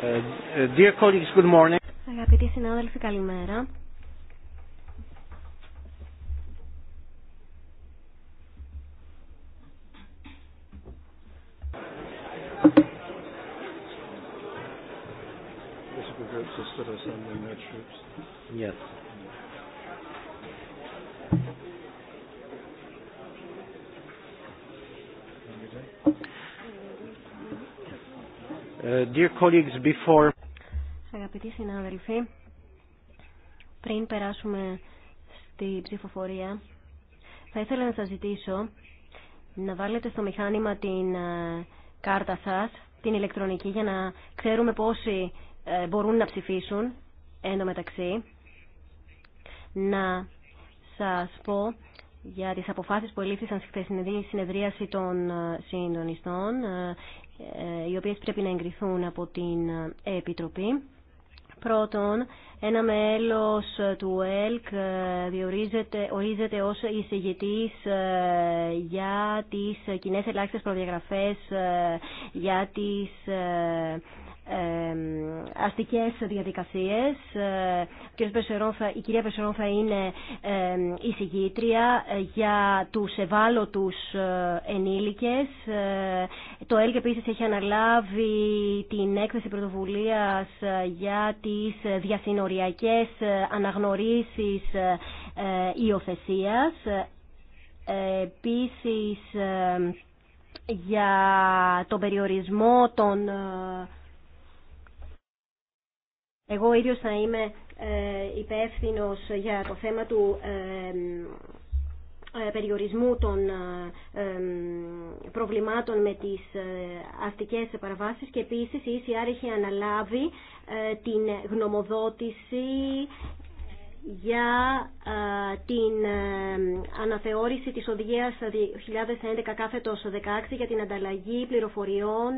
Dear colleagues, good morning. Αγαπητοί συνάδελφοι, καλημέρα. Yes. Uh, Αγαπητοί συνάδελφοι, πριν περάσουμε στη ψηφοφορία, θα ήθελα να σας ζητήσω να βάλετε στο μηχάνημα την ε, κάρτα σας, την ηλεκτρονική, για να ξέρουμε πόσοι ε, μπορούν να ψηφίσουν εν μεταξύ. Να σας πω για τις αποφάσεις που ελήφθησαν στη χθεσινή συνεδρίαση των ε, συντονιστών. Ε, οι οποίες πρέπει να εγκριθούν από την ε, Επιτροπή. Πρώτον, ένα μέλος του ΕΛΚ ε, διορίζεται, ορίζεται ως εισηγητής για τις κοινέ ελάχιστες προδιαγραφές για τις αστικές διαδικασίες. Ε, η κυρία Πεσερόφα είναι η συγκήτρια για τους ευάλωτους ε, ενήλικες. Ε, το ΕΛΚ επίσης έχει αναλάβει την έκθεση πρωτοβουλίας για τις διασυνοριακές αναγνωρίσεις υιοθεσίας. Επίσης για τον περιορισμό των εγώ ίδιος θα είμαι ε, υπεύθυνο για το θέμα του ε, ε, περιορισμού των προβλημάτων με τις αστικές παραβάσεις και επίσης η ECR έχει αναλάβει την γνωμοδότηση για την ε, αναθεώρηση της οδηγίας 2011 κάθετος 16 για την ανταλλαγή πληροφοριών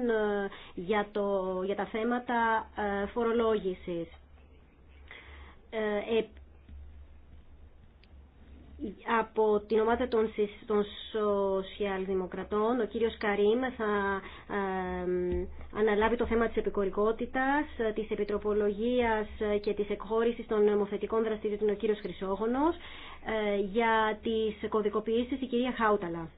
ε, για, το, για τα θέματα ε, φορολόγησης από την ομάδα των, των σοσιαλδημοκρατών, ο κύριος Καρίμ θα αναλάβει το θέμα της επικορικότητας, της επιτροπολογίας και της εκχώρησης των νομοθετικών δραστηριοτήτων ο κύριος Χρυσόγονος, ε, για τις κωδικοποιήσεις η κυρία Χάουταλα.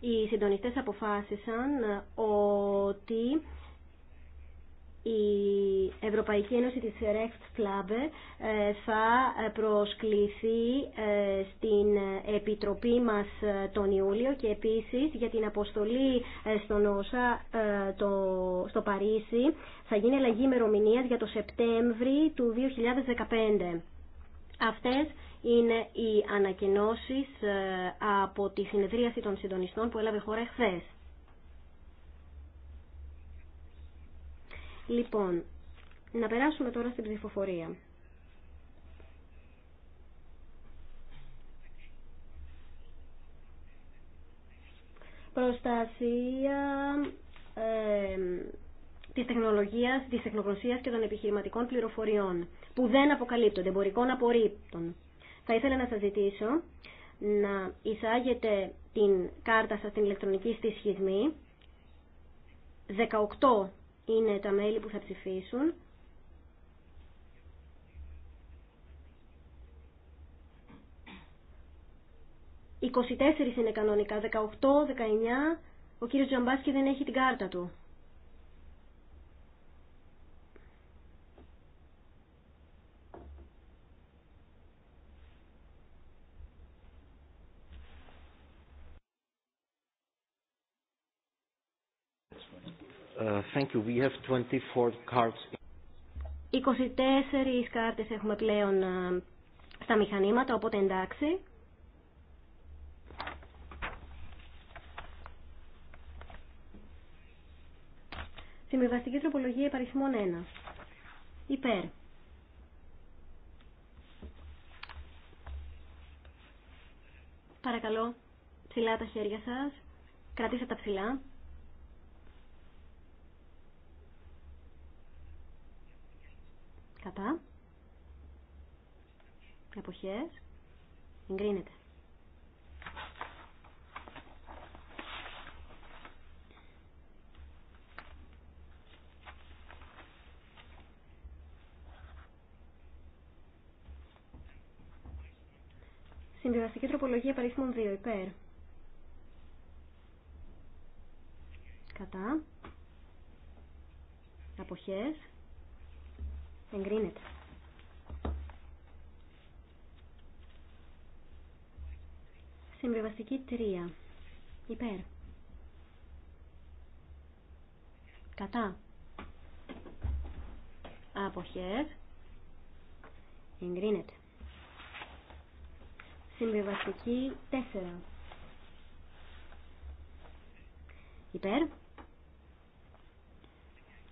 Οι συντονιστές αποφάσισαν ε, ότι η Ευρωπαϊκή Ένωση της Reft Club ε, θα προσκληθεί ε, στην Επιτροπή μας ε, τον Ιούλιο και επίσης για την αποστολή στον ΩΣΑ το, στο Παρίσι θα γίνει αλλαγή ημερομηνία για το Σεπτέμβρη του 2015. Αυτές είναι οι ανακοινώσεις από τη συνεδρίαση των συντονιστών που έλαβε χώρα εχθές. Λοιπόν, να περάσουμε τώρα στην ψηφοφορία. Προστασία ε, της τεχνολογίας, της τεχνογνωσίας και των επιχειρηματικών πληροφοριών που δεν αποκαλύπτονται, εμπορικών απορρίπτων. Θα ήθελα να σας ζητήσω να εισάγετε την κάρτα σας στην ηλεκτρονική στη σχισμή 18 είναι τα μέλη που θα ψηφίσουν. «24 είναι κανονικά, 18, 19, ο κύριος Τζαμπάσκι δεν έχει την κάρτα του». Uh, thank you. We have 24 cards. 24 κάρτες έχουμε πλέον ε, στα μηχανήματα, οπότε εντάξει. Συμβιβαστική τροπολογία υπαριθμών 1. Υπέρ. Παρακαλώ, ψηλά τα χέρια σας. Κρατήστε τα ψηλά. Κατά. Εποχές. Εγκρίνεται. Συμβιβαστική τροπολογία παρήθμων 2 υπέρ. Κατά. Αποχές. Εγκρίνεται. Συμβιβαστική τρία. Υπέρ. Κατά. Αποχές. Εγκρίνεται. Συμβιβαστική τέσσερα. Υπέρ.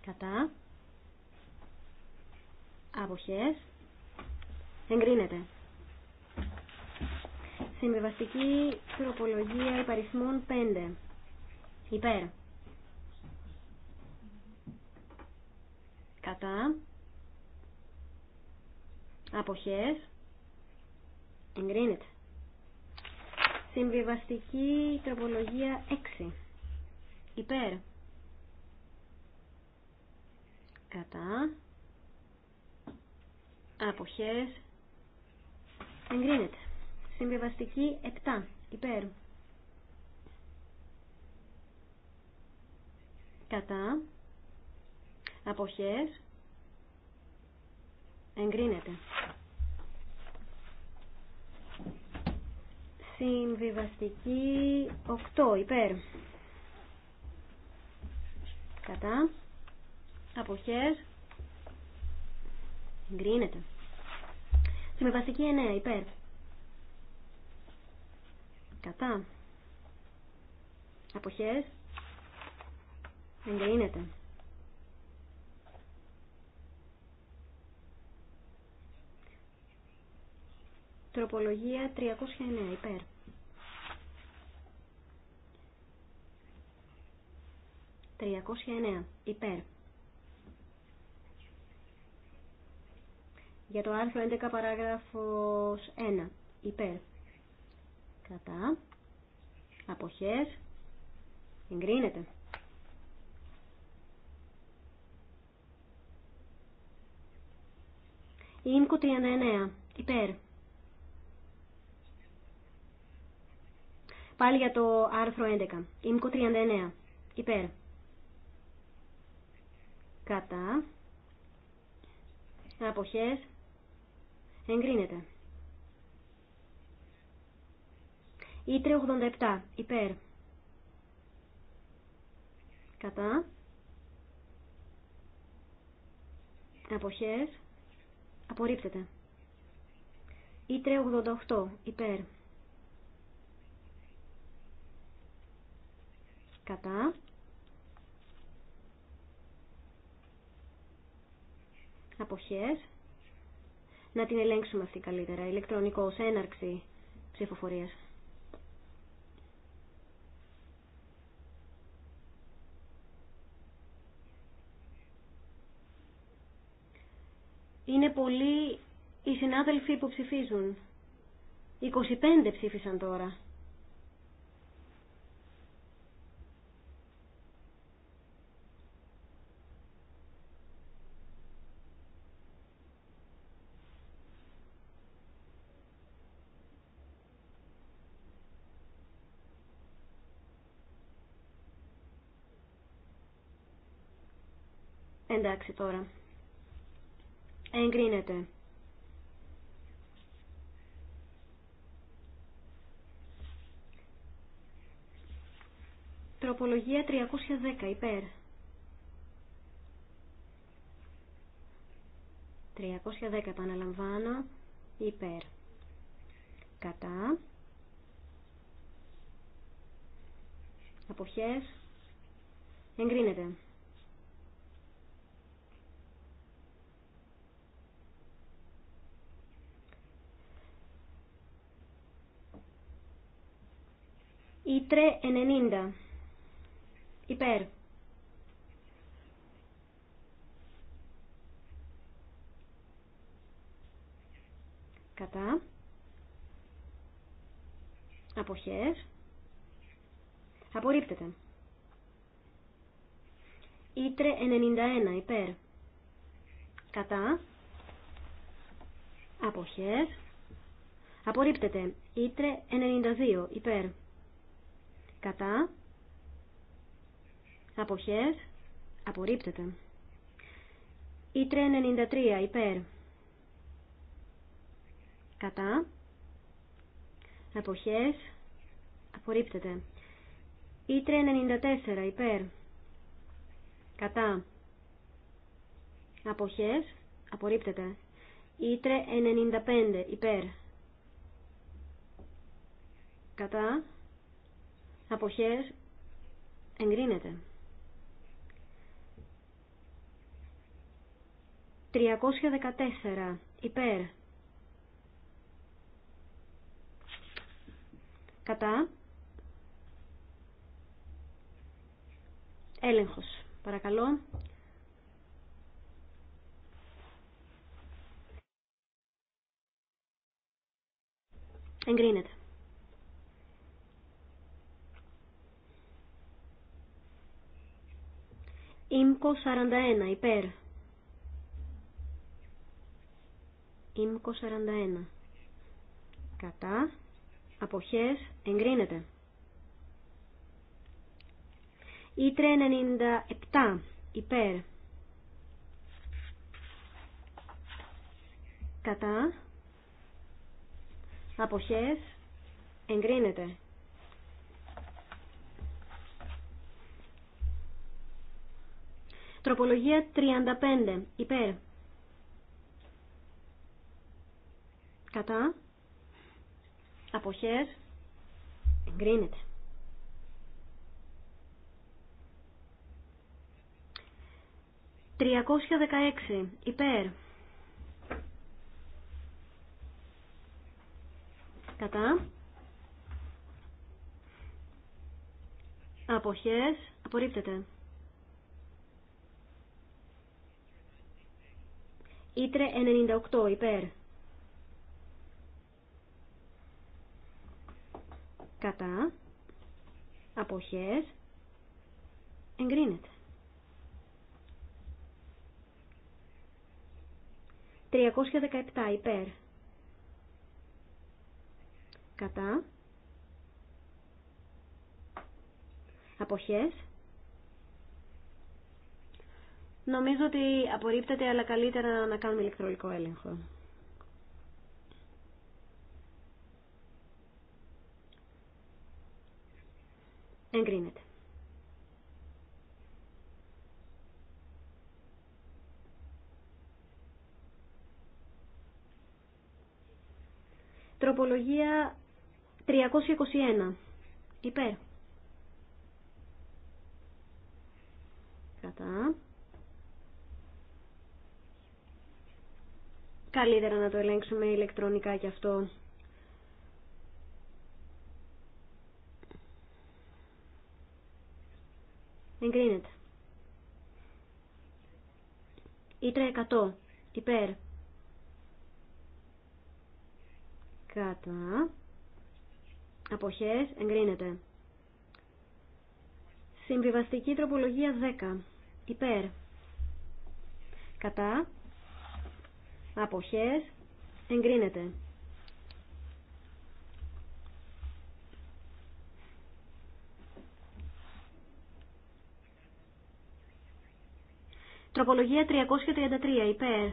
Κατά. Αποχές. Εγκρίνεται. Συμβιβαστική τροπολογία υπαριθμών 5. Υπέρ. Κατά. Αποχές. Εγκρίνεται. Συμβιβαστική τροπολογία 6. Υπέρ. Κατά αποχές εγκρίνεται. Συμβιβαστική 7 υπέρ. Κατά αποχές εγκρίνεται. Συμβιβαστική 8 υπέρ. Κατά αποχές Εγκρίνεται. Συμβιβαστική 9 υπέρ. Κατά. Αποχές. Εγκρίνεται. Τροπολογία 309 υπέρ. Τριακόσια εννέα. Υπέρ. για το άρθρο 11 παράγραφος 1. Υπέρ. Κατά. Αποχές. Εγκρίνεται. Ίμκο 39. Υπέρ. Πάλι για το άρθρο 11. Ίμκο 39. Υπέρ. Κατά. Αποχές. Εγκρίνεται. Η 387 Υπέρ. Κατά. Αποχές. Απορρίπτεται. Η 388 Υπέρ. Κατά. Αποχές να την ελέγξουμε αυτή καλύτερα. σε έναρξη ψηφοφορίας. Είναι πολλοί οι συνάδελφοι που ψηφίζουν. 25 ψήφισαν τώρα. Εντάξει τώρα. Εγκρίνεται. Τροπολογία 310 υπέρ. 310 επαναλαμβάνω υπέρ. Κατά. Αποχές. Εγκρίνεται. Ήτρε 90. Υπέρ. Κατά. Αποχές. Απορρίπτεται. Ήτρε 91. Υπέρ. Κατά. Αποχές. Απορρίπτεται. Ήτρε 92. Υπέρ κατά, αποχές, απορρίπτεται. Ήτρε 93 υπέρ, κατά, αποχές, απορρίπτεται. Η 94 υπέρ, κατά, αποχές, απορρίπτεται. Ήτρε 95 υπέρ, κατά, χέρες εγκρίνεται. 314 υπέρ κατά έλεγχος παρακαλώ εγκρίνεται Ήμκο 41 υπέρ. Ήμκο 41. Κατά. Αποχές. Εγκρίνεται. Ήτρε 97 υπέρ. Κατά. Αποχές. Εγκρίνεται. Τροπολογία 35. Υπέρ. Κατά. Αποχές. Εγκρίνεται. Τριακόσια δεκαέξι. Υπέρ. Κατά. Αποχές. Απορρίπτεται. Ήτρε 98 υπέρ. Κατά. Αποχές. Εγκρίνεται. 317 υπέρ. Κατά. Αποχές. Νομίζω ότι απορρίπτεται, αλλά καλύτερα να κάνουμε ηλεκτρονικό έλεγχο. Εγκρίνεται. Τροπολογία 321. Υπέρ. Κατά. Καλύτερα να το ελέγξουμε ηλεκτρονικά και αυτό. Εγκρίνεται. Ήτρε 100. Υπέρ. Κατά. Αποχές. Εγκρίνεται. Συμβιβαστική τροπολογία 10. Υπέρ. Κατά αποχές εγκρίνεται. Τροπολογία 333 υπέρ.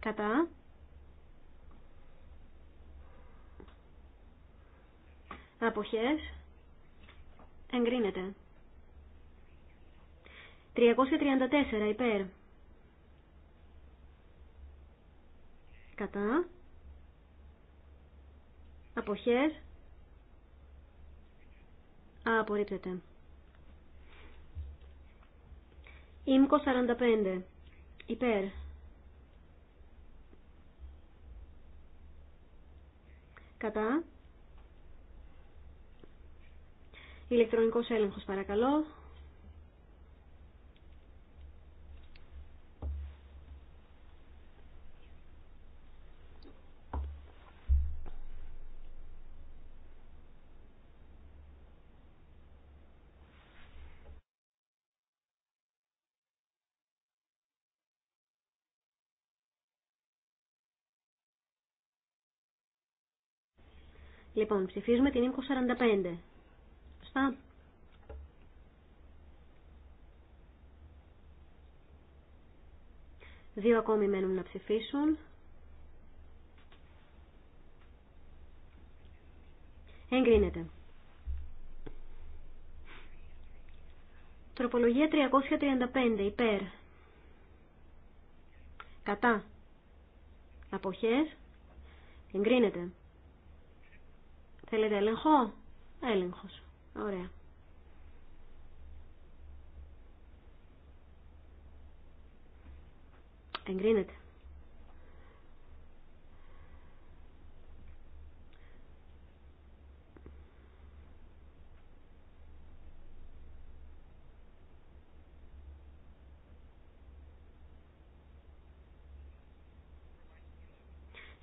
Κατά. Αποχές. Εγκρίνεται. 334 υπέρ. Κατά. Αποχές. Α, απορρίπτεται. Ήμκο 45. Υπέρ. Κατά. Ηλεκτρονικός έλεγχος παρακαλώ. Λοιπόν, ψηφίζουμε την ΙΜΚΟ 45. Σωστά. Δύο ακόμη μένουν να ψηφίσουν. Εγκρίνεται. Τροπολογία 335. Υπέρ. Κατά. Αποχές. Εγκρίνεται. Θέλετε έλεγχο? Έλεγχος. Ωραία. Εγκρίνεται.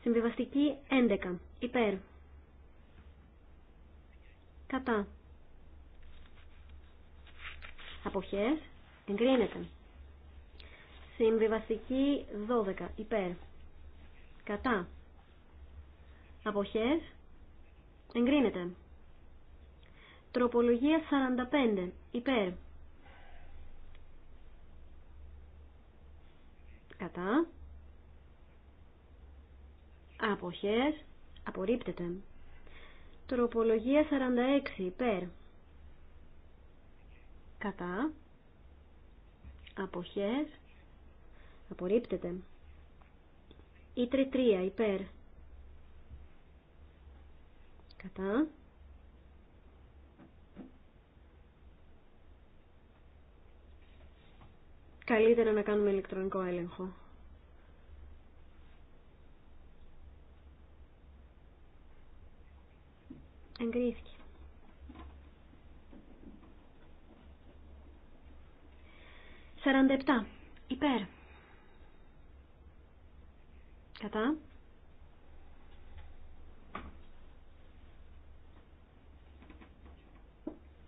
Συμβιβαστική 11. Υπέρ κατά αποχές εγκρίνεται συμβιβαστική 12 υπέρ κατά αποχές εγκρίνεται τροπολογία 45 υπέρ κατά αποχές απορρίπτεται Τροπολογία 46 υπέρ. Κατά. Αποχές. Απορρίπτεται. ή 3 υπέρ. Κατά. Καλύτερα να κάνουμε ηλεκτρονικό έλεγχο. Εγκρίθηκε. Σαραντεπτά. Υπέρ. Κατά.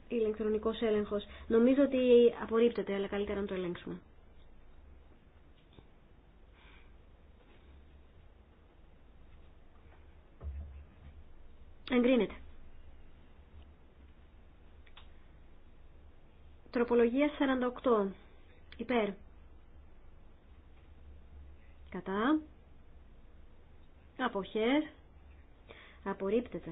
ηλεκτρονικός έλεγχος. Νομίζω ότι απορρίπτεται, αλλά καλύτερα να το ελέγξουμε. Εγκρίνεται. Τροπολογία 48. Υπέρ. Κατά. Αποχέρ. Απορρίπτεται.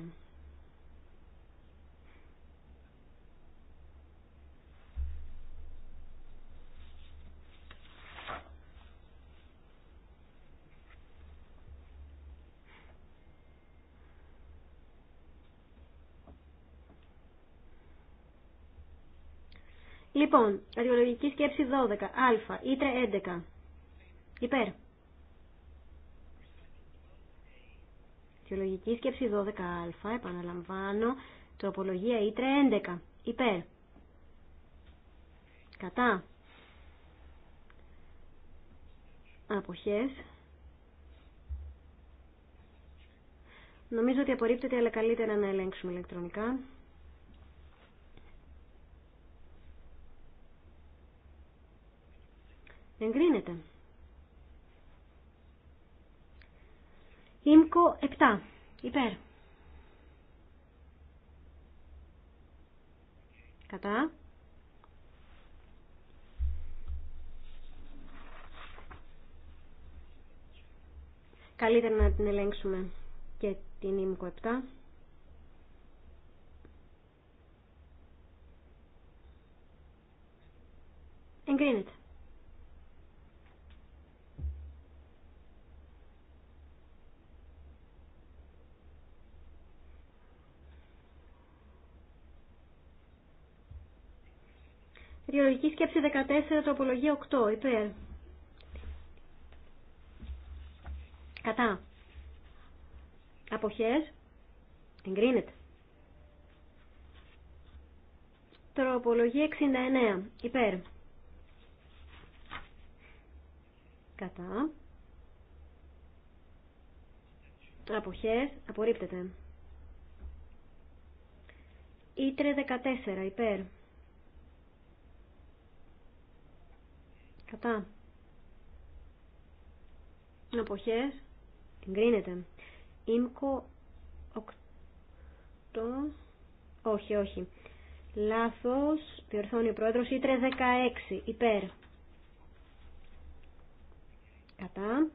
Λοιπόν, αδειολογικη σκέψη 12, α, ήτρε 11, υπερ αδειολογικη Αιτιολογική σκέψη 12α, επαναλαμβάνω, τροπολογία ήτρε 11, υπέρ. Κατά. Αποχές. Νομίζω ότι απορρίπτεται, αλλά καλύτερα να ελέγξουμε ηλεκτρονικά. Εγκρίνεται. Ήμκο 7. Υπέρ. Κατά. Καλύτερα να την ελέγξουμε και την ΙΜΚΟ 7. Εγκρίνεται. λογική σκέψη 14, τροπολογία 8, υπέρ. Κατά. Αποχές. Εγκρίνεται. Τροπολογία 69, υπέρ. Κατά. Αποχές. Απορρίπτεται. Ήτρε 14, υπέρ. Κατά. Αποχές. Εγκρίνεται. Ίμκο 8. Όχι, όχι. Λάθος. Διορθώνει ο πρόεδρος. Ήτρε 16. Υπέρ. Κατά.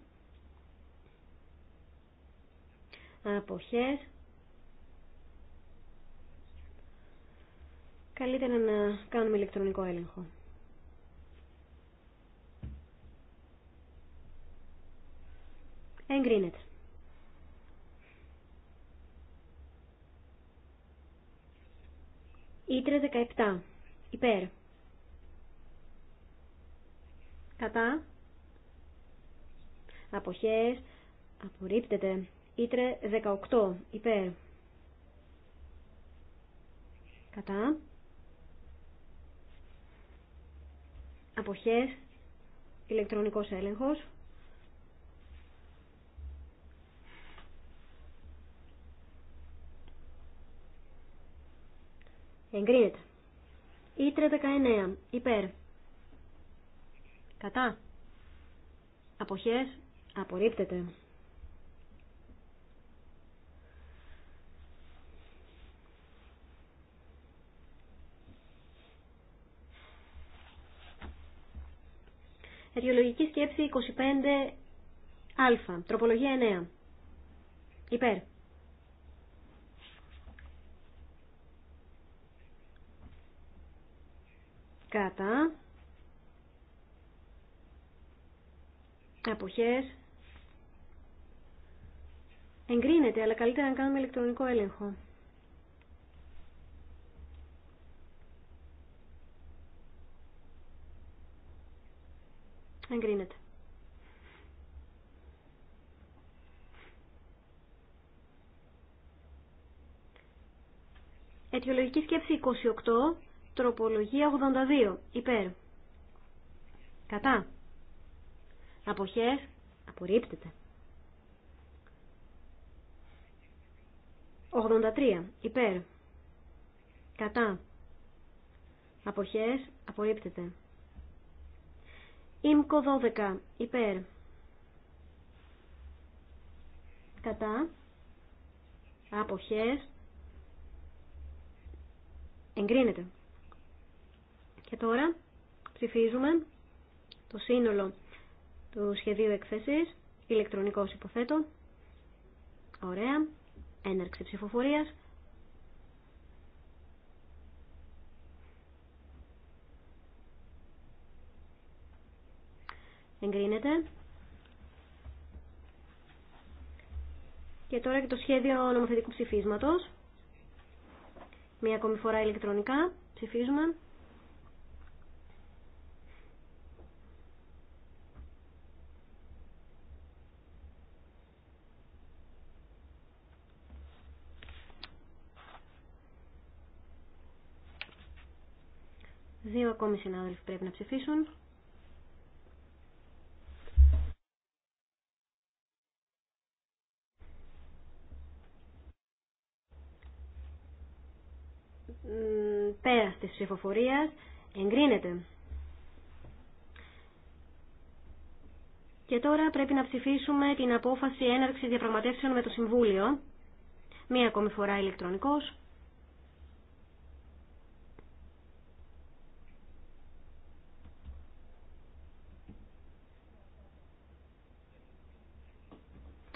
Αποχές. Καλύτερα να κάνουμε ηλεκτρονικό έλεγχο. Εγκρίνεται. Ήτρε 17. Υπέρ. Κατά. Αποχές. Απορρίπτεται. Ήτρε 18. Υπέρ. Κατά. Αποχές. Ηλεκτρονικός έλεγχος. Εγκρίνεται. Ήτρε 19. Υπέρ. Κατά. Αποχές. Απορρίπτεται. Αιτιολογική σκέψη 25α. Τροπολογία 9. Υπέρ. κατά αποχές εγκρίνεται αλλά καλύτερα να κάνουμε ηλεκτρονικό έλεγχο εγκρίνεται Αιτιολογική σκέψη 28 Τροπολογία 82. Υπέρ. Κατά. Αποχές. Απορρίπτεται. 83. Υπέρ. Κατά. Αποχές. Απορρίπτεται. Ήμκο 12. Υπέρ. Κατά. Αποχές. Εγκρίνεται. Και τώρα ψηφίζουμε το σύνολο του σχεδίου εκθέσης, ηλεκτρονικός υποθέτω. Ωραία. Έναρξη ψηφοφορίας. Εγκρίνεται. Και τώρα και το σχέδιο νομοθετικού ψηφίσματος. Μία ακόμη φορά ηλεκτρονικά ψηφίζουμε. Δύο ακόμη συνάδελφοι πρέπει να ψηφίσουν. Πέρα τη ψηφοφορία εγκρίνεται. Και τώρα πρέπει να ψηφίσουμε την απόφαση έναρξης διαπραγματεύσεων με το Συμβούλιο. Μία ακόμη φορά ηλεκτρονικός.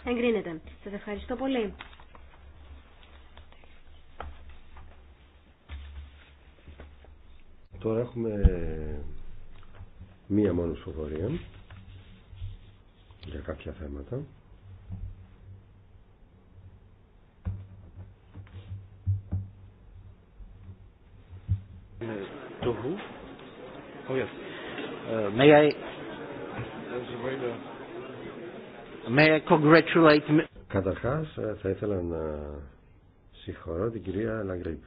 Εγκρίνεται. Σα ευχαριστώ πολύ. Τώρα έχουμε μία μόνο σοφορία για κάποια θέματα. Uh, may I May ε, θα ήθελα να συγχωρώ την κυρία Λαγκρίπ.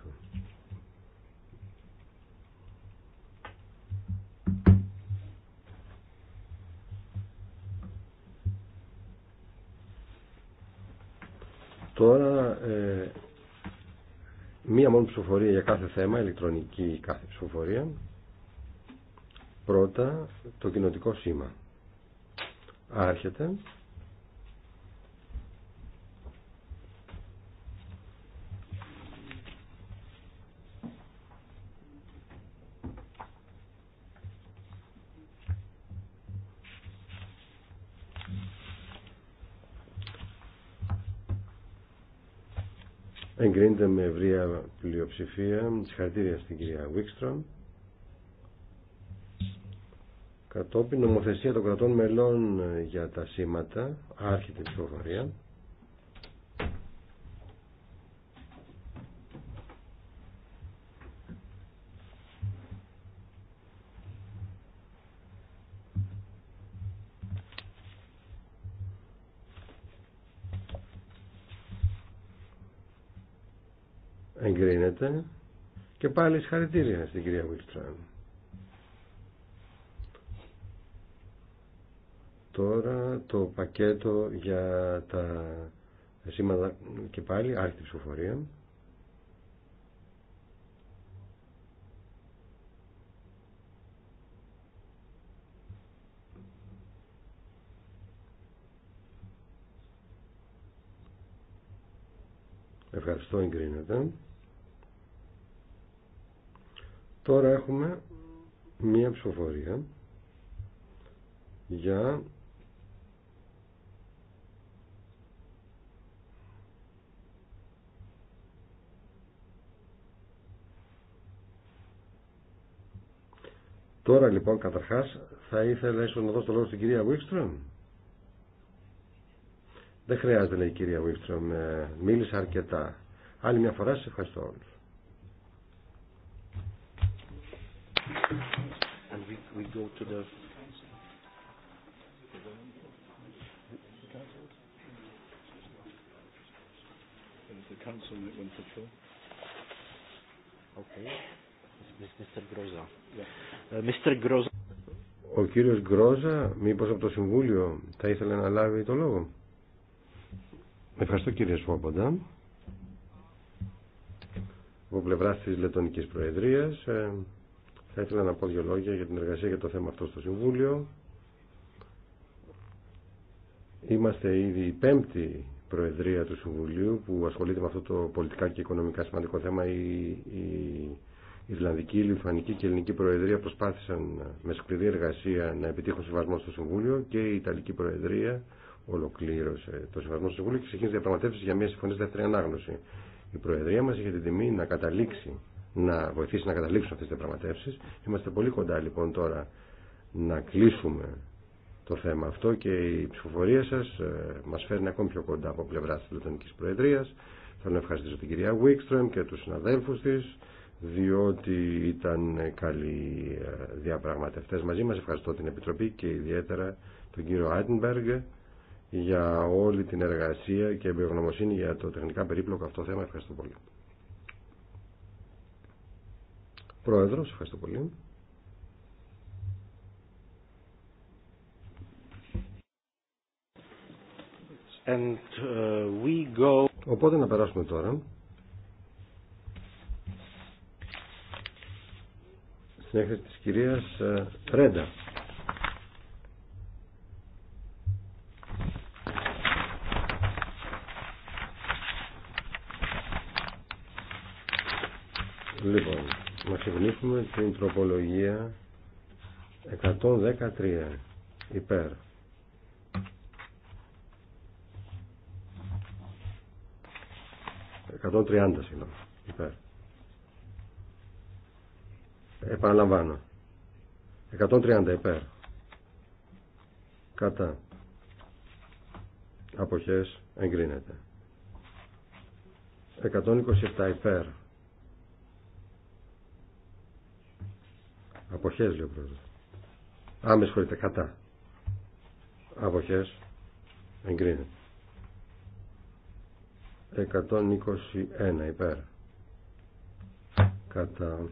Τώρα ε, μία μόνο ψηφοφορία για κάθε θέμα, ηλεκτρονική κάθε ψηφοφορία. Πρώτα το κοινοτικό σήμα. Άρχεται. εγκρίνεται με ευρεία πλειοψηφία. Συγχαρητήρια στην κυρία Βίξτρομ Κατόπιν νομοθεσία των κρατών μελών για τα σήματα, άρχεται η ψηφοφορία. και πάλι συγχαρητήρια στην κυρία Βίλστραν. Τώρα το πακέτο για τα σήματα και πάλι άρχιτη ψηφοφορία. Ευχαριστώ, εγκρίνεται. Τώρα έχουμε μία ψηφοφορία για Τώρα λοιπόν καταρχάς θα ήθελα ίσως να δώσω το λόγο στην κυρία Βίξτρομ. Δεν χρειάζεται λέει η κυρία Βίξτρομ, ε, μίλησα αρκετά. Άλλη μια φορά σας ευχαριστώ όλους. And we, Ο κύριος Γκρόζα, μήπως από το Συμβούλιο, θα ήθελε να λάβει το λόγο. Ευχαριστώ κύριε Σφόποντα. Από πλευρά της Λετωνικής Προεδρίας, ε, θα ήθελα να πω δύο λόγια για την εργασία για το θέμα αυτό στο Συμβούλιο. Είμαστε ήδη η πέμπτη Προεδρία του Συμβουλίου που ασχολείται με αυτό το πολιτικά και οικονομικά σημαντικό θέμα. Η, η Ισλανδική, η Λιθουανική και η Ελληνική Προεδρία προσπάθησαν με σκληρή εργασία να επιτύχουν συμβασμό στο Συμβούλιο και η Ιταλική Προεδρία ολοκλήρωσε το συμβασμό στο Συμβούλιο και ξεκίνησε διαπραγματεύσει για μια συμφωνία δεύτερη ανάγνωση. Η Προεδρία μα είχε την τιμή να καταλήξει να βοηθήσει να καταλήξουν αυτές τις διαπραγματεύσεις. Είμαστε πολύ κοντά λοιπόν τώρα να κλείσουμε το θέμα αυτό και η ψηφοφορία σας ε, μας φέρνει ακόμη πιο κοντά από πλευρά της Λετωνικής Προεδρίας. Θέλω να ευχαριστήσω την κυρία Βίξτρομ και τους συναδέλφους της διότι ήταν καλοί ε, διαπραγματευτές μαζί μας. Ευχαριστώ την Επιτροπή και ιδιαίτερα τον κύριο Άιντενμπεργκ για όλη την εργασία και εμπειρογνωμοσύνη για το τεχνικά περίπλοκο αυτό θέμα. Ευχαριστώ πολύ. Πρόεδρος, ευχαριστώ πολύ. And, uh, we go... Οπότε να περάσουμε τώρα στην έκθεση της κυρίας ε, Ρέντα. Λοιπόν, να ξεχνήσουμε την τροπολογία 113 υπέρ. 130 συγγνώμη. Υπέρ. Επαναλαμβάνω. 130 υπέρ. Κατά. Αποχές εγκρίνεται. 127 υπέρ. Αποχές λέει ο πρόεδρος. Α, με κατά. Αποχές. Εγκρίνεται. 121 υπέρ. Κατά.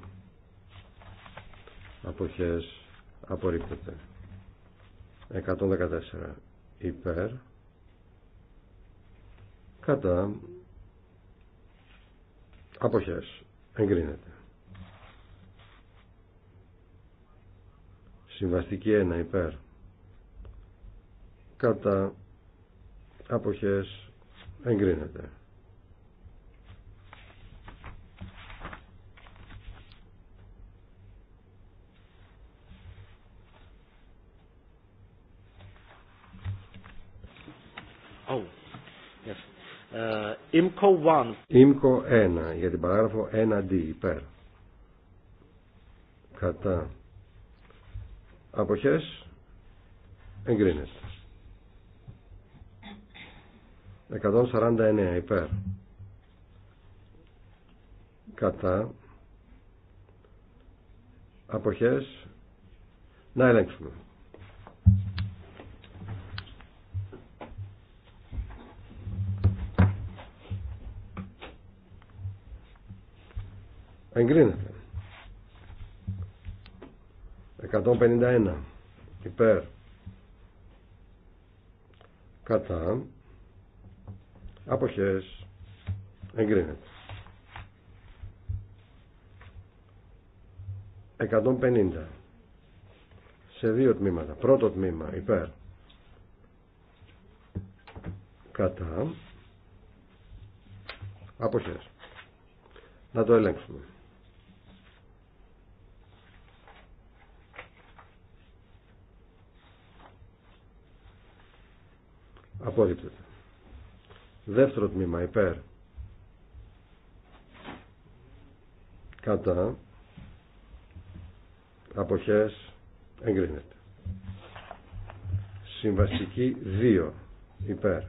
Αποχές. Απορρίπτεται. 114 υπέρ. Κατά. Αποχές. Εγκρίνεται. Συμβαστική 1 υπέρ. Κατά αποχές εγκρίνεται. ΙΜΚΟ 1. 1 για την παράγραφο 1D υπέρ. Κατά Αποχές εγκρίνεται. 149 υπέρ. Κατά. Αποχές. Να ελέγξουμε. Εγκρίνεται. 151 υπέρ κατά αποχές εγκρίνεται 150 σε δύο τμήματα πρώτο τμήμα υπέρ κατά αποχές να το ελέγξουμε Απορρίπτεται. Δεύτερο τμήμα υπέρ. Κατά. Αποχές εγκρίνεται. Συμβαστική 2 υπέρ.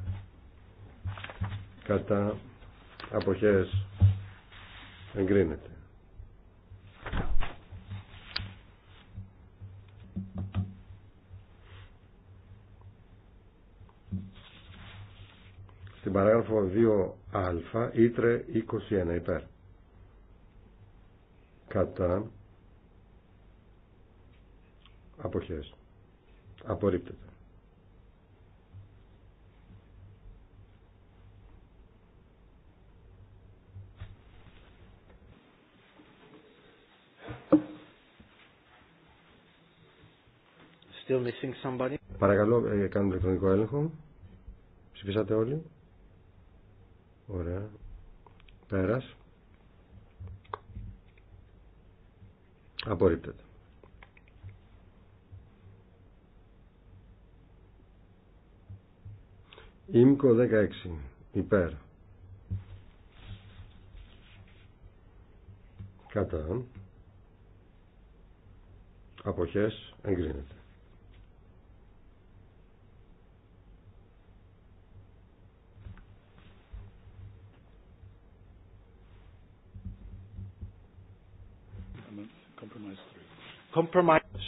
Κατά. Αποχές εγκρίνεται. παράγραφο 2α ήτρε 21 υπέρ κατά αποχές απορρίπτεται Still missing somebody. Παρακαλώ, ε, κάνουμε ηλεκτρονικό έλεγχο. Ψηφίσατε όλοι. Ωραία. Πέρας. Απορρίπτεται. Ήμικο 16. Υπέρ. Κατά. Αποχές εγκρίνεται.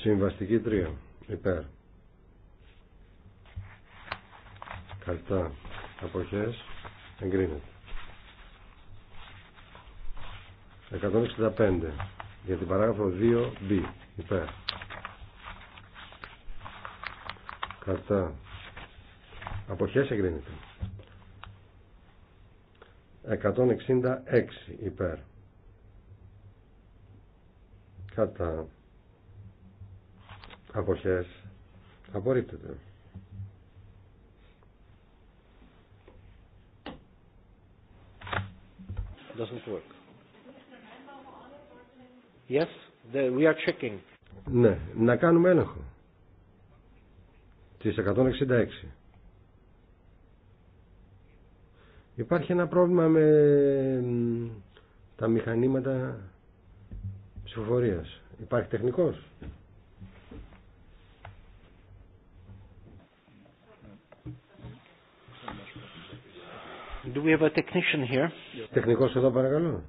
Συμβαστική 3. Υπέρ. Κατά. Αποχές. Εγκρίνεται. 165. Για την παράγραφο 2b. Υπέρ. Κατά. Αποχές εγκρίνεται. 166 υπέρ. Κατά Αποχές. Απορρίπτεται. Doesn't work. Yes, we are checking. Ναι, να κάνουμε έλεγχο. Τις 166. Υπάρχει ένα πρόβλημα με τα μηχανήματα ψηφοφορίας. Υπάρχει τεχνικός. Do we have a technician here? Τεχνικός εδώ παρακαλώ.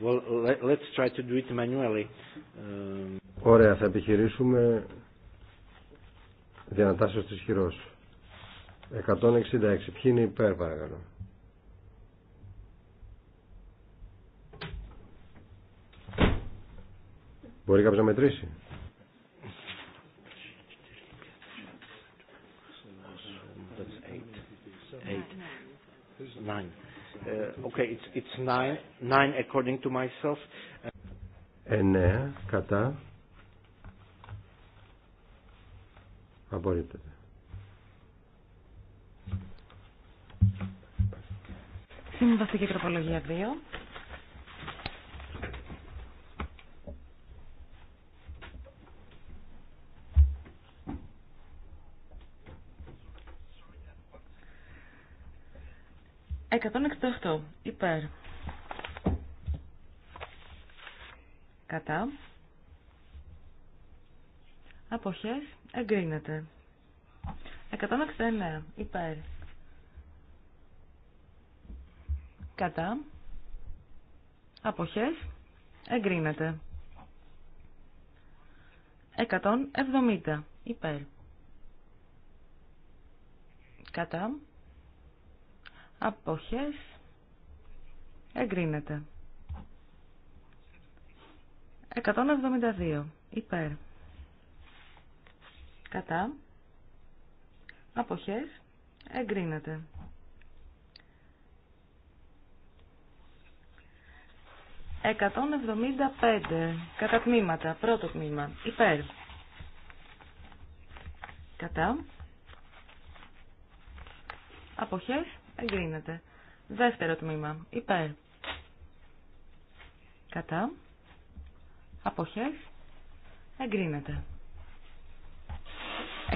Well, let's try to do it manually. Um, Ωραία, θα επιχειρήσουμε διανατάσσεως της χειρός. 166. Ποιοι είναι υπέρ παρακαλώ. Μπορεί κάποιος να μετρήσει. Εννέα κατά. Απορρίπτεται. Συμβαστική τροπολογία 2. Εκατόν εξτρεφτό. Υπέρ. Κατά. Αποχές. Εγκρίνεται. 169. Υπέρ. κατά, αποχές, εγκρίνεται. 170 υπέρ, κατά, αποχές, εγκρίνεται. 172 υπέρ, κατά, αποχές, εγκρίνεται. 175 κατά τμήματα. Πρώτο τμήμα. Υπέρ. Κατά. Αποχές. Εγκρίνεται. Δεύτερο τμήμα. Υπέρ. Κατά. Αποχές. Εγκρίνεται. 176.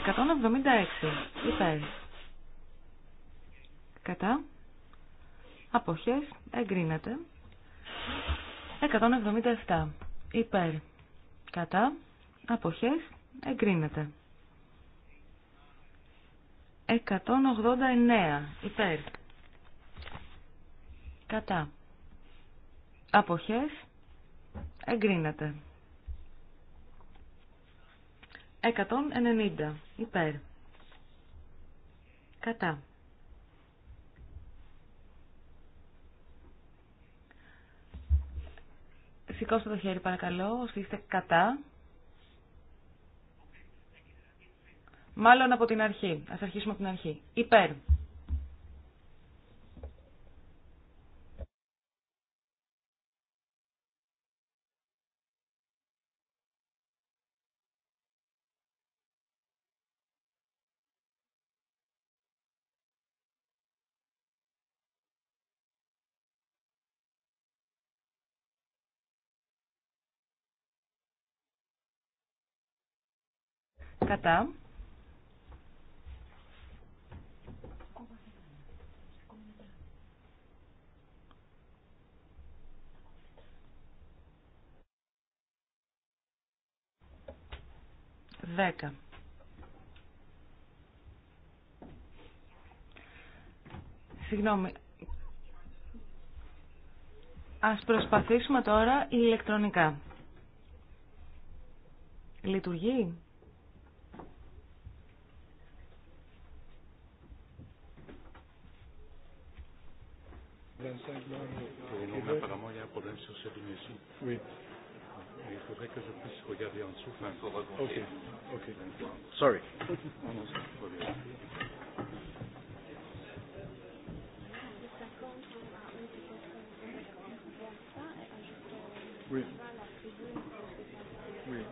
Υπέρ. Κατά. Αποχές. Εγκρίνεται. 177. Υπέρ. Κατά. Αποχές. Εγκρίνεται. 189. Υπέρ. Κατά. Αποχές. Εγκρίνεται. 190. Υπέρ. Κατά. Σηκώστε το χέρι παρακαλώ, Είστε κατά. Μάλλον από την αρχή. Ας αρχίσουμε από την αρχή. Υπέρ. Κατά. Δέκα. Συγγνώμη. Ας προσπαθήσουμε τώρα ηλεκτρονικά. Λειτουργεί. sur ici. Oui. Mais il faudrait que je puisse regarder en dessous. Enfin, pour ok. Ok. Sorry. Oui. Oui.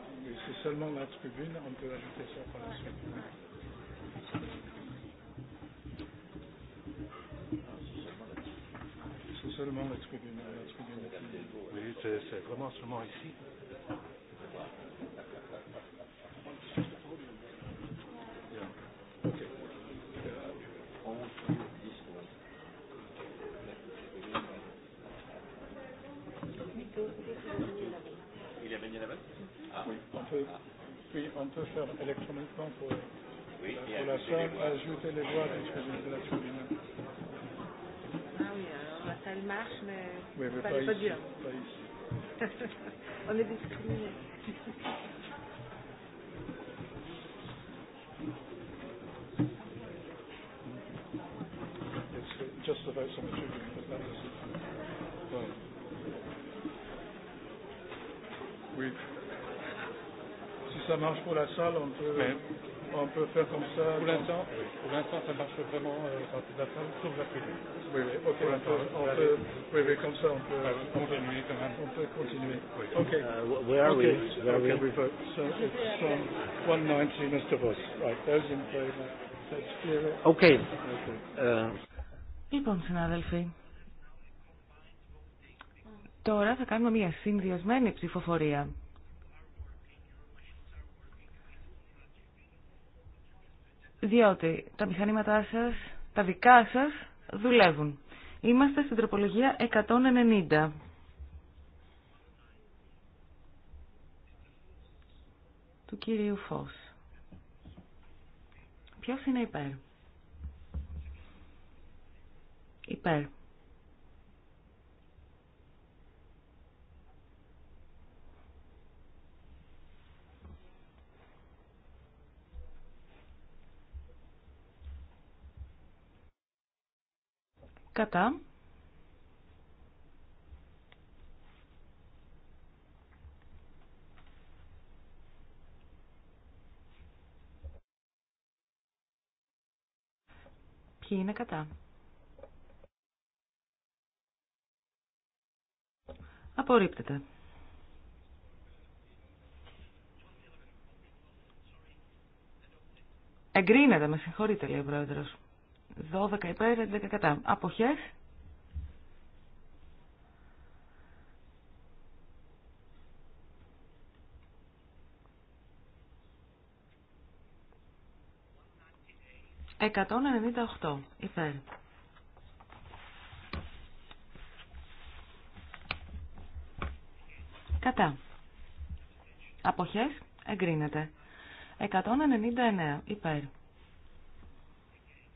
C'est seulement la tribune, on peut ajouter ça par la suite. seulement l'expédition. Oui, c'est vraiment seulement ici. la salle, on peut, Mais, on peut faire comme ça. Pour l'instant, oui. ça marche vraiment euh, dans la salle, sauf la tribune. Oui, oui, ok. On peut, on peut, oui, oui, comme ça, on peut Ah, continuer quand même. On peut continuer. Oui. Ok. Uh, where are okay. we? Where okay, are we Okay. So it's from 190, Mr. Voss. Right, those in favour. Let's clear it. Okay. okay. Uh, Λοιπόν, συνάδελφοι, τώρα θα κάνουμε μια συνδυασμένη ψηφοφορία. διότι τα μηχανήματά σας, τα δικά σας, δουλεύουν. Είμαστε στην τροπολογία 190. του κυρίου Φως. Ποιος είναι υπέρ. Υπέρ. Κατά. Ποιοι είναι κατά. Απορρίπτεται. Εγκρίνεται, με συγχωρείτε, λέει ο πρόεδρος. 12 υπέρ, 11 κατά. Αποχές. Εκατόν ενενήντα οχτώ. Υπέρ. Κατά. Αποχές. Εγκρίνεται. Εκατόν ενενήντα εννέα. Υπέρ.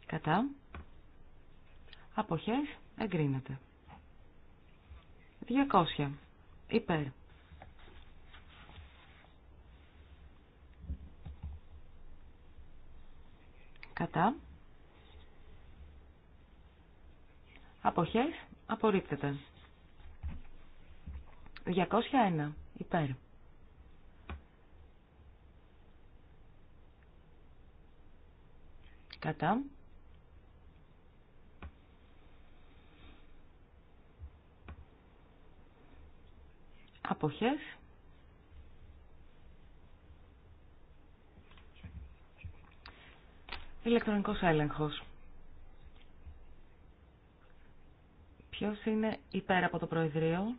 Κατά. Αποχές εγκρίνεται. 200. Υπέρ. Κατά. Αποχές απορρίπτεται. 201. Υπέρ. Κατά. Αποχές. Ηλεκτρονικός έλεγχος. Ποιος είναι υπέρ από το Προεδρείο.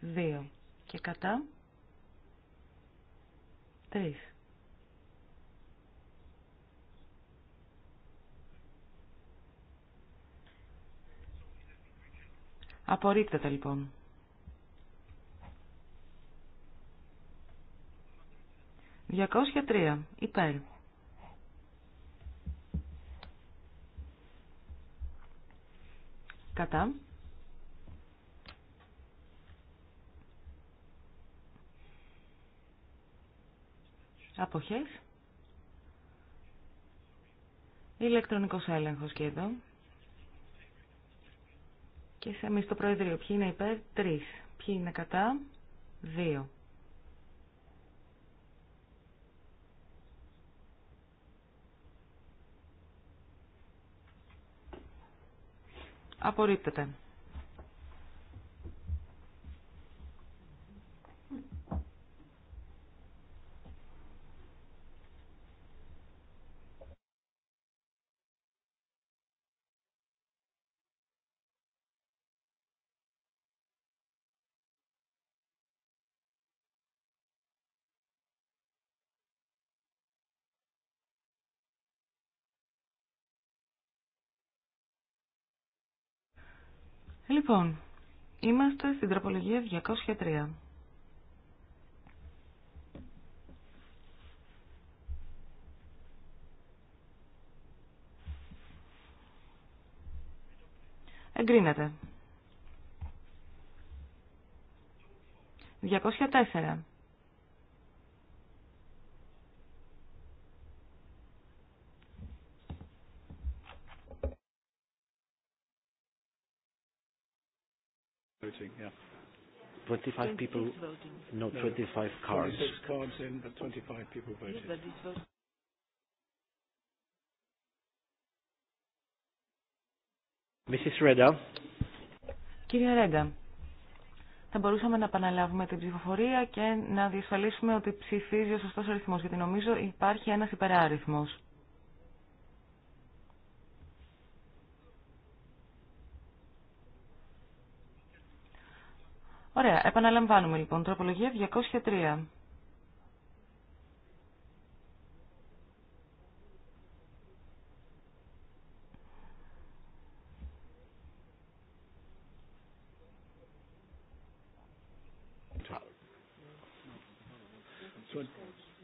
Δύο. Και κατά. Τρεις. Απορρίπτεται λοιπόν. τρία. Υπέρ. Κατά. Αποχές. Ηλεκτρονικός έλεγχος και εδώ. Και σε εμείς το Προεδρείο. Ποιοι είναι υπέρ, τρεις Ποιοι είναι κατά, δύο. Απορρίπτεται. Λοιπόν, είμαστε στην τροπολογία 203. Εγκρίνεται. 204. voting, yeah. 25 people, no, 25 cards. 26 cards in, but 25 people voted. Mrs. Reda. Κύριε Ρέντα, θα μπορούσαμε να επαναλάβουμε την ψηφοφορία και να διασφαλίσουμε ότι ψηφίζει ο σωστός αριθμός, γιατί νομίζω υπάρχει ένας υπεράριθμος. Ωραία, επαναλαμβάνουμε λοιπόν. Τροπολογία 203.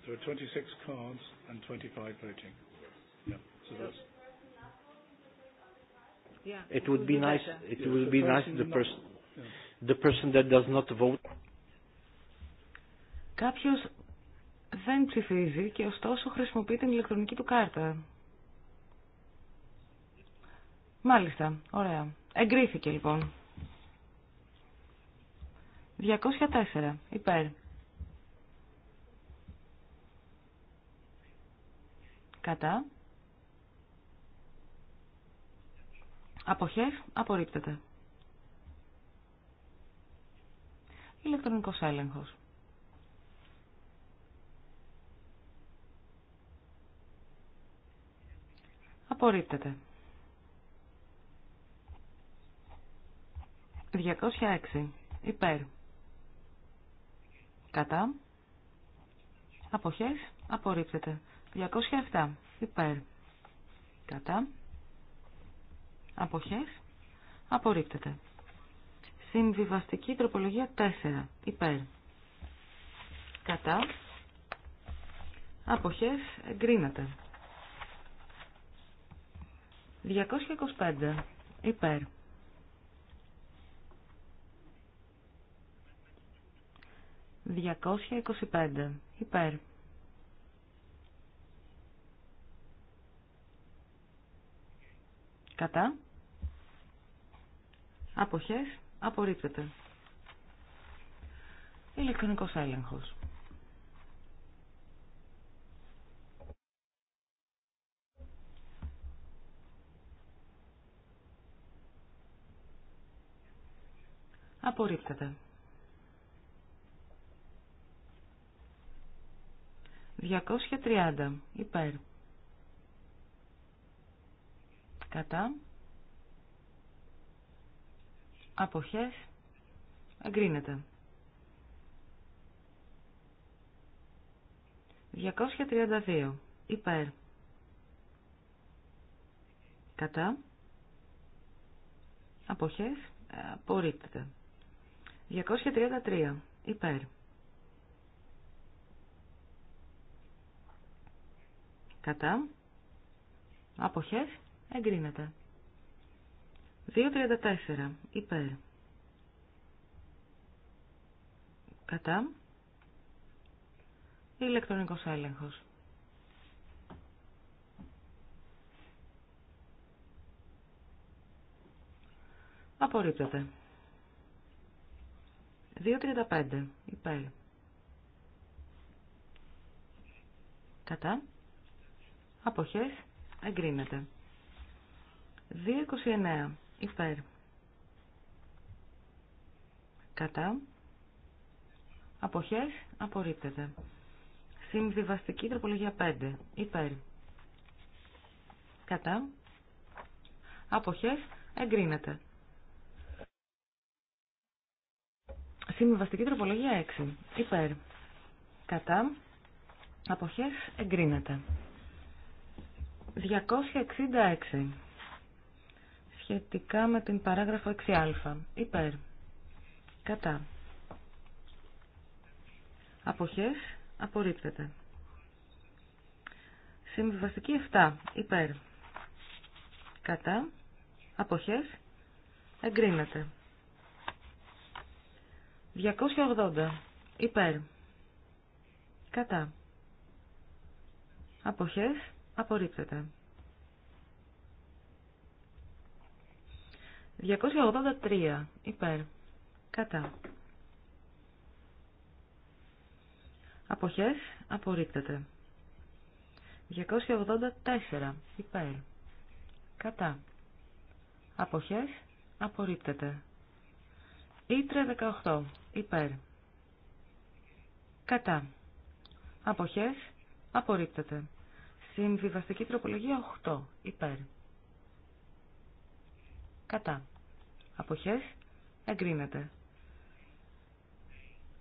There are 26 cards and 25 voting. Yeah, so that's. Yeah. It would be nice. It would be nice the person the person that does not vote. Κάποιος δεν ψηφίζει και ωστόσο χρησιμοποιεί την ηλεκτρονική του κάρτα. Μάλιστα, ωραία. Εγκρίθηκε λοιπόν. 204, υπέρ. Κατά. Αποχές απορρίπτεται. ηλεκτρονικός έλεγχος. Απορρίπτεται. 206. Υπέρ. Κατά. Αποχές. Απορρίπτεται. 207. Υπέρ. Κατά. Αποχές. Απορρίπτεται. Συμβιβαστική τροπολογία 4. Υπέρ. Κατά. Αποχές εγκρίνεται. 225. Υπέρ. 225. Υπέρ. Κατά. Αποχές. Απορρίπτεται. Ηλεκτρονικός έλεγχος. Απορρίπτεται. τριάντα. Υπέρ. Κατά. Αποχές. Εγκρίνεται. 232. Υπέρ. Κατά. Αποχές. Απορρίπτεται. 233. Υπέρ. Κατά. Αποχές. Εγκρίνεται. 2.34 υπέρ. Κατά. Ηλεκτρονικός έλεγχος. Απορρίπτεται. 2.35 υπέρ. Κατά. Αποχές εγκρίνεται. 2.29 υπέρ κατά αποχές απορρίπτεται συμβιβαστική τροπολογία 5 υπέρ κατά αποχές εγκρίνεται συμβιβαστική τροπολογία 6 υπέρ κατά αποχές εγκρίνεται 266 σχετικά με την παράγραφο 6α. Υπέρ. Κατά. Αποχές. Απορρίπτεται. Συμβιβαστική 7. Υπέρ. Κατά. Αποχές. Εγκρίνεται. 280. Υπέρ. Κατά. Αποχές. Απορρίπτεται. 283 υπέρ. Κατά. Αποχές απορρίπτεται. 284 υπέρ. Κατά. Αποχές απορρίπτεται. Ήτρε 18 υπέρ. Κατά. Αποχές απορρίπτεται. Συμβιβαστική τροπολογία 8 υπέρ. Κατά. Αποχές. Εγκρίνεται.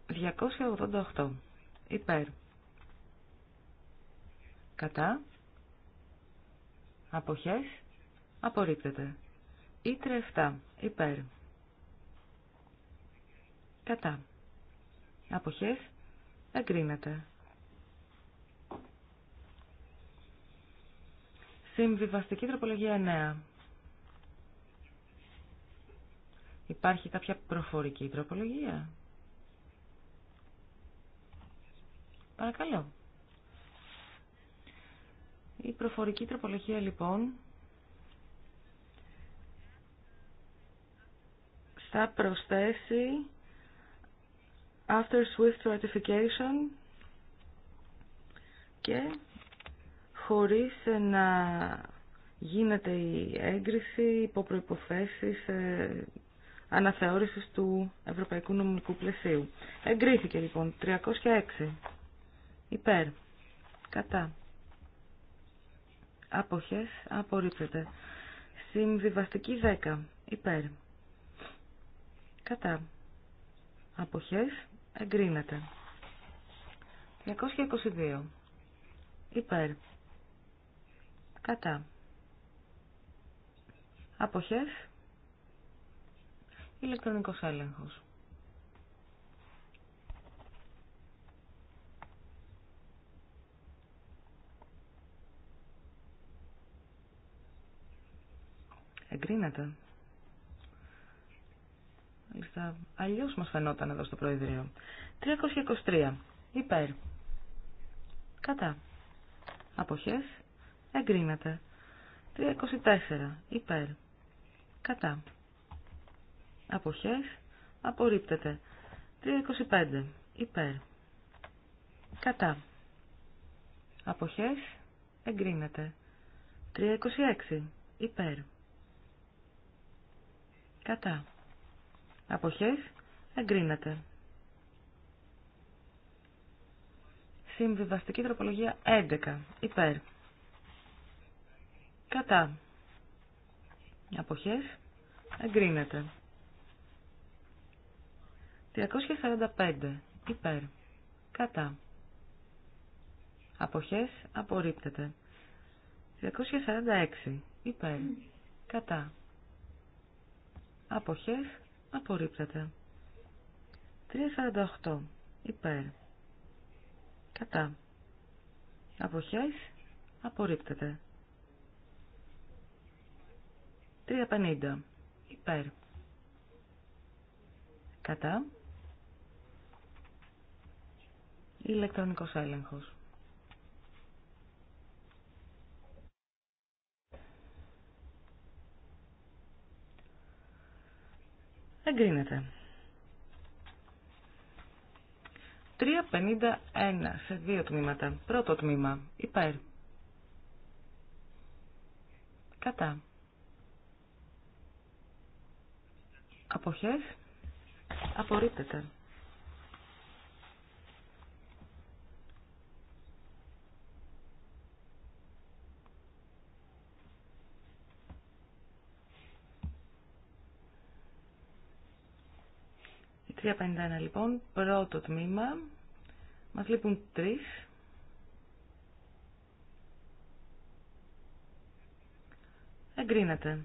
288. Υπέρ. Κατά. Αποχές. Απορρίπτεται. Ήτρε 7. Υπέρ. Κατά. Αποχές. Εγκρίνεται. Συμβιβαστική τροπολογία 9. Υπάρχει κάποια προφορική τροπολογία. Παρακαλώ. Η προφορική τροπολογία λοιπόν θα προσθέσει after swift ratification και χωρίς να γίνεται η έγκριση υπό προϋποθέσεις ε, Αναθεώρηση του Ευρωπαϊκού Νομικού Πλαισίου. Εγκρίθηκε λοιπόν 306 υπέρ κατά άποχες απορρίπτεται. Συμβιβαστική 10 υπέρ κατά αποχές εγκρίνεται. 222 υπέρ κατά αποχές ηλεκτρονικός έλεγχος. Εγκρίνεται. Μάλιστα, αλλιώς μας φαινόταν εδώ στο Προεδρείο. 323. Υπέρ. Κατά. Αποχές. Εγκρίνεται. 324. Υπέρ. Κατά αποχές, απορρίπτεται. 325 υπέρ, κατά, αποχές, εγκρίνεται. 326 υπέρ, κατά, αποχές, εγκρίνεται. Συμβιβαστική τροπολογία 11. Υπέρ. Κατά. Αποχές. Εγκρίνεται. 245. Υπέρ. Κατά. Αποχές απορρίπτεται. 246. Υπέρ. Κατά. Αποχές απορρίπτεται. 348. Υπέρ. Κατά. Αποχές απορρίπτεται. 350. Υπέρ. Κατά. Ηλεκτρονικός έλεγχος. Εγκρίνεται. 3.51 σε δύο τμήματα. Πρώτο τμήμα. Υπέρ. Κατά. Αποχές. Απορρίπτεται. 351 λοιπόν, πρώτο τμήμα. Μας λείπουν 3. Εγκρίνεται.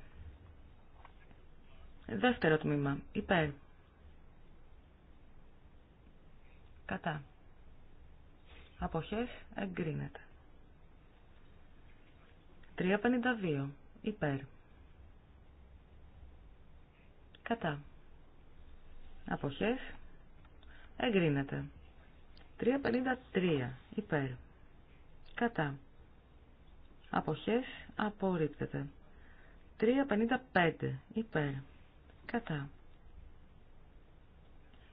Δεύτερο τμήμα. Υπέρ. Κατά. Αποχές. Εγκρίνεται. 352. Υπέρ. Κατά. Αποχές. Εγκρίνεται. 353. Υπέρ. Κατά. Αποχές. Απορρίπτεται. 355. Υπέρ. Κατά.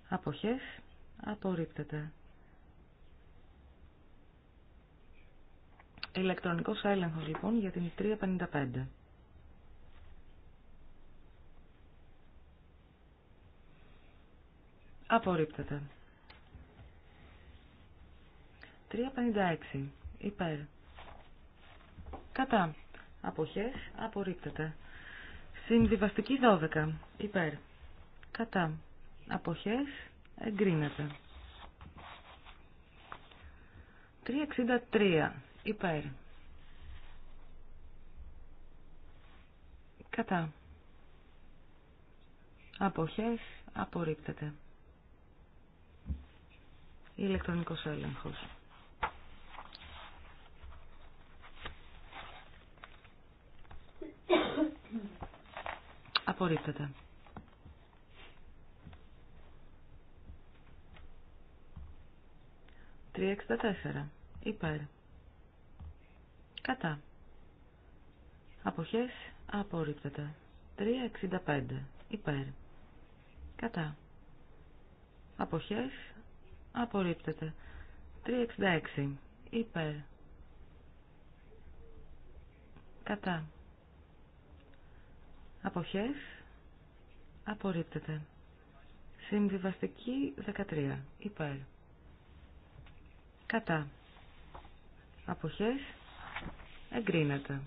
Αποχές. Απορρίπτεται. Ηλεκτρονικός έλεγχος λοιπόν για την 355. Απορρίπτεται. 356. Υπέρ. Κατά. Αποχές. Απορρίπτεται. Συμβιβαστική 12. Υπέρ. Κατά. Αποχές. Εγκρίνεται. 363. Υπέρ. Κατά. Αποχές. Απορρίπτεται ηλεκτρονικός έλεγχος. Απορρίπτεται. Τρία Υπέρ. Κατά. Αποχές. Απορρίπτεται. 365. Υπέρ. Κατά. Αποχές. Απορρίπτεται. 366. Υπέρ. Κατά. Αποχές. Απορρίπτεται. Συμβιβαστική 13. Υπέρ. Κατά. Αποχές. Εγκρίνεται.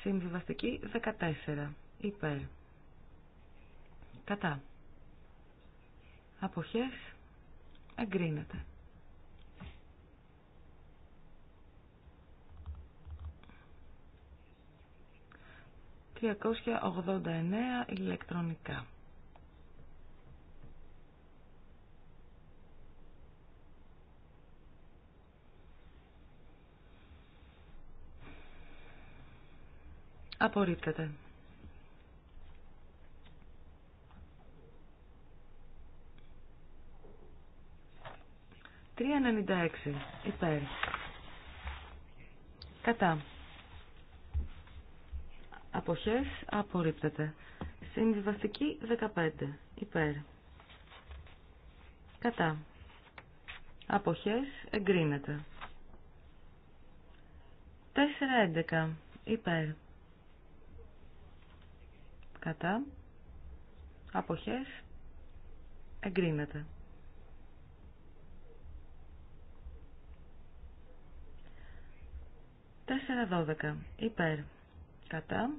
Συμβιβαστική 14. Υπέρ. Κατά. Αποχές εγκρίνεται. «389 ηλεκτρονικά». Απορρίπτεται. 396 υπέρ. Κατά. Αποχές απορρίπτεται. Συμβιβαστική 15 υπέρ. Κατά. Αποχές εγκρίνεται. 411 υπέρ. Κατά. Αποχές εγκρίνεται. 412 υπέρ κατά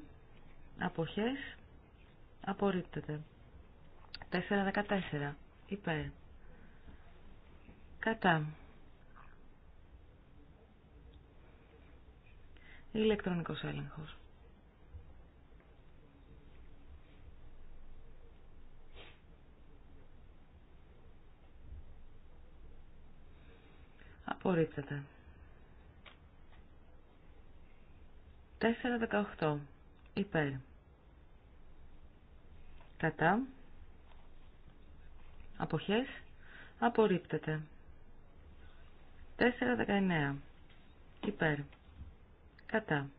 αποχές απορρίπτεται 414 υπέρ κατά ηλεκτρονικός έλεγχος απορρίπτεται 418 υπέρ κατά αποχές απορρίπτεται 419 υπέρ κατά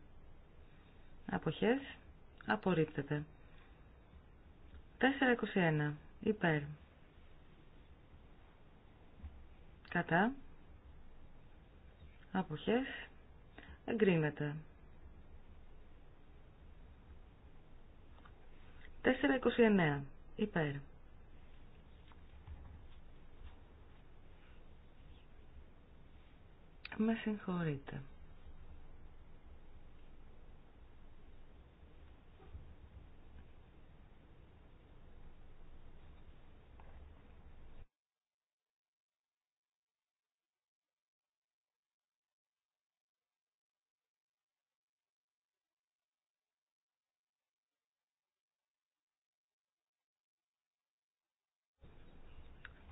αποχές απορρίπτεται 421 υπέρ κατά αποχές εγκρίνεται 429. Υπέρ. Με συγχωρείτε.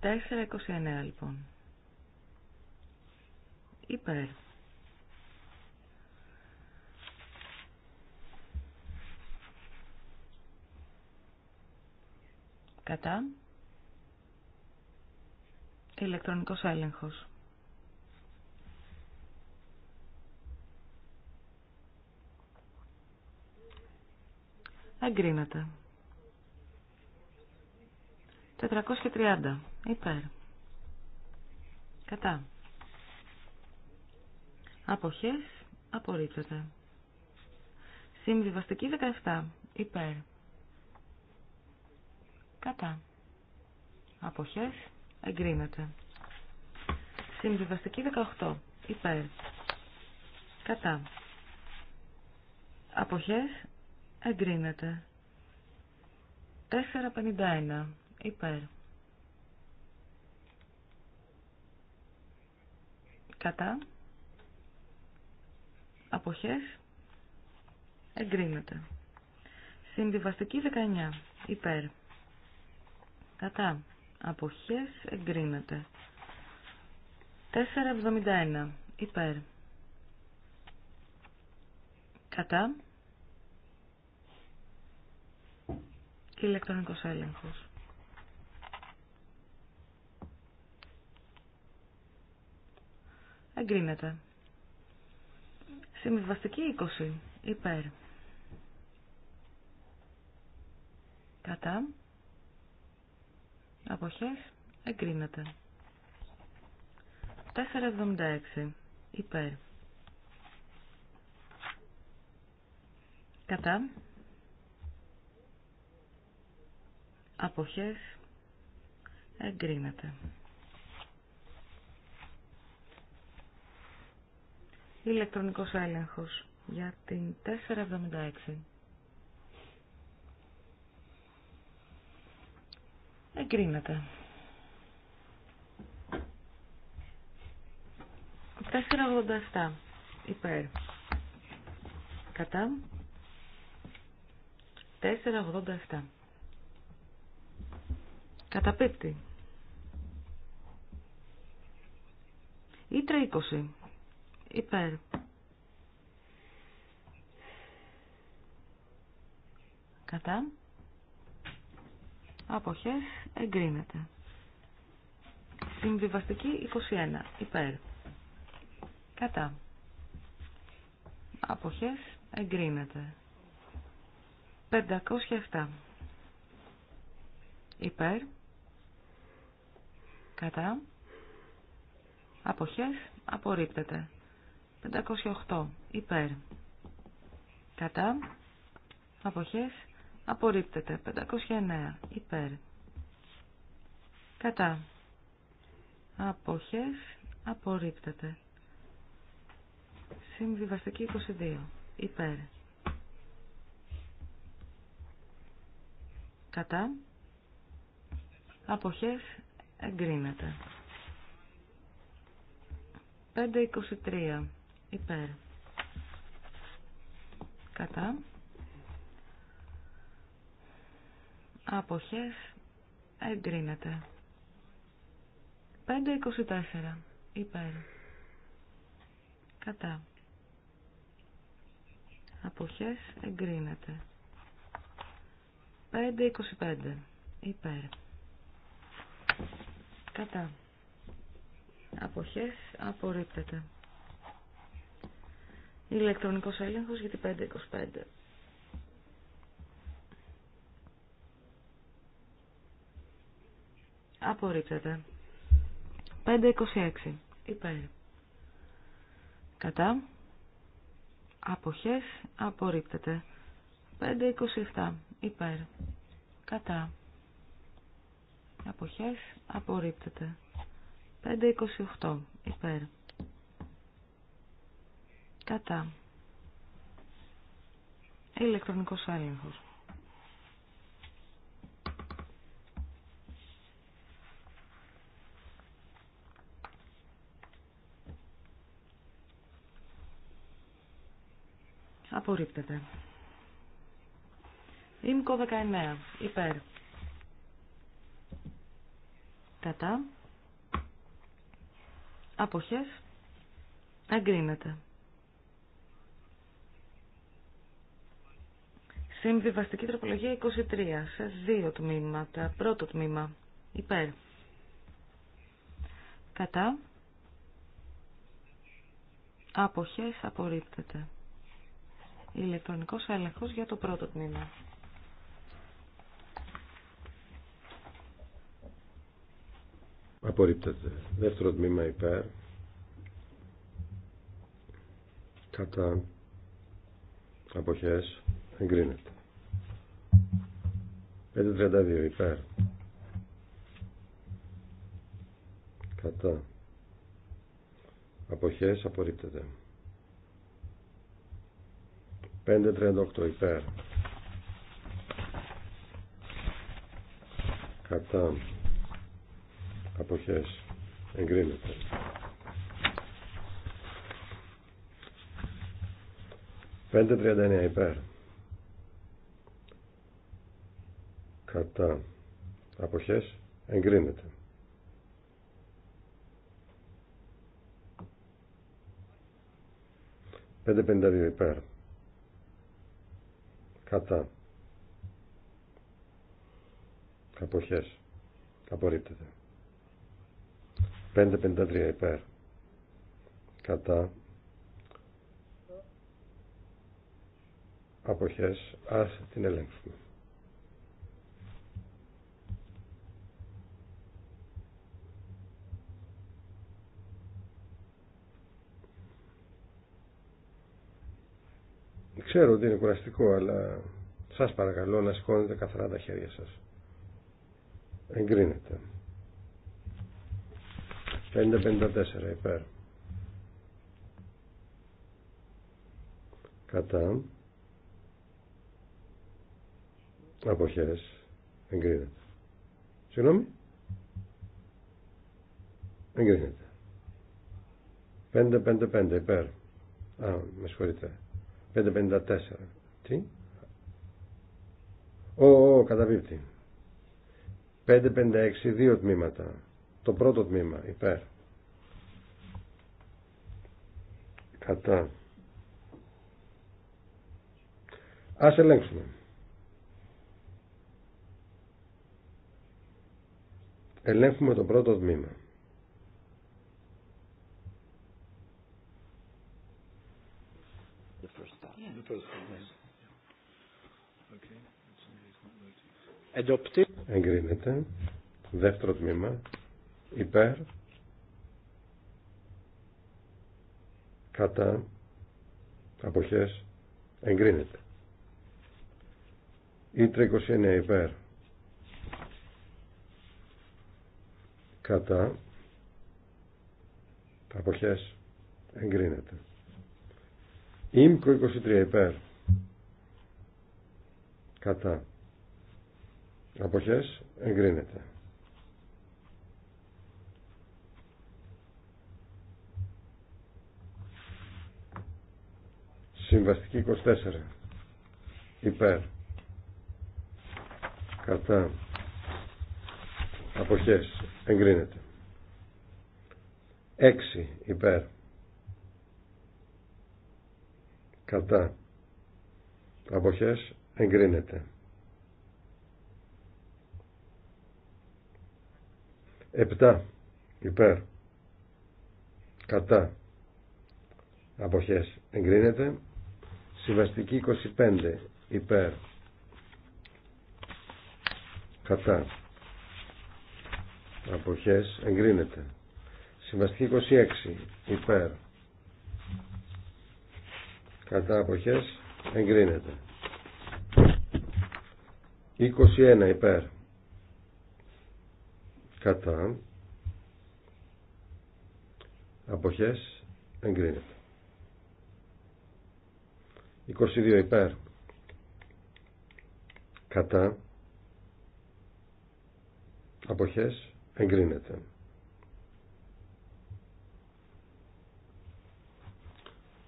4.29 λοιπόν. Υπέρ. Κατά. Ηλεκτρονικός έλεγχος. Αγκρίνεται. 430. Υπέρ. Κατά. Αποχές. Απορρίπτεται. Συμβιβαστική 17. Υπέρ. Κατά. Αποχές. Εγκρίνεται. Συμβιβαστική 18. Υπέρ. Κατά. Αποχές. Εγκρίνεται. 451 υπέρ. Κατά. Αποχές. Εγκρίνεται. Συμβιβαστική 19. Υπέρ. Κατά. Αποχές. Εγκρίνεται. 471. Υπέρ. Κατά. Και ηλεκτρονικός έλεγχος. Εγκρίνεται. Συμβιβαστική 20. Υπέρ. Κατά. Αποχές. Εγκρίνεται. 476. Υπέρ. Κατά. Αποχές. Εγκρίνεται. Ηλεκτρονικός έλεγχος για την 476. Εγκρίνεται. 487. Υπέρ. Κατά. 487. Καταπίπτει. Ήτρα 20 υπέρ. Κατά. Αποχές εγκρίνεται. Συμβιβαστική 21 υπέρ. Κατά. Αποχές εγκρίνεται. 507 υπέρ. Κατά. Αποχές απορρίπτεται. 508 υπέρ. Κατά. Αποχές. Απορρίπτεται. 509 υπέρ. Κατά. Αποχές. Απορρίπτεται. Συμβιβαστική 22 υπέρ. Κατά. Αποχές. Εγκρίνεται. 523 υπέρ κατά άποχες εγκρίνεται 524 υπέρ κατά αποχές εγκρίνεται 525 υπέρ κατά αποχές απορρίπτεται Ηλεκτρονικός έλεγχος για την 525. Απορρίπτεται. 526. Υπέρ. Κατά. Αποχές. Απορρίπτεται. 527. Υπέρ. Κατά. Αποχές. Απορρίπτεται. 528. Υπέρ. Κατά. Ηλεκτρονικός έλεγχος. Απορρίπτεται. Ήμκο 19. Υπέρ. Κατά. Αποχές. Εγκρίνεται. Συμβιβαστική τροπολογία 23 σε δύο τμήματα. Πρώτο τμήμα υπέρ. Κατά. Αποχές απορρίπτεται. Ηλεκτρονικός έλεγχο για το πρώτο τμήμα. Απορρίπτεται. Δεύτερο τμήμα υπέρ. Κατά. Αποχές εγκρίνεται 532 υπέρ κατά αποχές απορρίπτεται 538 υπέρ κατά αποχές εγκρίνεται 539 υπέρ κατά αποχές εγκρίνεται. Πέντε υπέρ. Κατά. Αποχές. Απορρίπτεται. 5.53 υπέρ. Κατά. Αποχές. Ας την ελέγξουμε. Ξέρω ότι είναι κουραστικό, αλλά σας παρακαλώ να σηκώνετε καθαρά τα χέρια σας. Εγκρίνεται. 5.54 υπέρ. Κατά. Αποχές. Εγκρίνεται. Συγγνώμη. Εγκρίνεται. 5.55 υπέρ. Α, με συγχωρείτε. 554. Τι. Ο, ο, 5 556, δύο τμήματα. Το πρώτο τμήμα, υπέρ. Κατά. Ας ελέγξουμε. Ελέγχουμε το πρώτο τμήμα. Εγκρίνεται. Δεύτερο τμήμα. Υπέρ. Κατά. Αποχές. Εγκρίνεται. Ήτρα 29 υπέρ. Κατά. Αποχές. Εγκρίνεται. ΥΜΚΟ 23 υπέρ. Κατά. Αποχές εγκρίνεται. Συμβαστική 24 υπέρ. Κατά. Αποχές εγκρίνεται. 6 υπέρ. κατά αποχές εγκρίνεται Επτά υπέρ κατά αποχές εγκρίνεται συμβαστική 25 υπέρ κατά αποχές εγκρίνεται συμβαστική 26 υπέρ κατά αποχές εγκρίνεται 21 υπέρ κατά αποχές εγκρίνεται 22 υπέρ κατά αποχές εγκρίνεται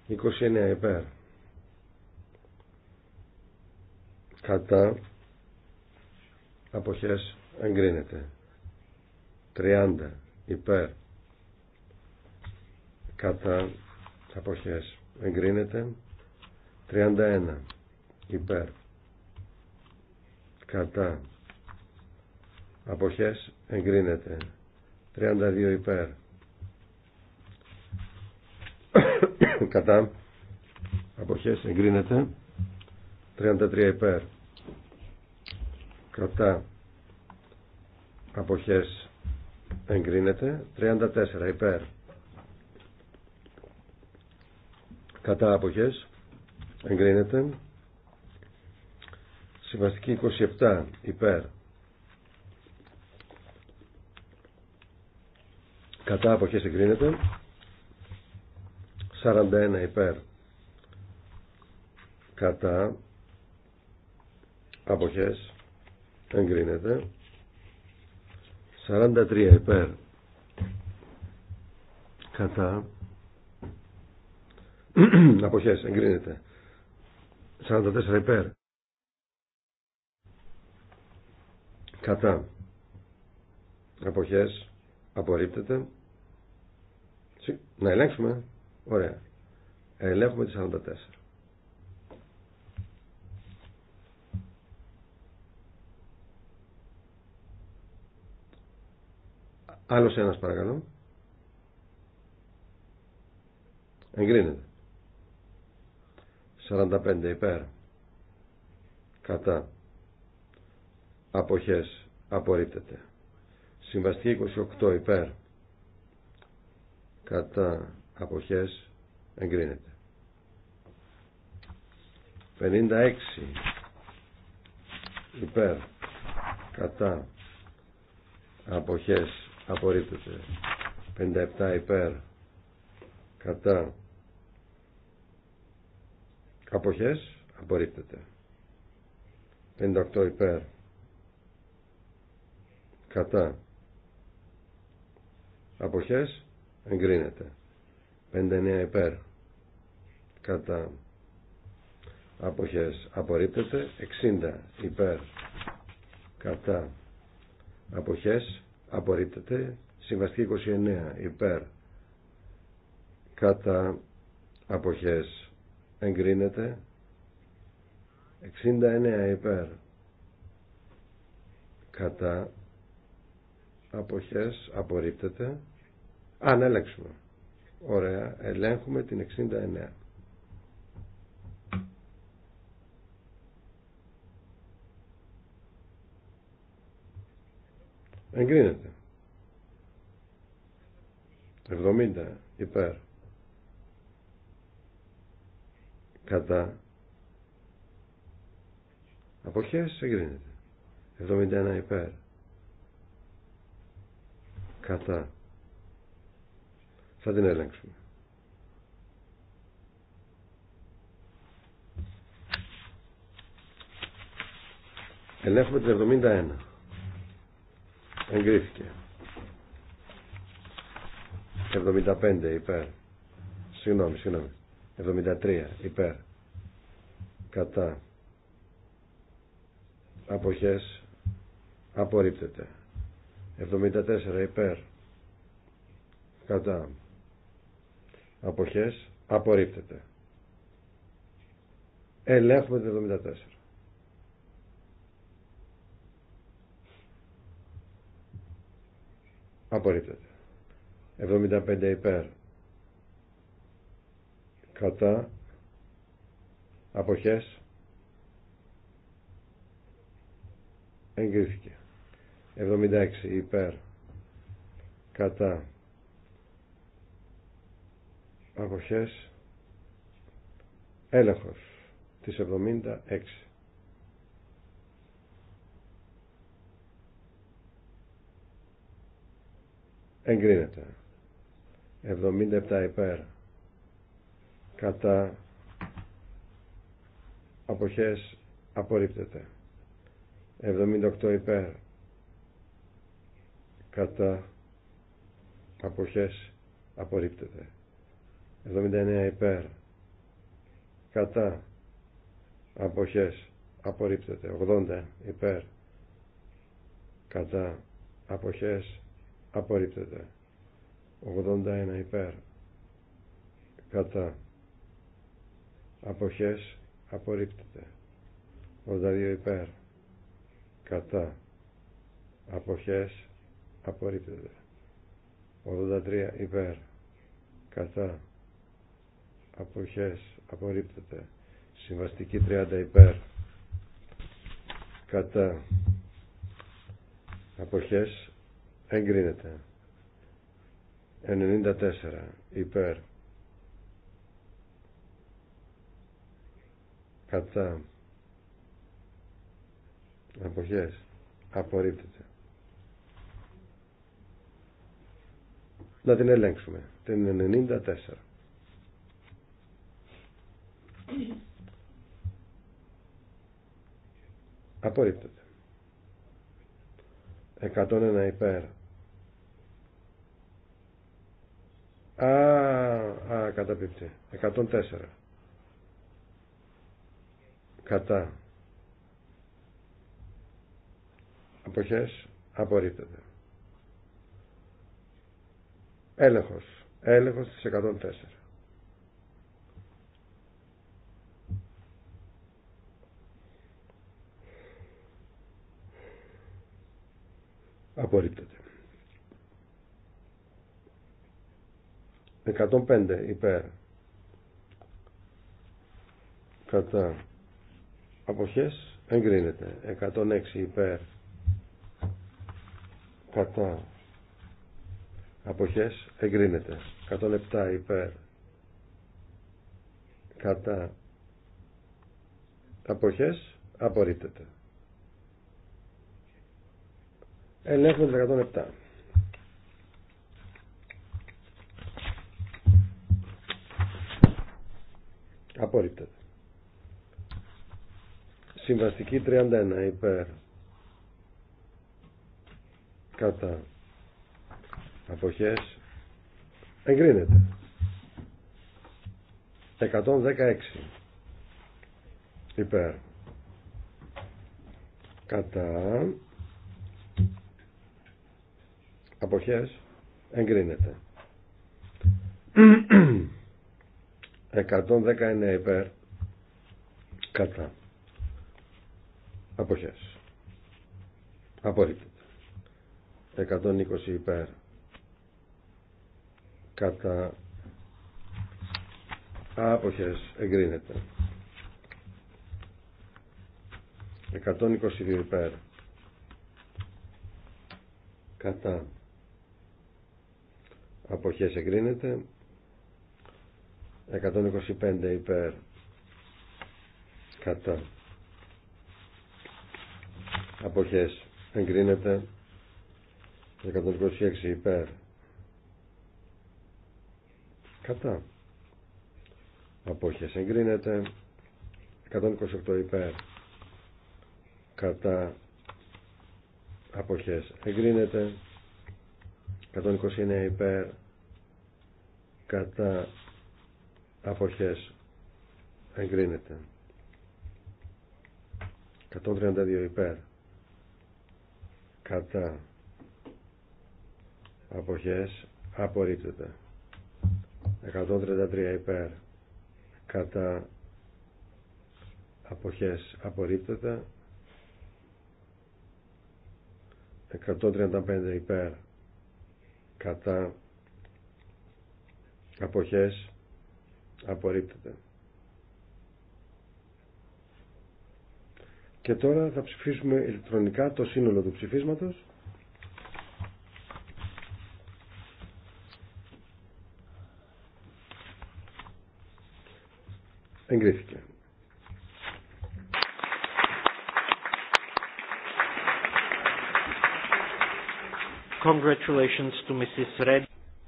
29 υπέρ κατά αποχές εγκρίνεται 30 υπέρ κατά αποχές εγκρίνεται 31 υπέρ κατά αποχές εγκρίνεται 32 υπέρ κατά αποχές εγκρίνεται 33 υπέρ κατά αποχές εγκρίνεται 34 υπέρ κατά αποχές εγκρίνεται συμβαστική 27 υπέρ κατά αποχές εγκρίνεται 41 υπέρ κατά αποχές εγκρίνεται 43 υπέρ κατά αποχές εγκρίνεται 44 υπέρ κατά αποχές απορρίπτεται να ελέγξουμε ωραία ελέγχουμε τις 44 Άλλος ένας παρακαλώ. Εγκρίνεται. 45 υπέρ. Κατά. Αποχές. Απορρίπτεται. Συμβαστική 28 υπέρ. Κατά. Αποχές. Εγκρίνεται. 56 υπέρ. Κατά. Αποχές απορρίπτεται 57 υπέρ κατά αποχές απορρίπτεται 58 υπέρ κατά αποχές εγκρίνεται 59 υπέρ κατά αποχές απορρίπτεται 60 υπέρ κατά αποχές απορρίπτεται. Συμβαστική 29 υπέρ κατά αποχές εγκρίνεται. 69 υπέρ κατά αποχές απορρίπτεται. Ανέλεξουμε. Ωραία. Ελέγχουμε την 69. Εγκρίνεται. 70 υπέρ. Κατά. Αποχές εγκρίνεται. 71 υπέρ. Κατά. Θα την έλεγξουμε. Ελέγχουμε την 71. Εγκρίθηκε. 75 υπέρ. Συγγνώμη, συγγνώμη. 73 υπέρ. Κατά. Αποχές. Απορρίπτεται. 74 υπέρ. Κατά. Αποχές. Απορρίπτεται. Ελέγχουμε το 74. απορρίπτεται 75 υπέρ κατά αποχές εγκρίθηκε 76 υπέρ κατά αποχές έλεγχος της 76 εγκρίνεται 77 υπέρ κατά αποχές απορρίπτεται 78 υπέρ κατά αποχές απορρίπτεται 79 υπέρ κατά αποχές απορρίπτεται 80 υπέρ κατά αποχές απορρίπτεται 81 υπέρ κατά αποχές απορρίπτεται 82 υπέρ κατά αποχές απορρίπτεται 83 υπέρ κατά αποχές απορρίπτεται συμβαστική 30 υπέρ κατά αποχές εγκρίνεται 94 υπέρ κατά εποχές απορρίπτεται να την ελέγξουμε την 94 απορρίπτεται 101 υπέρ. Α, α καταπίπτει. 104. Κατά. Αποχές απορρίπτεται. Έλεγχος. Έλεγχος της 104. Απορρίπτεται. 105 υπέρ. Κατά. Αποχές εγκρίνεται. 106 υπέρ. Κατά. Αποχές εγκρίνεται. 107 υπέρ. Κατά. Αποχές απορρίπτεται. Ελέγχουμε 107. Απορρίπτεται. Συμβαστική 31 υπέρ κατά αποχές εγκρίνεται 116 υπέρ κατά Αποχές. Εγκρίνεται. 119 υπέρ. Κατά. Αποχές. Απορρίπτεται. 120 υπέρ. Κατά. Αποχές. Εγκρίνεται. 122 υπέρ. Κατά αποχές εγκρίνεται 125 υπέρ κατά αποχές εγκρίνεται 126 υπέρ κατά αποχές εγκρίνεται 128 υπέρ κατά αποχές εγκρίνεται 129 υπέρ κατά αποχές εγκρίνεται 132 υπέρ κατά αποχές απορρίπτεται 133 υπέρ κατά αποχές απορρίπτεται 135 υπέρ κατά αποχές απορρίπτεται. Και τώρα θα ψηφίσουμε ηλεκτρονικά το σύνολο του ψηφίσματος. Εγκρίθηκε. Congratulations to Mrs. Red.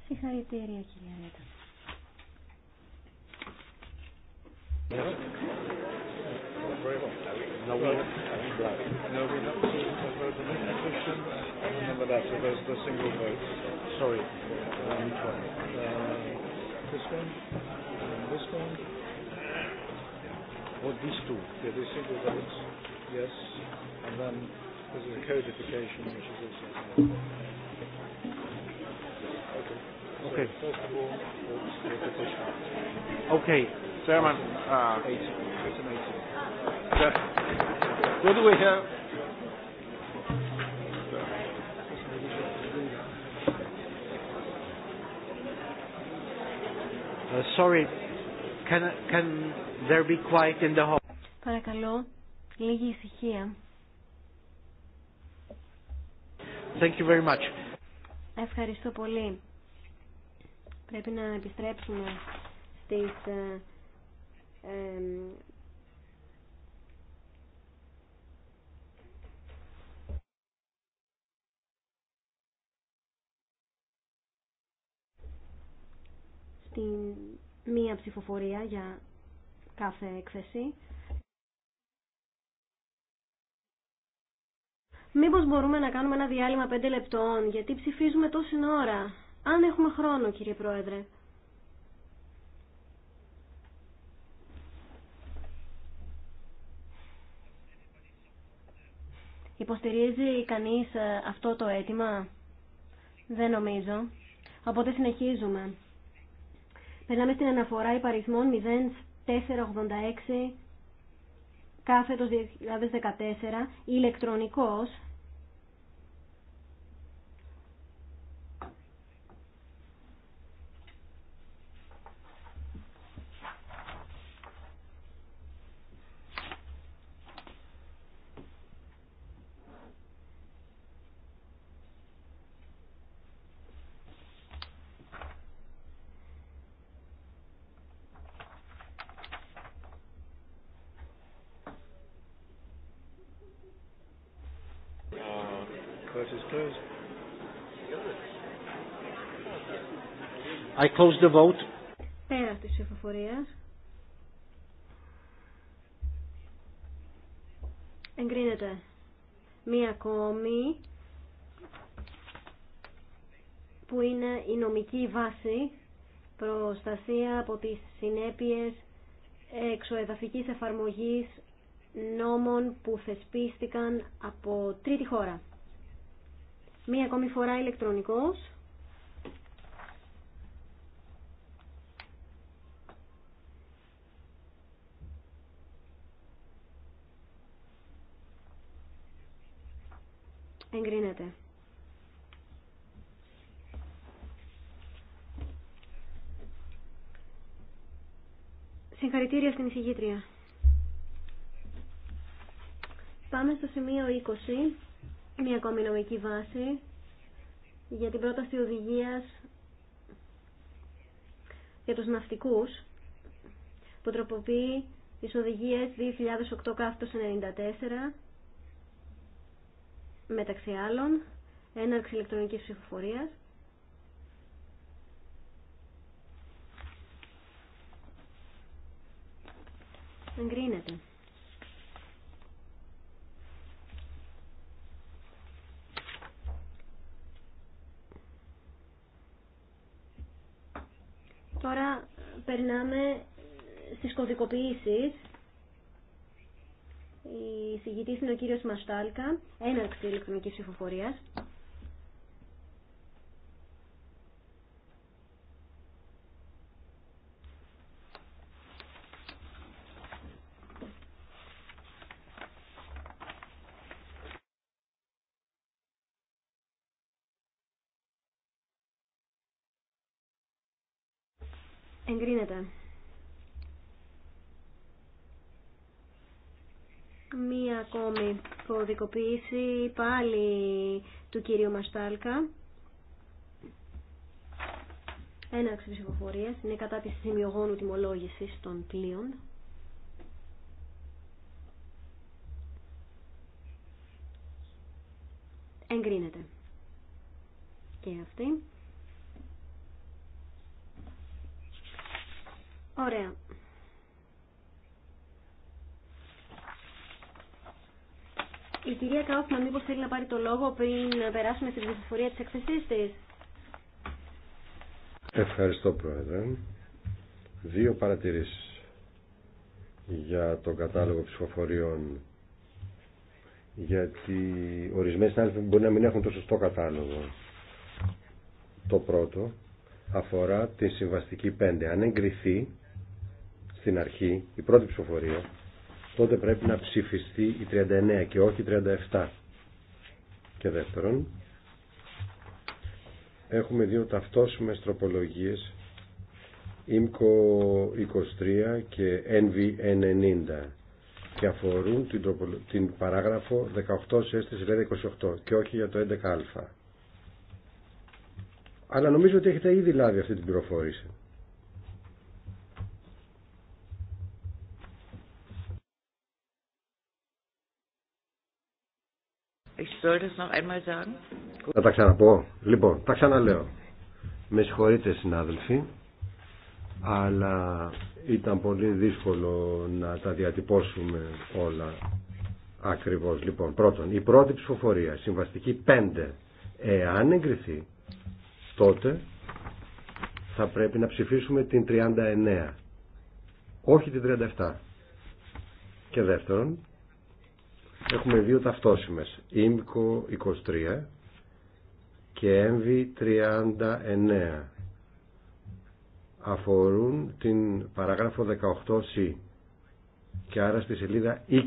Συγχαρητήρια Yes, and then there's a which is Okay. Okay. Chairman. Uh, what do we have? Uh, sorry. Can, can there be quiet in the hall? Παρακαλώ, λίγη ησυχία. Thank you very much. Ευχαριστώ πολύ. Πρέπει να επιστρέψουμε στις ε, μία ψηφοφορία για κάθε έκθεση. Μήπως μπορούμε να κάνουμε ένα διάλειμμα 5 λεπτών, γιατί ψηφίζουμε τόση ώρα αν έχουμε χρόνο κύριε Πρόεδρε. Υποστηρίζει κανείς ε, αυτό το αίτημα. Δεν νομίζω. Οπότε συνεχίζουμε. Περνάμε στην αναφορά υπαρισμών 0486 κάθετος 2014 ηλεκτρονικός I close the Πέρα της ψηφοφορίας. Εγκρίνεται. Μία ακόμη που είναι η νομική βάση προστασία από τις συνέπειες εξοεδαφικής εφαρμογής νόμων που θεσπίστηκαν από τρίτη χώρα. Μία ακόμη φορά ηλεκτρονικός. Εγκρίνεται. Συγχαρητήρια στην εισηγήτρια. Πάμε στο σημείο 20, μια ακόμη νομική βάση, για την πρόταση οδηγίας για τους ναυτικούς, που τροποποιεί τις οδηγίες 2008-94 μεταξύ άλλων έναρξη ηλεκτρονικής ψηφοφορίας εγκρίνεται. Τώρα ε, περνάμε στις κωδικοποιήσεις. Η συγγητής είναι ο κύριος Μαστάλκα, έναρξη ηλεκτρονικής ψηφοφορίας. Εγκρίνεται. ακόμη κωδικοποίηση πάλι του κυρίου Μαστάλκα. Ένα ψηφοφορία είναι κατά τη σημειογόνου τιμολόγηση των πλοίων. Εγκρίνεται. Και αυτή. Ωραία. Η κυρία Κάουφμαν μήπως θέλει να πάρει το λόγο πριν περάσουμε στην ψηφοφορία τη εκθεσή τη. Ευχαριστώ Πρόεδρε. Δύο παρατηρήσεις για τον κατάλογο ψηφοφοριών γιατί ορισμένες συνάδελφοι μπορεί να μην έχουν το σωστό κατάλογο. Το πρώτο αφορά τη συμβαστική 5. Αν εγκριθεί στην αρχή η πρώτη ψηφοφορία τότε πρέπει να ψηφιστεί η 39 και όχι η 37. Και δεύτερον, έχουμε δύο ταυτόσιμες τροπολογίες, ΙΜΚΟ 23 και NV90 και αφορούν την, την παράγραφο 18 σε 28 και όχι για το 11α. Αλλά νομίζω ότι έχετε ήδη λάβει αυτή την πληροφόρηση. Ich soll Θα τα ξαναπώ. Λοιπόν, τα ξαναλέω. Με συγχωρείτε συνάδελφοι, αλλά ήταν πολύ δύσκολο να τα διατυπώσουμε όλα ακριβώς. Λοιπόν, πρώτον, η πρώτη ψηφοφορία, συμβαστική 5, εάν εγκριθεί, τότε θα πρέπει να ψηφίσουμε την 39, όχι την 37. Και δεύτερον, Έχουμε δύο ταυτόσημες. ΙΜΚΟ 23 και ΕΜΒΙ 39 αφορούν την παράγραφο 18C και άρα στη σελίδα 20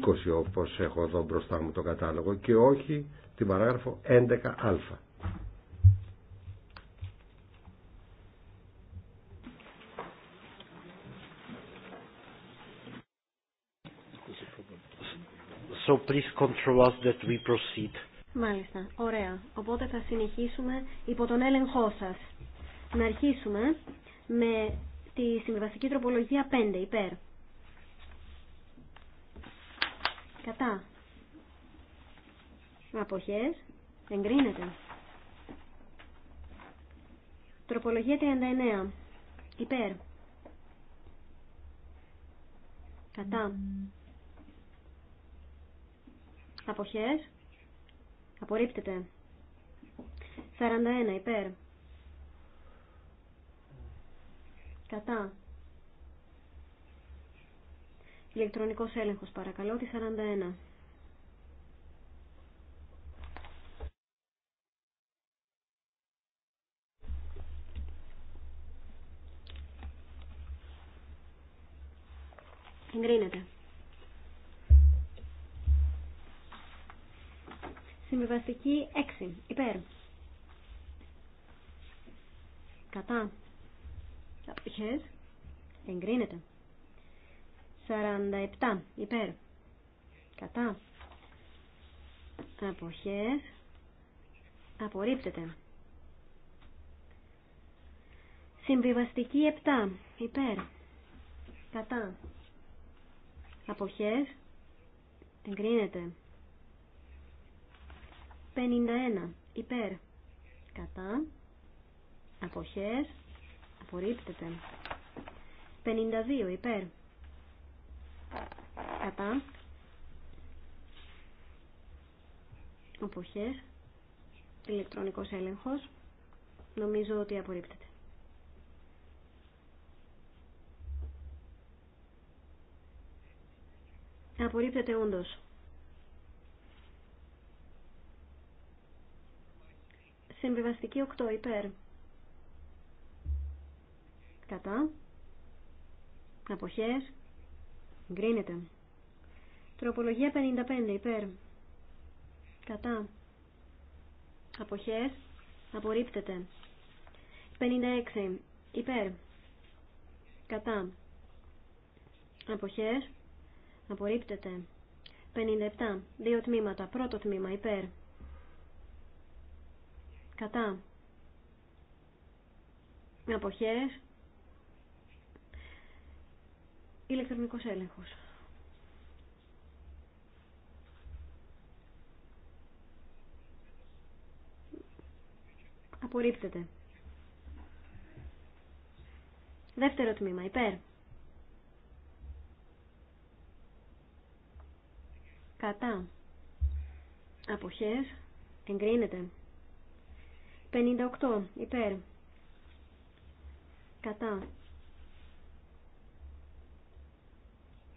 όπως έχω εδώ μπροστά μου το κατάλογο και όχι την παράγραφο 11α. so please control us that we proceed. Μάλιστα, ωραία. Οπότε θα συνεχίσουμε υπό τον έλεγχό σας. Να αρχίσουμε με τη συμβαστική τροπολογία 5, υπέρ. Κατά. Αποχές. Εγκρίνεται. Τροπολογία 39. Υπέρ. Κατά. Αποχές. Απορρίπτεται. 41 υπέρ. Κατά. Ηλεκτρονικός έλεγχος παρακαλώ, τη 41. Εγκρίνεται. Συμβιβαστική 6. Υπέρ. Κατά. Αποχές. Εγκρίνεται. 47. Υπέρ. Κατά. Αποχές. Απορρίπτεται. Συμβιβαστική 7. Υπέρ. Κατά. Αποχές. Εγκρίνεται. 51 υπέρ κατά αποχές απορρίπτεται 52 υπέρ κατά αποχές ηλεκτρονικός έλεγχος νομίζω ότι απορρίπτεται απορρίπτεται όντως Συμβιβαστική 8 υπέρ. Κατά. Αποχές. Γκρίνεται. Τροπολογία 55 υπέρ. Κατά. Αποχές. Απορρίπτεται. 56 υπέρ. Κατά. Αποχές. Απορρίπτεται. 57. Δύο τμήματα. Πρώτο τμήμα υπέρ κατά αποχές ηλεκτρονικός έλεγχος. Απορρίπτεται. Δεύτερο τμήμα, υπέρ. Κατά. Αποχές. Εγκρίνεται. 58 υπέρ κατά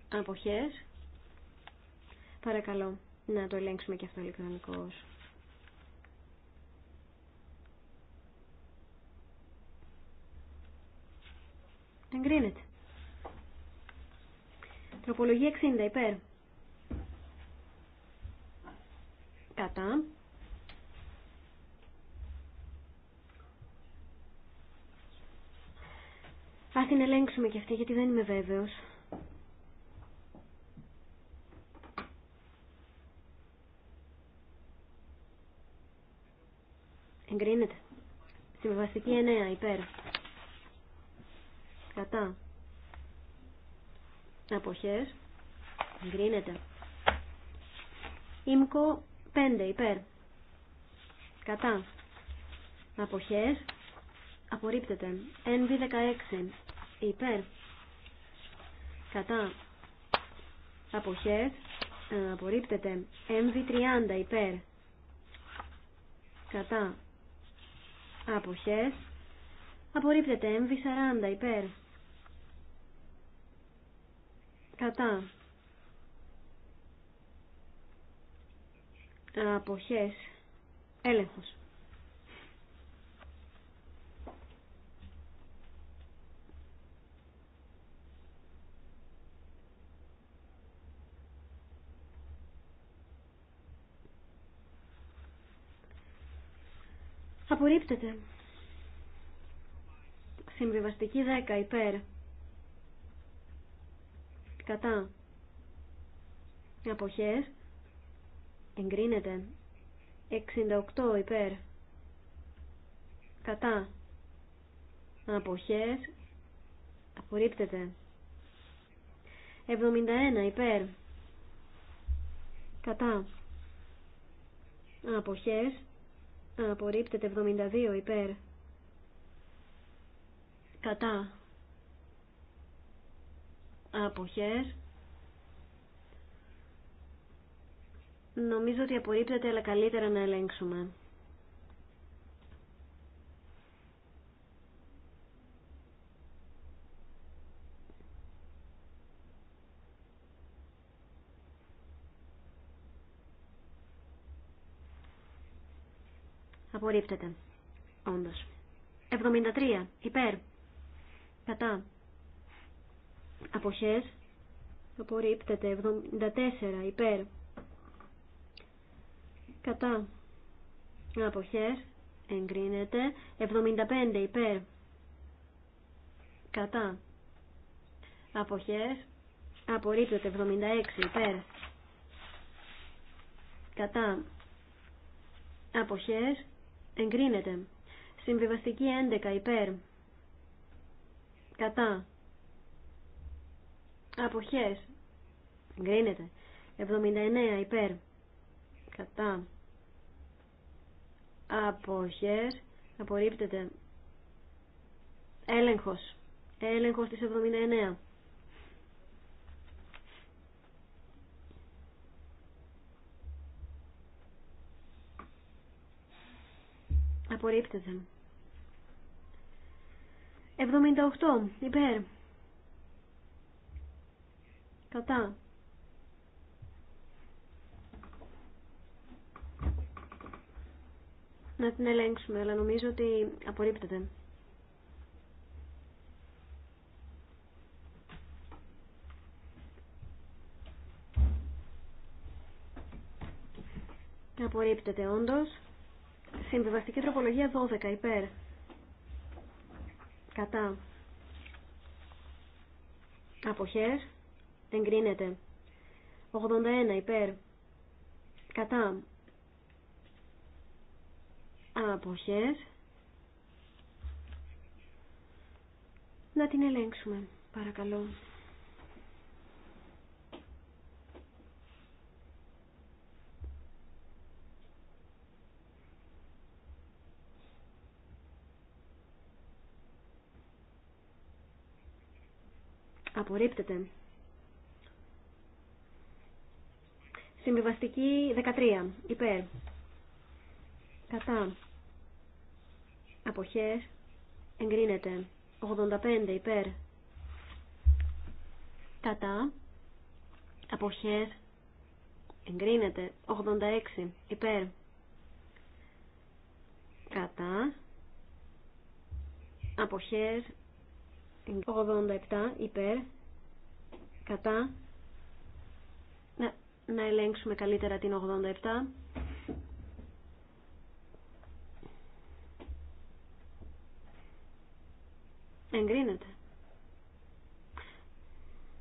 αποχές παρακαλώ να το ελέγξουμε και αυτό ηλεκτρονικώς εγκρίνεται τροπολογία 60 υπέρ κατά Ας την ελέγξουμε κι αυτή γιατί δεν είμαι βέβαιο. Εγκρίνεται. Συμβαστική 9, υπέρ. Κατά. Αποχές. Εγκρίνεται. Ήμκο 5, υπέρ. Κατά. Αποχές. Απορρίπτεται. NV16, ε, υπέρ κατά αποχές απορρίπτεται MV30 υπέρ κατά αποχές απορρίπτεται MV40 υπέρ κατά αποχές έλεγχος Απορρίπτεται. Συμβιβαστική 10 υπέρ. Κατά. Αποχές. Εγκρίνεται. 68 υπέρ. Κατά. Αποχές. Απορρίπτεται. 71 υπέρ. Κατά. Αποχές απορρίπτεται 72 υπέρ κατά αποχές νομίζω ότι απορρίπτεται αλλά καλύτερα να ελέγξουμε Απορρίπτεται. όντω. 73. Υπέρ. Κατά. Αποχέ. Απορρίπτεται. 74. Υπέρ. Κατά. Αποχέ. Εγκρίνεται. 75. Υπέρ. Κατά. Αποχέ. Απορρίπτεται. 76. Υπέρ. Κατά. Αποχές εγκρίνεται. Συμβιβαστική 11 υπέρ. Κατά. Αποχές. Εγκρίνεται. 79 υπέρ. Κατά. Αποχές. Απορρίπτεται. Έλεγχος. Έλεγχος της 79. Απορρίπτεται. 78. Υπέρ. Κατά. Να την ελέγξουμε, αλλά νομίζω ότι απορρίπτεται. Απορρίπτεται όντως. Συμβιβαστική τροπολογία 12 υπέρ. Κατά. Αποχές. Εγκρίνεται. 81 υπέρ. Κατά. Αποχές. Να την ελέγξουμε, παρακαλώ. Απορρίπτεται. Συμβιβαστική 13. Υπέρ. Κατά. Αποχές. Εγκρίνεται. 85. Υπέρ. Κατά. Αποχές. Εγκρίνεται. 86. Υπέρ. Κατά. Αποχές. 87 υπέρ κατά να, να ελέγξουμε καλύτερα την 87 Εγκρίνεται.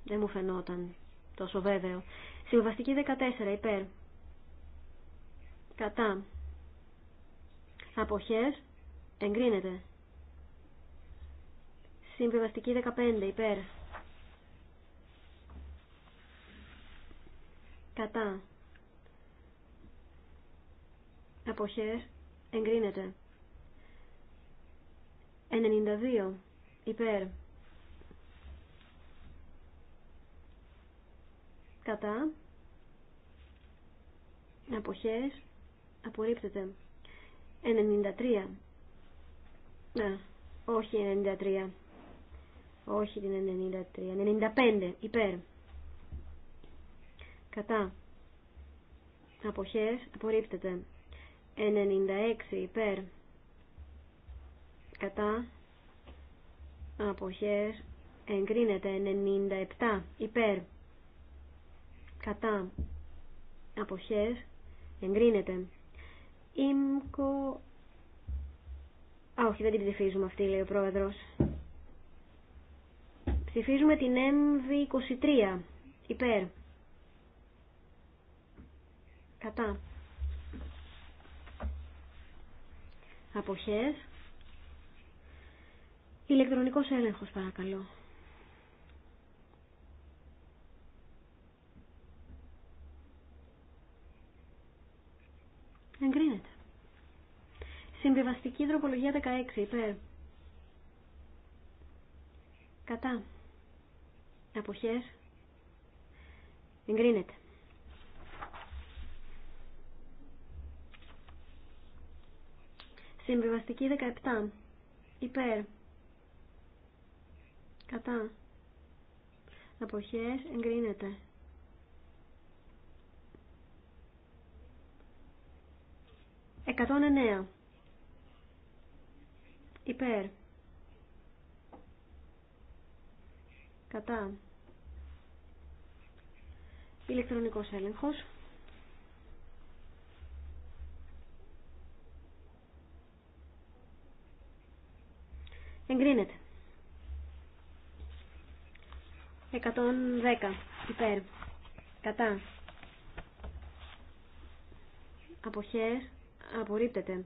Δεν μου φαινόταν τόσο βέβαιο. Συμβαστική 14 υπέρ. Κατά. Αποχές εγκρίνεται. Συμβιβαστική 15 υπέρ. Κατά. Αποχέρ, εγκρίνεται. 92 υπέρ. Κατά. Αποχέρ, απορρίπτεται. 93. Ναι, όχι 93 όχι την 93, 95 υπέρ. Κατά. Αποχές απορρίπτεται. 96 υπέρ. Κατά. Αποχές εγκρίνεται. 97 υπέρ. Κατά. Αποχές εγκρίνεται. Ήμκο... Α, όχι, δεν την ψηφίζουμε αυτή, λέει ο πρόεδρος. Ψηφίζουμε την MV23. Υπέρ. Κατά. Αποχές. Ηλεκτρονικός έλεγχος παρακαλώ. Εγκρίνεται. Συμβιβαστική τροπολογία 16. Υπέρ. Κατά αποχές εγκρίνεται. Συμβιβαστική 17. Υπέρ. Κατά. Αποχές εγκρίνεται. Εκατόν εννέα. Υπέρ. Κατά. Ηλεκτρονικός έλεγχος. Εγκρίνεται. 110 υπέρ. Κατά. Αποχές. Απορρίπτεται.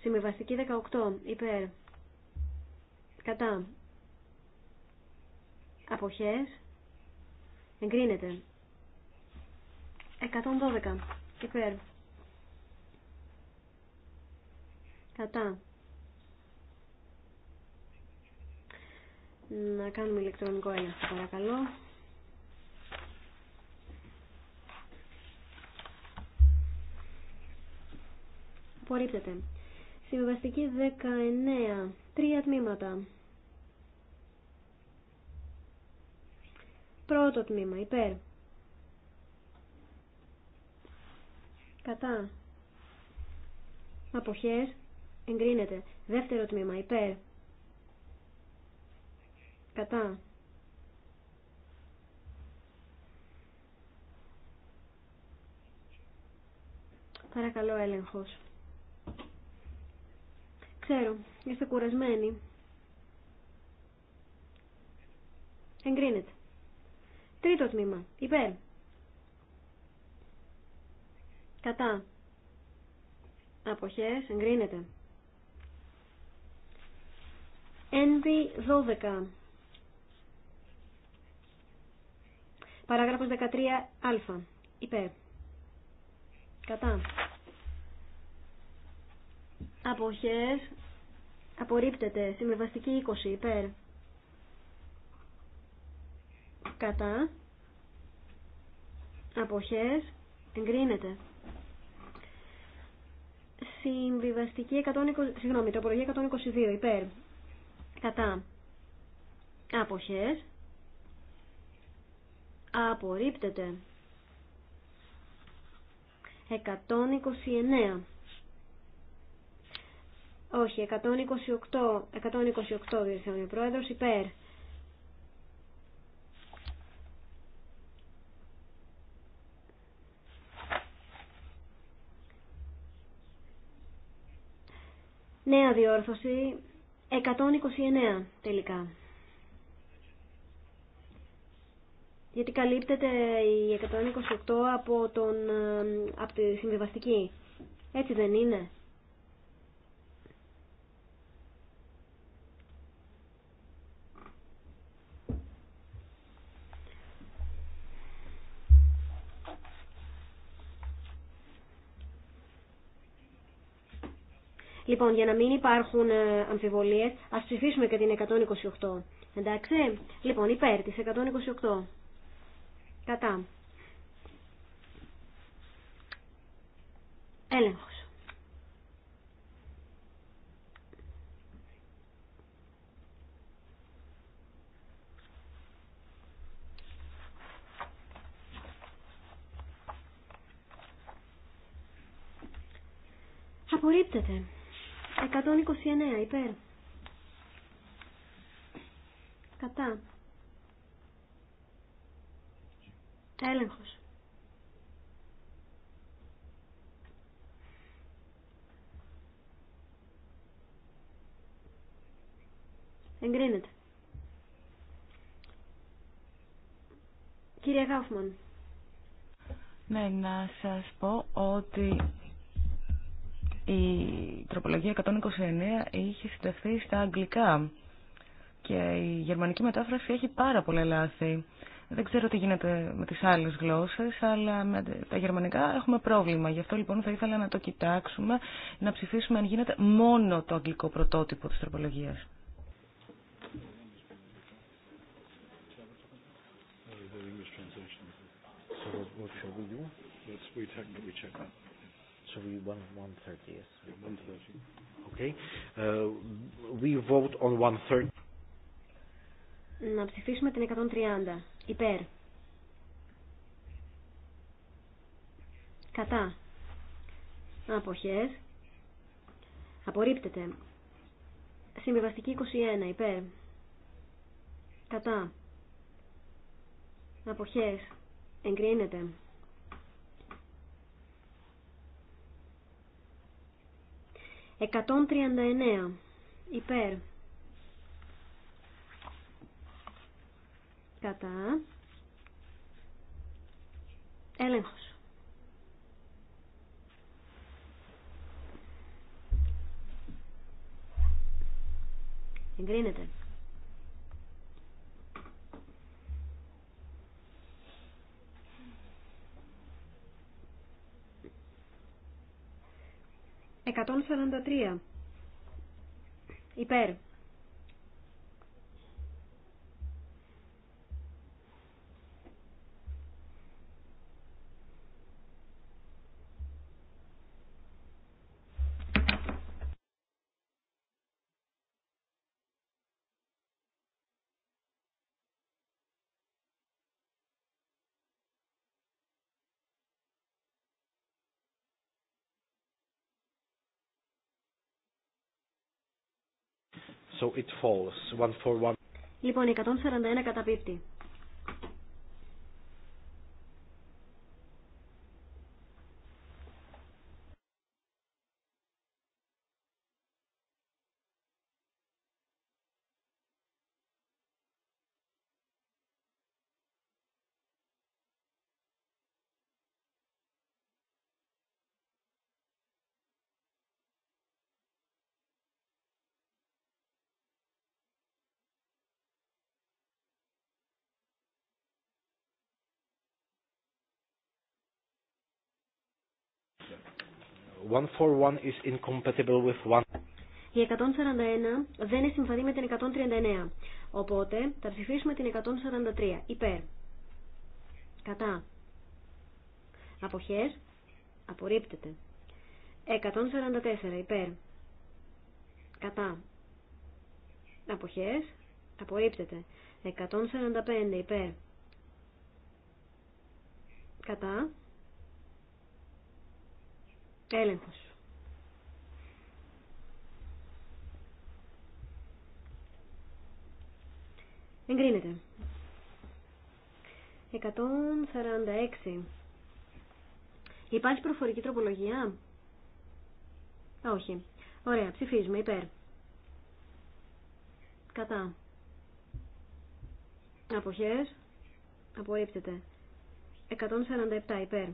Συμβιβαστική 18 υπέρ. Κατά αποχές εγκρίνεται 112 υπέρ κατά να κάνουμε ηλεκτρονικό έλεγχο παρακαλώ απορρίπτεται συμβιβαστική 19 τρία τμήματα Πρώτο τμήμα, υπέρ. Κατά. Αποχές, εγκρίνεται. Δεύτερο τμήμα, υπέρ. Κατά. Παρακαλώ έλεγχος. Ξέρω, είστε κουρασμένοι. Εγκρίνεται. Τρίτο τμήμα. Υπέρ. Κατά. Αποχές. Εγκρίνεται. ένδυ 12. Παράγραφος 13α. Υπέρ. Κατά. Αποχές. Απορρίπτεται. Συμβιβαστική 20. Υπέρ κατά αποχές εγκρίνεται. Συμβιβαστική 120, συγγνώμη, τροπολογία 122 υπέρ κατά αποχές απορρίπτεται. 129 όχι, 128, 128 διευθύνει ο πρόεδρος, υπέρ, Νέα διόρθωση 129 τελικά. Γιατί καλύπτεται η 128 από, τον, ε, από τη συμβιβαστική. Έτσι δεν είναι. Λοιπόν, για να μην υπάρχουν ε, αμφιβολίες, ας ψηφίσουμε και την 128. Εντάξει, λοιπόν, υπέρ της 128. Κατά. Έλεγχος. Απορρίπτεται. 129 υπέρ. Κατά. Έλεγχος. Εγκρίνεται. Κύριε Γάφμαν. Ναι, να σας πω ότι η τροπολογία 129 είχε συνταχθεί στα αγγλικά και η γερμανική μετάφραση έχει πάρα πολλά λάθη. Δεν ξέρω τι γίνεται με τις άλλες γλώσσες, αλλά με τα γερμανικά έχουμε πρόβλημα. Γι' αυτό λοιπόν θα ήθελα να το κοιτάξουμε, να ψηφίσουμε αν γίνεται μόνο το αγγλικό πρωτότυπο της τροπολογίας. So we one yes. One Okay. Uh, we vote on one Να ψηφίσουμε την 130. Υπέρ. Κατά. Αποχές. Απορρίπτεται. Συμβιβαστική 21. Υπέρ. Κατά. Αποχές. Εγκρίνεται. 139 υπέρ κατά έλεγχος. Εγκρίνεται. 143. Υπέρ. So it falls. One for one. Λοιπόν, 141 καταπίπτει. 141 is incompatible with Η 141 δεν είναι με την 139. Οπότε θα ψηφίσουμε την 143. Υπέρ. Κατά. Αποχές. Απορρίπτεται. 144. Υπέρ. Κατά. Αποχές. Απορρίπτεται. 145. Υπέρ. Κατά. Έλεγχος. Εγκρίνεται. 146. Υπάρχει προφορική τροπολογία. Όχι. Ωραία. Ψηφίζουμε. Υπέρ. Κατά. Αποχές. Απορρίπτεται. 147. Υπέρ.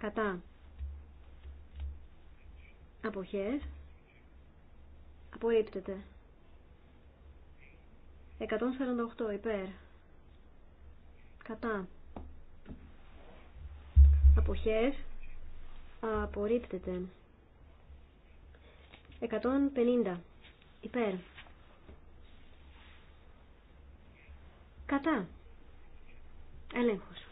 κατά αποχές απορρίπτεται 148 υπέρ κατά αποχές απορρίπτεται 150 υπέρ κατά έλεγχος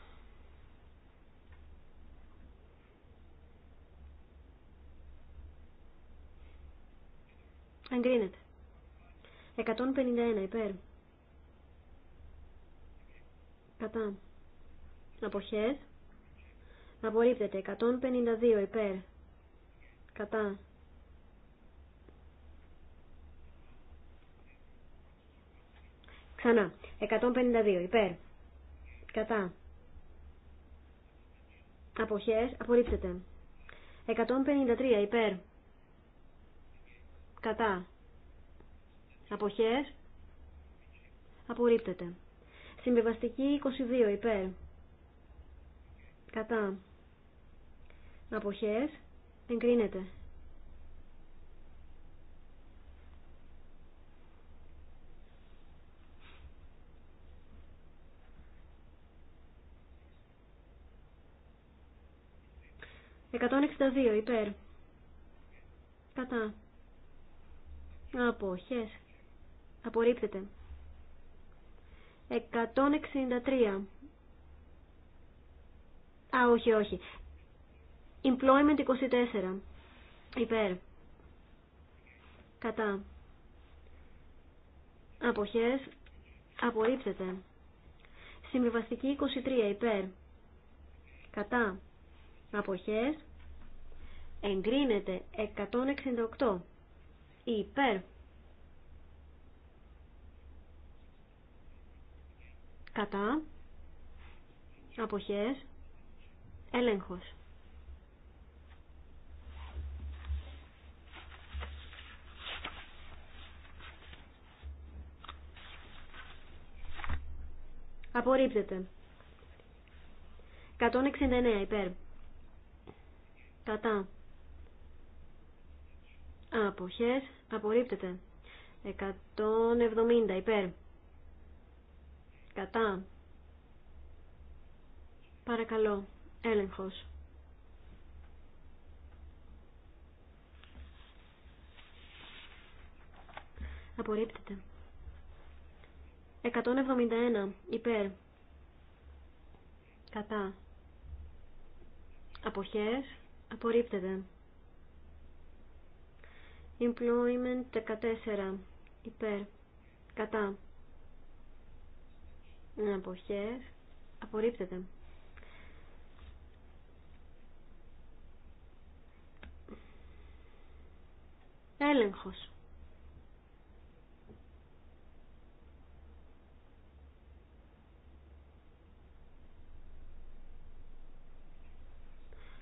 Εγκρίνεται. 151 υπέρ. Κατά. Αποχές. Απορρίπτεται. 152 υπέρ. Κατά. Ξανά. 152 υπέρ. Κατά. Αποχές. Απορρίπτεται. 153 υπέρ. Κατά. Αποχές. Απορρίπτεται. Συμβιβαστική 22 υπέρ. Κατά. Αποχές. Εγκρίνεται. 162 υπέρ. Κατά. Αποχές. Απορρίπτεται. 163. Α, όχι, όχι. Employment 24. Υπέρ. Κατά. Αποχές. Απορρίπτεται. Συμβιβαστική 23. Υπέρ. Κατά. Αποχές. Εγκρίνεται 168 υπέρ κατά αποχές έλεγχος Απορρίπτεται. 169 υπέρ. Κατά. Αποχές. Απορρίπτεται. 170 υπέρ. Κατά. Παρακαλώ. Έλεγχος. Απορρίπτεται. 171 υπέρ. Κατά. Αποχές. Απορρίπτεται. Employment 14. Υπέρ. Κατά. Αποχές. Απορρίπτεται. Έλεγχος.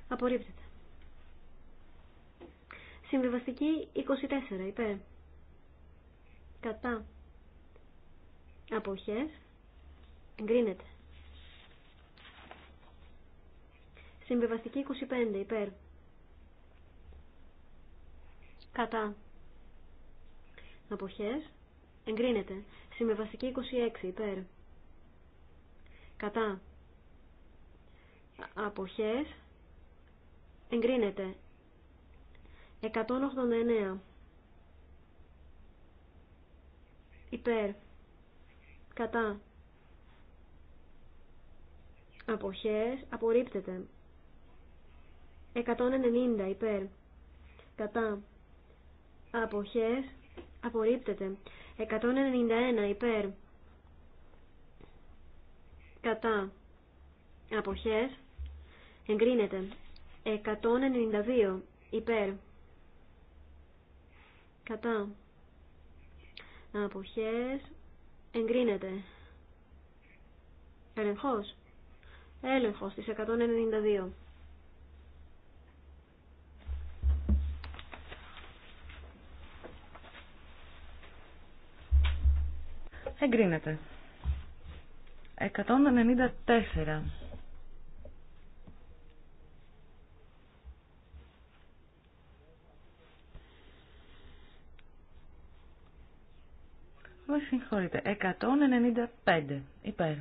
Απορρίπτεται. Συμβιβαστική 24 υπέρ. Κατά. Αποχές. Εγκρίνεται. Συμβιβαστική 25 υπέρ. Κατά. Αποχές. Εγκρίνεται. Συμβιβαστική 26 υπέρ. Κατά. Αποχές. Εγκρίνεται. 189 υπέρ κατά αποχές απορρίπτεται 190 υπέρ κατά αποχές απορρίπτεται 191 υπέρ κατά αποχές εγκρίνεται 192 υπέρ κατά αποχές εγκρίνεται έλεγχος έλεγχος της 192 εγκρίνεται 194 με συγχωρείτε. 195 υπέρ.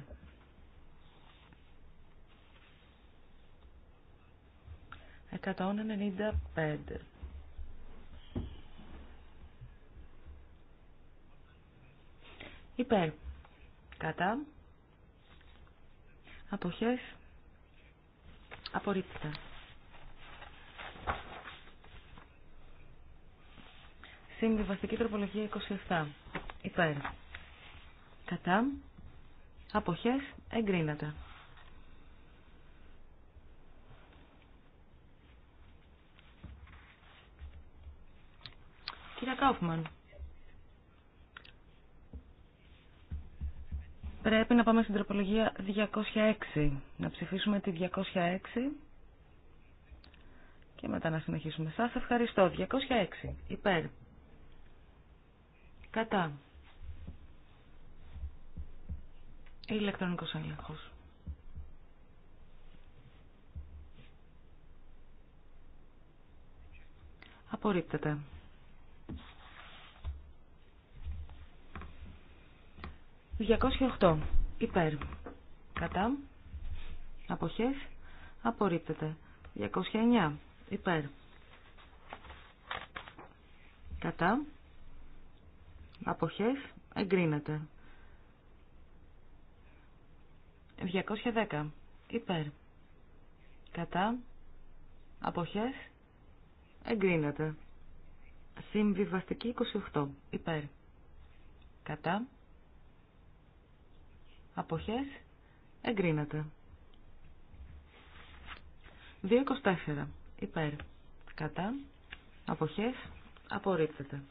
Εκατόν Υπέρ. Κατά. Αποχές. Απορρίπτεται. Συμβιβαστική τροπολογία 27 υπέρ. Κατά. Αποχές εγκρίνεται. Κύριε Κάουφμαν, πρέπει να πάμε στην τροπολογία 206. Να ψηφίσουμε τη 206 και μετά να συνεχίσουμε. Σας ευχαριστώ. 206. Υπέρ. Κατά. Ηλεκτρονικός έλεγχος. Απορρίπτεται. 208. Υπέρ. Κατά. Αποχές. Απορρίπτεται. 209. Υπέρ. Κατά. Αποχές. Εγκρίνεται. 210. Υπέρ. Κατά. Αποχές. Εγκρίνεται. Συμβιβαστική 28. Υπέρ. Κατά. Αποχές. Εγκρίνεται. 224. Υπέρ. Κατά. Αποχές. Απορρίπτεται.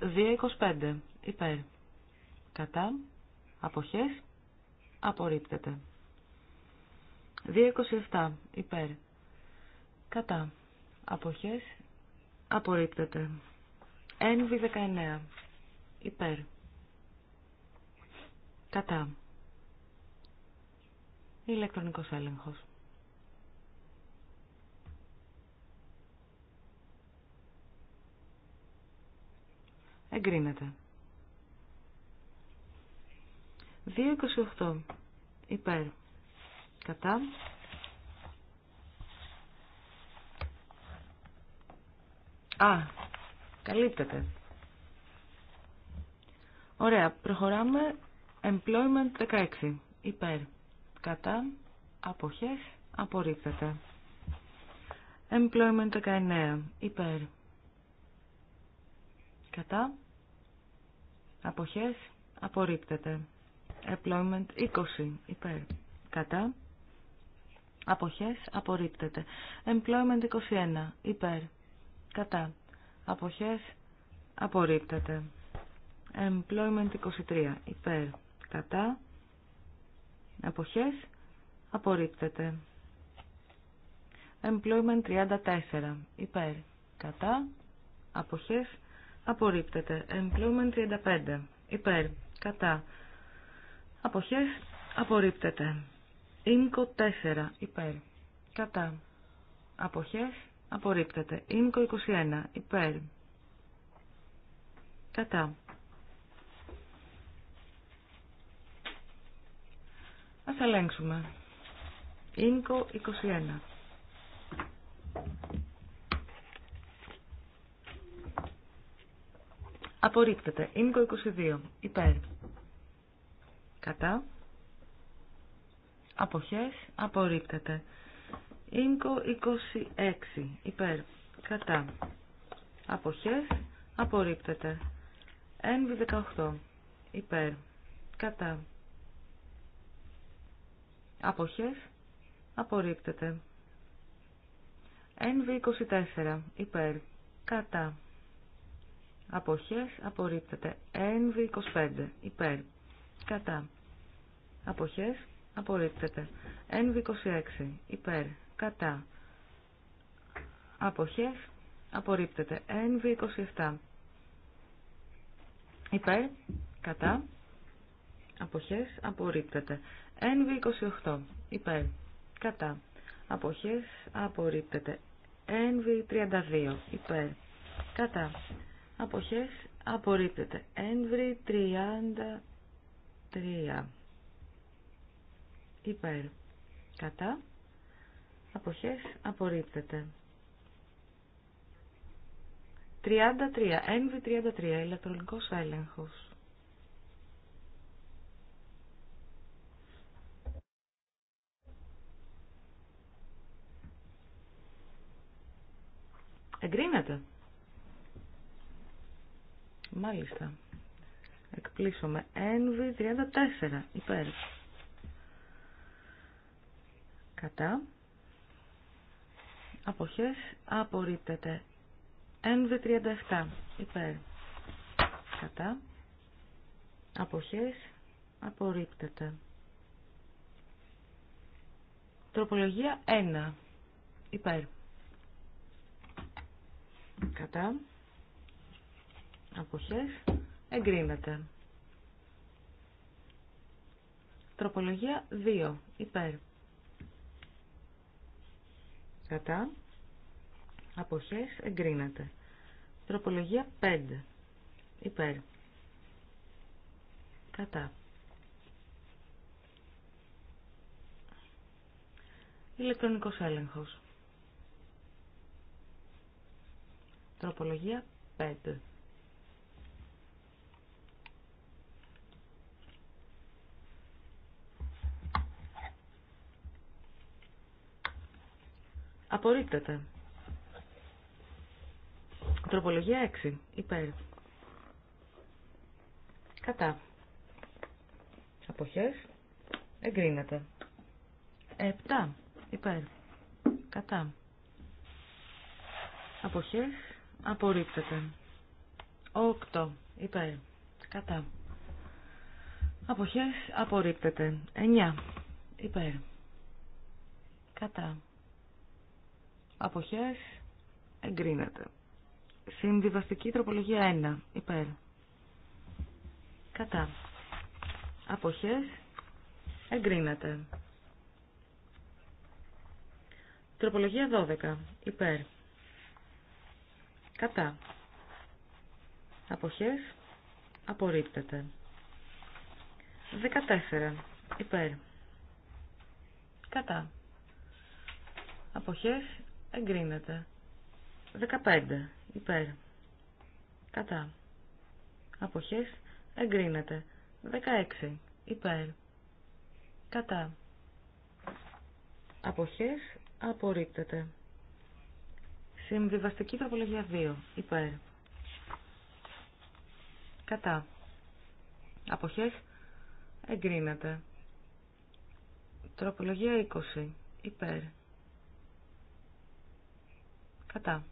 225. Υπέρ. Κατά. Αποχές. Απορρίπτεται. 2.27. Υπέρ. Κατά. Αποχές. Απορρίπτεται. 1.19. 19. Υπέρ. Κατά. Ηλεκτρονικός έλεγχος. Εγκρίνεται. 2.28 υπέρ κατά Α, καλύπτεται. Ωραία, προχωράμε. Employment 16. Υπέρ. Κατά. Αποχές. Απορρίπτεται. Employment 19. Υπέρ. Κατά. Αποχές. Απορρίπτεται. Employment 20 υπέρ. Κατά. Αποχές απορρίπτεται. Employment 21 υπέρ. Κατά. Αποχές απορρίπτεται. Employment 23 υπέρ. Κατά. Αποχές απορρίπτεται. Employment 34 υπέρ. Κατά. Αποχές απορρίπτεται. Employment 35 υπέρ. Κατά. Αποχέ, απορρίπτεται. Ίμκο 4 υπέρ. Κατά. Αποχέ, απορρίπτεται. Ινκο 21 υπέρ. Κατά. Ας ελέγξουμε. ίνκο 21. Απορρίπτεται. Ίμκο 22. Υπέρ. Κατά. Αποχές. Απορρίπτεται. Ήμκο 26. Υπέρ. Κατά. Αποχές. Απορρίπτεται. Ένβι 18. Υπέρ. Κατά. Αποχές. Απορρίπτεται. Ένβι 24. Υπέρ. Κατά. Αποχές. Απορρίπτεται. Ένβι 25. Υπέρ. Κατά αποχές απορρίπτεται. NV26 υπέρ κατά αποχές απορρίπτεται. NV27 υπέρ κατά αποχές απορρίπτεται. NV28 υπέρ κατά αποχές απορρίπτεται. NV32 υπέρ κατά αποχές απορρίπτεται. NV33 υπέρ, κατά, αποχές, απορρίπτεται. 33, NV33, ηλεκτρονικός έλεγχος. Εγκρίνεται. μαλιστα με Εκπλήσωμε. NV34. Υπέρ κατά, αποχές, απορρίπτεται. NV37, υπέρ, κατά, αποχές, απορρίπτεται. Τροπολογία 1, υπέρ, κατά, αποχές, εγκρίνεται. Τροπολογία 2. Υπέρ κατά, αποχές εγκρίνεται. Τροπολογία 5, υπέρ, κατά. Ηλεκτρονικός έλεγχος. Τροπολογία 5. Απορρίπτεται. Τροπολογία 6. Υπέρ. Κατά. Αποχές. Εγκρίνεται. 7. Υπέρ. Κατά. Αποχές. Απορρίπτεται. 8. Υπέρ. Κατά. Αποχές. Απορρίπτεται. 9. Υπέρ. Κατά αποχές εγκρίνεται. Συμβιβαστική τροπολογία 1 υπέρ. Κατά. Αποχές εγκρίνεται. Τροπολογία 12 υπέρ. Κατά. Αποχές απορρίπτεται. 14 υπέρ. Κατά. Αποχές Εγκρίνεται. 15. Υπέρ. Κατά. Αποχές. Εγκρίνεται. 16. Υπέρ. Κατά. Αποχές. Απορρίπτεται. Συμβιβαστική τροπολογία 2. Υπέρ. Κατά. Αποχές. Εγκρίνεται. Τροπολογία 20. Υπέρ. Κατά.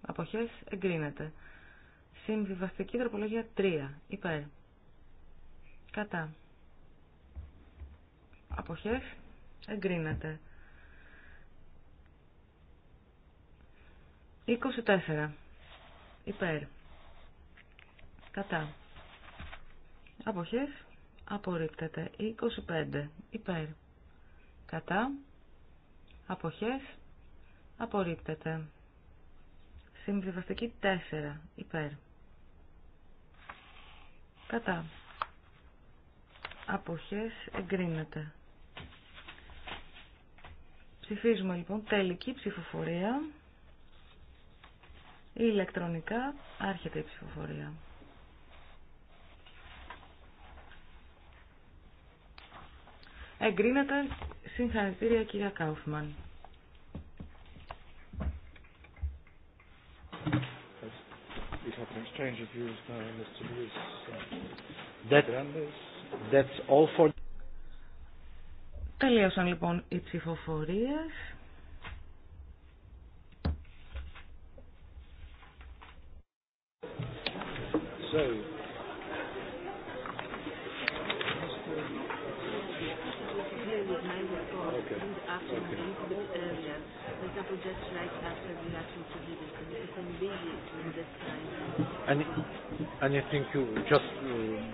Αποχές εγκρίνεται. Συμβιβαστική τροπολογία 3. Υπέρ. Κατά. Αποχές εγκρίνεται. 24. Υπέρ. Κατά. Αποχές απορρίπτεται. 25. Υπέρ. Κατά. Αποχές Απορρίπτεται. Συμβιβαστική 4. Υπέρ. Κατά. Αποχές εγκρίνεται. Ψηφίζουμε λοιπόν τελική ψηφοφορία. Η ηλεκτρονικά άρχεται η ψηφοφορία. Εγκρίνεται συγχαρητήρια κυρία Κάουφμαν. had an exchange of views now Mr. Luis that, That's all for... Τελείωσαν λοιπόν οι ψηφοφορίες. So, okay. just And, and think you just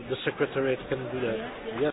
the secretariat can do that. yes.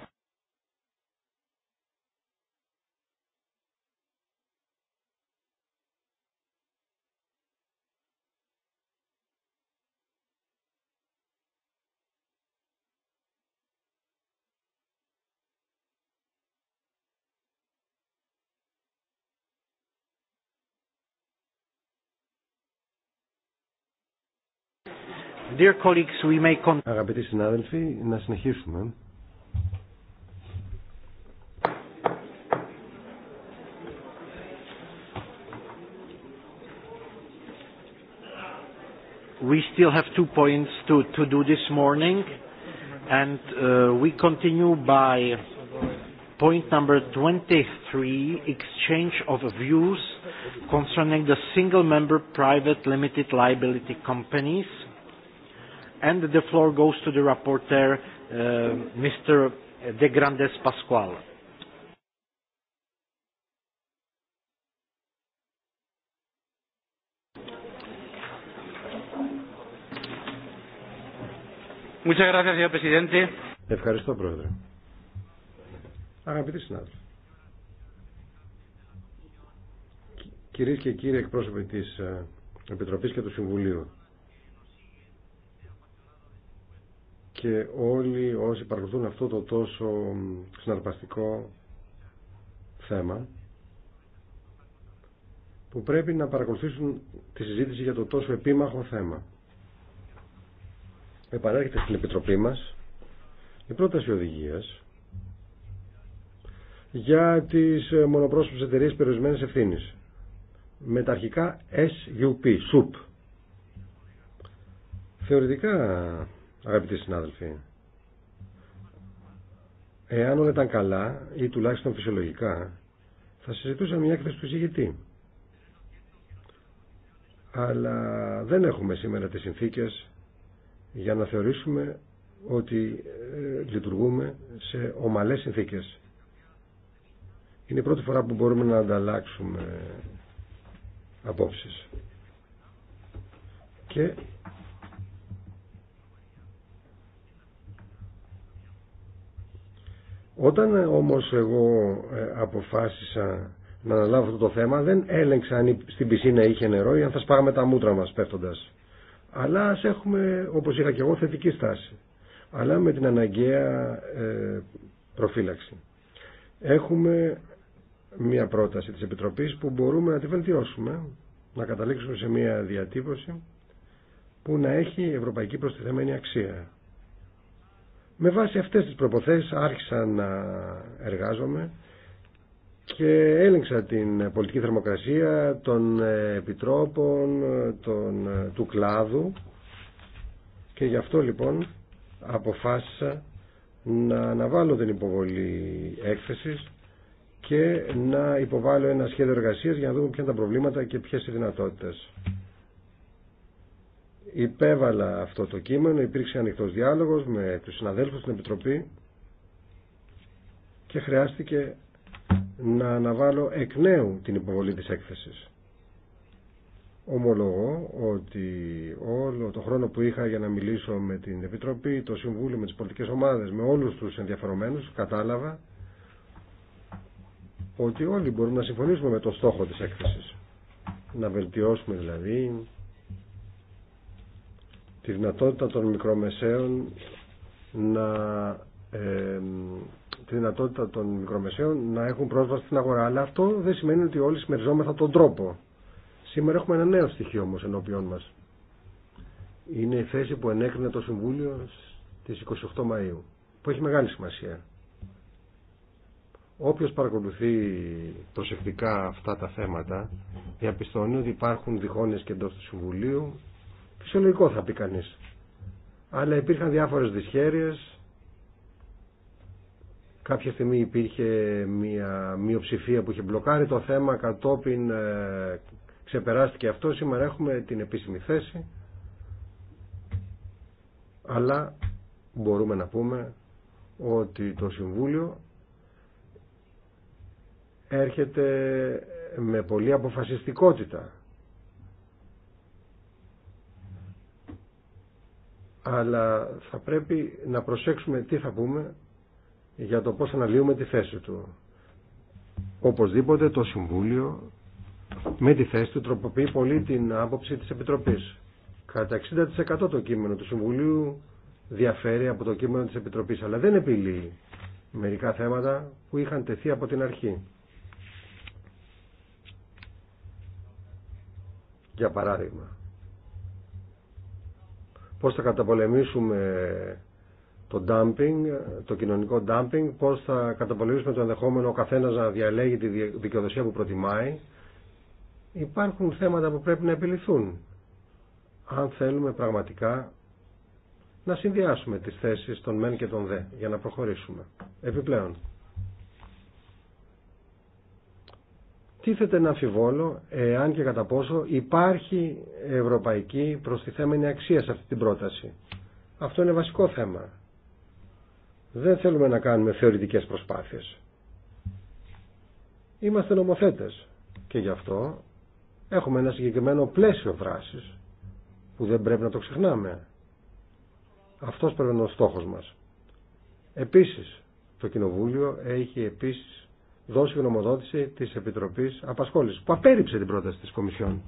Dear colleagues, we may... Αγαπητοί συνάδελφοι, να συνεχίσουμε. We still have two points to, to do this morning, and uh, we continue by point number 23, exchange of views concerning the single-member private limited liability companies and the floor goes to the rapporteur, uh, Mr. De Grandes Pascual. Ευχαριστώ, Πρόεδρε. Αγαπητοί συνάδελφοι, κυρίες και κύριοι εκπρόσωποι της ε, Επιτροπής και του Συμβουλίου, και όλοι όσοι παρακολουθούν αυτό το τόσο συναρπαστικό θέμα που πρέπει να παρακολουθήσουν τη συζήτηση για το τόσο επίμαχο θέμα. Επανέρχεται στην Επιτροπή μας η πρόταση οδηγίας για τις μονοπρόσωπες εταιρείες περιορισμένης ευθύνης με τα αρχικά SUP, SUP. Θεωρητικά αγαπητοί συνάδελφοι, εάν όλα ήταν καλά ή τουλάχιστον φυσιολογικά, θα συζητούσα μια έκθεση του εισηγητή. Αλλά δεν έχουμε σήμερα τις συνθήκες για να θεωρήσουμε ότι ε, λειτουργούμε σε ομαλές συνθήκες. Είναι η πρώτη φορά που μπορούμε να ανταλλάξουμε απόψεις. Και Όταν ε, όμως εγώ ε, αποφάσισα να αναλάβω αυτό το θέμα δεν έλεγξα αν στην πισίνα είχε νερό ή αν θα σπάγαμε τα μούτρα μας πέφτοντας. Αλλά ας έχουμε, όπως είχα και εγώ, θετική στάση. Αλλά με την αναγκαία ε, προφύλαξη. Έχουμε μια πρόταση της Επιτροπής που μπορούμε να τη βελτιώσουμε, να καταλήξουμε σε μια διατύπωση που να έχει ευρωπαϊκή προστιθέμενη αξία. Με βάση αυτές τις προποθέσεις άρχισα να εργάζομαι και έλεγξα την πολιτική θερμοκρασία των επιτρόπων, των, του κλάδου και γι' αυτό λοιπόν αποφάσισα να αναβάλω την υποβολή έκθεσης και να υποβάλω ένα σχέδιο εργασίας για να δούμε ποια είναι τα προβλήματα και ποιες οι δυνατότητες υπέβαλα αυτό το κείμενο, υπήρξε ανοιχτός διάλογος με τους συναδέλφους στην Επιτροπή και χρειάστηκε να αναβάλω εκ νέου την υποβολή της έκθεσης. Ομολογώ ότι όλο το χρόνο που είχα για να μιλήσω με την Επιτροπή, το Συμβούλιο, με τις πολιτικές ομάδες, με όλους τους ενδιαφερομένους, κατάλαβα ότι όλοι μπορούμε να συμφωνήσουμε με το στόχο της έκθεσης. Να βελτιώσουμε δηλαδή τη δυνατότητα των μικρομεσαίων να ε, τη δυνατότητα των μικρομεσαίων να έχουν πρόσβαση στην αγορά. Αλλά αυτό δεν σημαίνει ότι όλοι συμμεριζόμεθα τον τρόπο. Σήμερα έχουμε ένα νέο στοιχείο όμως ενώπιόν μας. Είναι η θέση που ενέκρινε το Συμβούλιο στις 28 Μαΐου, που έχει μεγάλη σημασία. Όποιος παρακολουθεί προσεκτικά αυτά τα θέματα, διαπιστώνει ότι υπάρχουν διχόνες και εντός του Συμβουλίου Φυσιολογικό θα πει κανείς. Αλλά υπήρχαν διάφορες δυσχέρειες. Κάποια στιγμή υπήρχε μια μειοψηφία που είχε μπλοκάρει το θέμα κατόπιν ε, ξεπεράστηκε αυτό. Σήμερα έχουμε την επίσημη θέση. Αλλά μπορούμε να πούμε ότι το Συμβούλιο έρχεται με πολλή αποφασιστικότητα αλλά θα πρέπει να προσέξουμε τι θα πούμε για το πώς αναλύουμε τη θέση του. Οπωσδήποτε το Συμβούλιο με τη θέση του τροποποιεί πολύ την άποψη της Επιτροπής. Κατά 60% το κείμενο του Συμβουλίου διαφέρει από το κείμενο της Επιτροπής, αλλά δεν επιλύει μερικά θέματα που είχαν τεθεί από την αρχή. Για παράδειγμα, πώς θα καταπολεμήσουμε το dumping, το κοινωνικό dumping, πώς θα καταπολεμήσουμε το ενδεχόμενο ο καθένας να διαλέγει τη δικαιοδοσία που προτιμάει. Υπάρχουν θέματα που πρέπει να επιληθούν. Αν θέλουμε πραγματικά να συνδυάσουμε τις θέσεις των μεν και των δε για να προχωρήσουμε. Επιπλέον. τίθεται ένα αμφιβόλο εάν και κατά πόσο υπάρχει ευρωπαϊκή προστιθέμενη αξία σε αυτή την πρόταση. Αυτό είναι βασικό θέμα. Δεν θέλουμε να κάνουμε θεωρητικές προσπάθειες. Είμαστε νομοθέτες και γι' αυτό έχουμε ένα συγκεκριμένο πλαίσιο δράσης που δεν πρέπει να το ξεχνάμε. Αυτός πρέπει να είναι ο στόχος μας. Επίσης, το Κοινοβούλιο έχει επίσης δώσει γνωμοδότηση της Επιτροπής Απασχόλησης που απέρριψε την πρόταση τη Κομισιόν.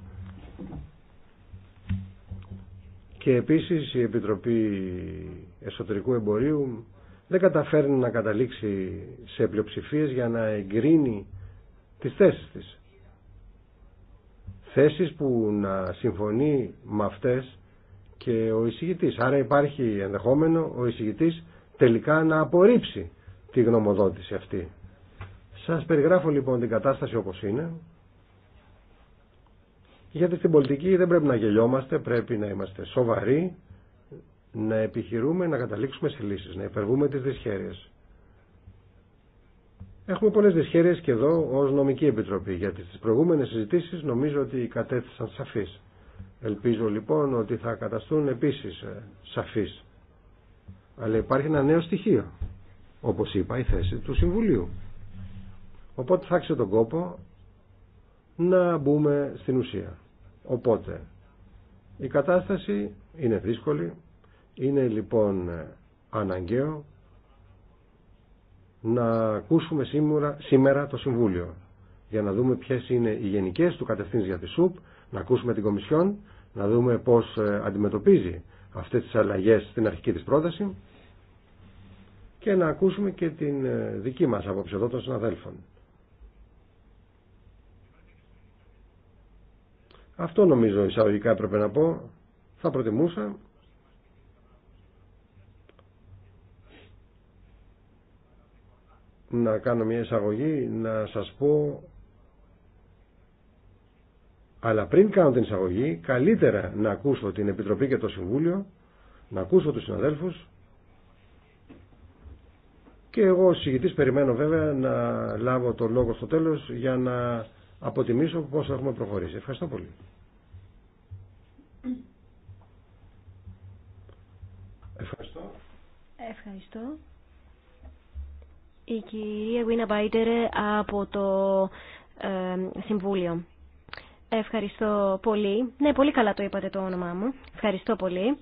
Και επίσης η Επιτροπή Εσωτερικού Εμπορίου δεν καταφέρνει να καταλήξει σε πλειοψηφίε για να εγκρίνει τις θέσεις της. Θέσεις που να συμφωνεί με αυτές και ο εισηγητή. Άρα υπάρχει ενδεχόμενο ο εισηγητή τελικά να απορρίψει τη γνωμοδότηση αυτή. Σας περιγράφω λοιπόν την κατάσταση όπως είναι. Γιατί στην πολιτική δεν πρέπει να γελιόμαστε, πρέπει να είμαστε σοβαροί, να επιχειρούμε να καταλήξουμε σε λύσεις, να υπερβούμε τις δυσχέρειες. Έχουμε πολλές δυσχέρειες και εδώ ως νομική επιτροπή, γιατί στις προηγούμενες συζητήσεις νομίζω ότι κατέθεσαν σαφείς. Ελπίζω λοιπόν ότι θα καταστούν επίσης ε, σαφείς. Αλλά υπάρχει ένα νέο στοιχείο, όπως είπα η θέση του Συμβουλίου. Οπότε θα άξιζε τον κόπο να μπούμε στην ουσία. Οπότε, η κατάσταση είναι δύσκολη, είναι λοιπόν αναγκαίο να ακούσουμε σήμερα, σήμερα το Συμβούλιο για να δούμε ποιες είναι οι γενικές του κατευθύνσεις για τη ΣΟΥΠ, να ακούσουμε την Κομισιόν, να δούμε πώς ε, αντιμετωπίζει αυτές τις αλλαγές στην αρχική της πρόταση και να ακούσουμε και την ε, δική μας απόψη εδώ των συναδέλφων. Αυτό νομίζω εισαγωγικά έπρεπε να πω. Θα προτιμούσα να κάνω μια εισαγωγή, να σας πω αλλά πριν κάνω την εισαγωγή, καλύτερα να ακούσω την Επιτροπή και το Συμβούλιο, να ακούσω τους συναδέλφους και εγώ ως περιμένω βέβαια να λάβω το λόγο στο τέλος για να αποτιμήσω πώς έχουμε προχωρήσει. Ευχαριστώ πολύ. Ευχαριστώ. Ευχαριστώ. Η κυρία Γουίνα Μπάιτερε από το ε, Συμβούλιο. Ευχαριστώ πολύ. Ναι, πολύ καλά το είπατε το όνομά μου. Ευχαριστώ πολύ.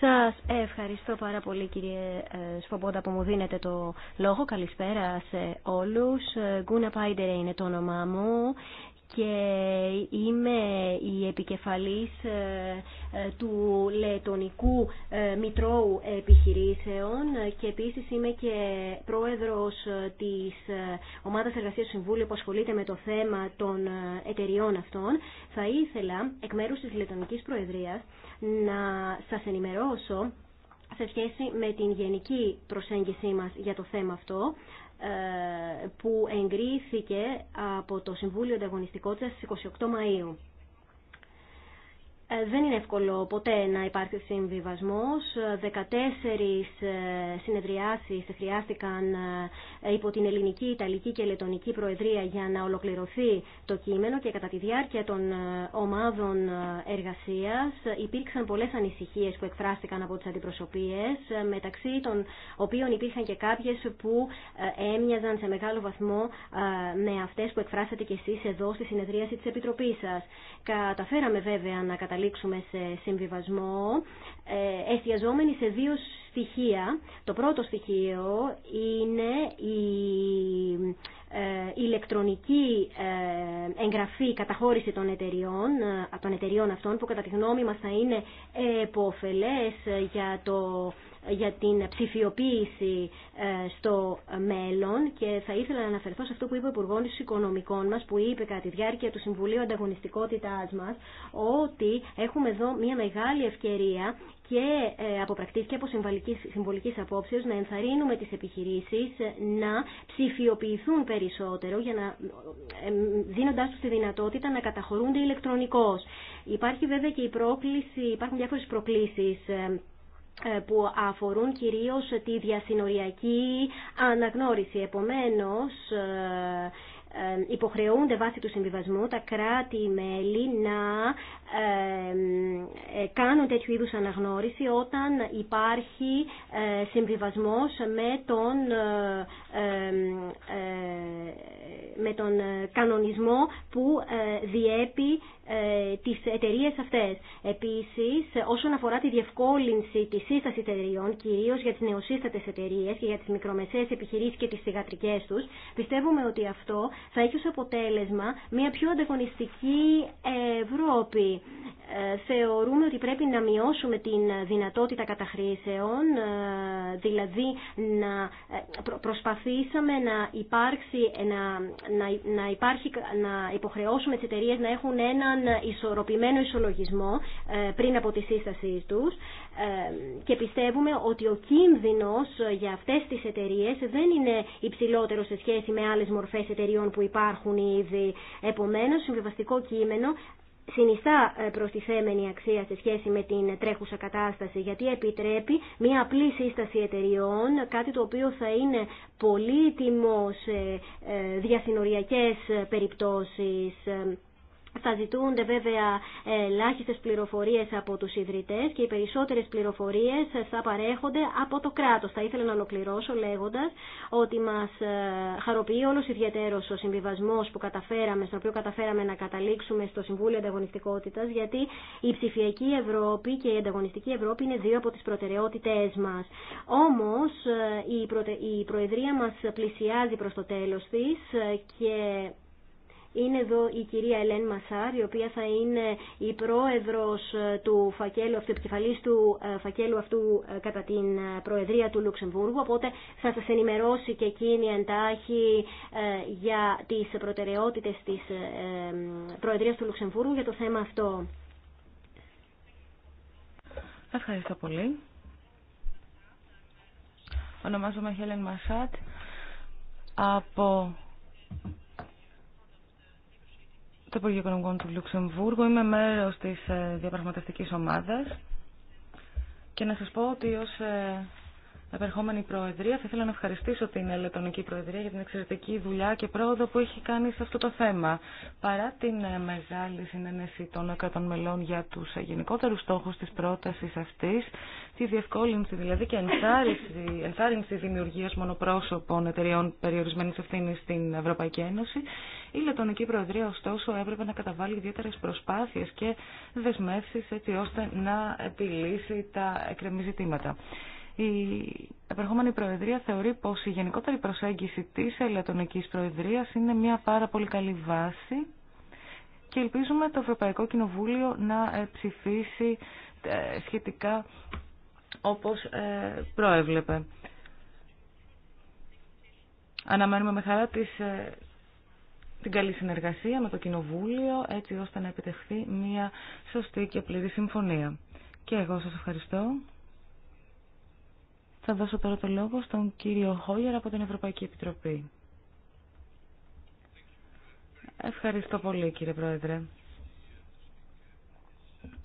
Σας ευχαριστώ πάρα πολύ κύριε ε, Σφομπόντα που μου δίνετε το λόγο. Καλησπέρα σε όλους. Ε, Γκούνα Πάιντερε είναι το όνομά μου και είμαι η επικεφαλής ε, ε, του Λετωνικού ε, Μητρώου Επιχειρήσεων και επίσης είμαι και πρόεδρος της Ομάδας Εργασίας Συμβούλου που ασχολείται με το θέμα των εταιριών αυτών. Θα ήθελα εκ μέρους της Λετωνικής Προεδρίας να σας ενημερώσω σε σχέση με την γενική προσέγγιση μας για το θέμα αυτό. Ε, που εγκρίθηκε από το Συμβούλιο Ανταγωνιστικότητας στις 28 Μαΐου. Ε, δεν είναι εύκολο ποτέ να υπάρχει συμβιβασμός. 14 ε, συνεδριάσεις χρειάστηκαν ε, υπό την ελληνική, ιταλική και Λετωνική προεδρία για να ολοκληρωθεί το κείμενο και κατά τη διάρκεια των ομάδων εργασίας υπήρξαν πολλές ανησυχίες που εκφράστηκαν από τις αντιπροσωπείες μεταξύ των οποίων υπήρχαν και κάποιες που έμοιαζαν σε μεγάλο βαθμό με αυτές που εκφράσατε κι εσείς εδώ στη συνεδρίαση της Επιτροπής σας. Καταφέραμε βέβαια να καταλήξουμε σε συμβιβασμό ε, εστιαζόμενοι σε δύο στοιχεία. Το πρώτο στοιχείο είναι η ε, ηλεκτρονική ε, εγγραφή καταχώρηση των εταιριών, ε, των εταιριών αυτών που κατά τη γνώμη μας θα είναι επωφελές για, το, για την ψηφιοποίηση στο μέλλον και θα ήθελα να αναφερθώ σε αυτό που είπε ο Υπουργό Οικονομικών μας που είπε κατά τη διάρκεια του Συμβουλίου Ανταγωνιστικότητάς μας ότι έχουμε εδώ μια μεγάλη ευκαιρία και από πρακτής και από συμβολικής απόψεως να ενθαρρύνουμε τις επιχειρήσεις να ψηφιοποιηθούν περισσότερο για να, δίνοντάς τους τη δυνατότητα να καταχωρούνται ηλεκτρονικώς. Υπάρχει βέβαια και η πρόκληση, υπάρχουν διάφορες προκλήσεις ε, που αφορούν κυρίως τη διασυνοριακή αναγνώριση. Επομένως, ε, ε, υποχρεούνται βάσει του συμβιβασμού τα κράτη-μέλη να ε, κάνουν τέτοιου είδους αναγνώριση όταν υπάρχει ε, συμβιβασμός με τον, ε, με τον κανονισμό που διέπει τις εταιρείε αυτές. Επίσης, όσον αφορά τη διευκόλυνση της σύσταση εταιρείων, κυρίως για τις νεοσύστατες εταιρείε και για τις μικρομεσαίες επιχειρήσεις και τις θηγατρικές τους, πιστεύουμε ότι αυτό θα έχει ως αποτέλεσμα μια πιο ανταγωνιστική Ευρώπη. Ε, θεωρούμε ότι πρέπει να μειώσουμε την δυνατότητα καταχρήσεων, ε, δηλαδή να ε, προσπαθήσαμε να, να, να, να, υπάρχει, να υποχρεώσουμε τις εταιρείες να έχουν έναν ισορροπημένο ισολογισμό πριν από τη σύστασή τους και πιστεύουμε ότι ο κίνδυνος για αυτές τις εταιρείες δεν είναι υψηλότερο σε σχέση με άλλες μορφές εταιρείων που υπάρχουν ήδη. Επομένως, συμβιβαστικό κείμενο συνιστά ε, προστιθέμενη αξία σε σχέση με την τρέχουσα κατάσταση γιατί επιτρέπει μια απλή σύσταση εταιριών, κάτι το οποίο θα είναι πολύτιμο σε ε, διασυνοριακές περιπτώσεις. Ε, θα ζητούνται βέβαια ελάχιστε πληροφορίε από του ιδρυτέ, και οι περισσότερε πληροφορίε θα παρέχονται από το κράτο. Θα ήθελα να ολοκληρώσω λέγοντα ότι μα ε, χαροποιεί όλο ιδιαίτερο ο συμβιβασμό που καταφέραμε, στον οποίο καταφέραμε να καταλήξουμε στο Συμβούλιο Ανταγωνιστικότητα, γιατί η ψηφιακή Ευρώπη και η ανταγωνιστική Ευρώπη είναι δύο από τι προτεραιότητε μα. Όμω, ε, η Προεδρία μα πλησιάζει προ το τέλο τη. Ε, και είναι εδώ η κυρία Ελένη Μασάρ, η οποία θα είναι η πρόεδρος του φακέλου αυτού, επικεφαλής του ε, φακέλου αυτού ε, κατά την ε, Προεδρία του Λουξεμβούργου, οπότε θα σας ενημερώσει και εκείνη εντάχει για τις προτεραιότητες της Προεδρίας του Λουξεμβούργου για το θέμα αυτό. Ευχαριστώ πολύ. Ονομάζομαι Χέλεν Μασάτ από στο Υπουργείο Οικονομικών του Λουξεμβούργου. Είμαι μέρος της ε, διαπραγματευτικής ομάδας και να σας πω ότι ως ε, επερχόμενη Προεδρία. Θα ήθελα να ευχαριστήσω την Λετωνική Προεδρία για την εξαιρετική δουλειά και πρόοδο που έχει κάνει σε αυτό το θέμα. Παρά την ε, μεγάλη συνένεση των κρατών μελών για τους ε, γενικότερου στόχους της πρόταση αυτής, τη διευκόλυνση δηλαδή και ενθάρρυνση, δημιουργία δημιουργίας μονοπρόσωπων εταιριών περιορισμένης ευθύνη στην Ευρωπαϊκή Ένωση, η Λετωνική Προεδρία ωστόσο έπρεπε να καταβάλει ιδιαίτερε προσπάθειες και δεσμεύσεις έτσι ώστε να επιλύσει τα εκκρεμή ζητήματα. Η επερχόμενη Προεδρία θεωρεί πως η γενικότερη προσέγγιση της Ελαττονικής Προεδρίας είναι μια πάρα πολύ καλή βάση και ελπίζουμε το Ευρωπαϊκό Κοινοβούλιο να ε, ψηφίσει ε, σχετικά όπως ε, προέβλεπε. Αναμένουμε με χαρά της, την καλή συνεργασία με το Κοινοβούλιο έτσι ώστε να επιτευχθεί μια σωστή και πλήρη συμφωνία. Και εγώ σας ευχαριστώ. Θα δώσω τώρα το λόγο στον κύριο Χόγερ από την Ευρωπαϊκή Επιτροπή. Ευχαριστώ πολύ κύριε Πρόεδρε.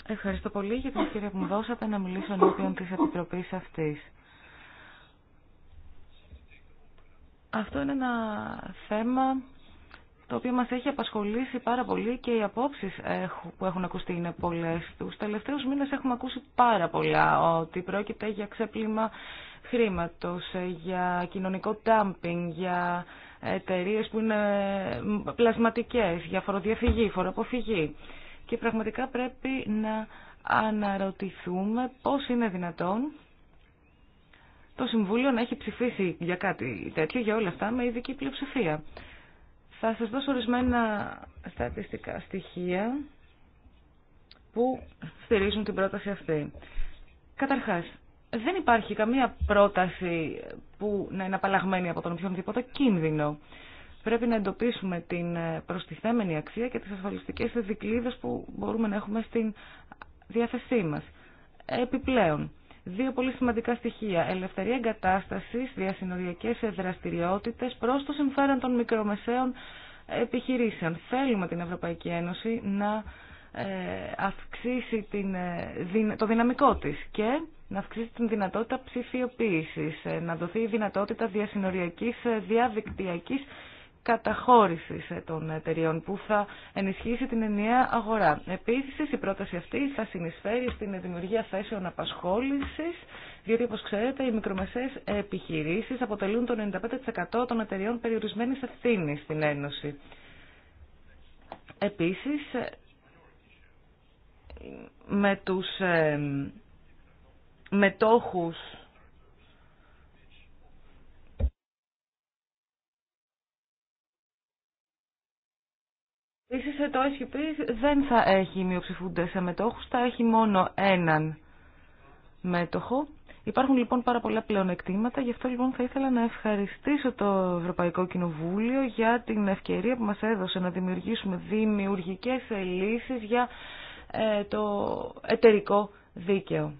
Ευχαριστώ πολύ για την ευκαιρία που μου δώσατε να μιλήσω ενώπιον της Επιτροπής αυτής. Αυτό είναι ένα θέμα το οποίο μας έχει απασχολήσει πάρα πολύ και οι απόψεις που έχουν ακουστεί είναι πολλές. Τους τελευταίους μήνες έχουμε ακούσει πάρα πολλά ότι πρόκειται για ξέπλυμα χρήματος, για κοινωνικό τάμπινγκ, για εταιρείε που είναι πλασματικές, για φοροδιαφυγή, φοροαποφυγή. Και πραγματικά πρέπει να αναρωτηθούμε πώς είναι δυνατόν το Συμβούλιο να έχει ψηφίσει για κάτι τέτοιο, για όλα αυτά, με ειδική πλειοψηφία. Θα σας δώσω ορισμένα στατιστικά στοιχεία που στηρίζουν την πρόταση αυτή. Καταρχάς, δεν υπάρχει καμία πρόταση που να είναι απαλλαγμένη από τον οποιονδήποτε κίνδυνο. Πρέπει να εντοπίσουμε την προστιθέμενη αξία και τις ασφαλιστικές δικλείδες που μπορούμε να έχουμε στην διάθεσή μας. Επιπλέον, δύο πολύ σημαντικά στοιχεία. Ελευθερία εγκατάσταση, διασυνοριακέ δραστηριότητε προ το συμφέρον των μικρομεσαίων επιχειρήσεων. Θέλουμε την Ευρωπαϊκή Ένωση να ε, αυξήσει την, ε, το δυναμικό τη και να αυξήσει την δυνατότητα ψηφιοποίησης, ε, να δοθεί η δυνατότητα διασυνοριακής διαδικτυακή. Καταχώρηση των εταιριών που θα ενισχύσει την ενιαία αγορά. Επίσης, η πρόταση αυτή θα συνεισφέρει στην δημιουργία θέσεων απασχόλησης, διότι όπως ξέρετε οι μικρομεσαίες επιχειρήσεις αποτελούν το 95% των εταιριών περιορισμένης ευθύνη στην Ένωση. Επίσης, με τους ε, μετόχους Επίση, ε, το SGP δεν θα έχει μειοψηφούντε σε θα έχει μόνο έναν μέτοχο. Υπάρχουν λοιπόν πάρα πολλά πλεονεκτήματα, γι' αυτό λοιπόν θα ήθελα να ευχαριστήσω το Ευρωπαϊκό Κοινοβούλιο για την ευκαιρία που μας έδωσε να δημιουργήσουμε δημιουργικές λύσεις για ε, το εταιρικό δίκαιο.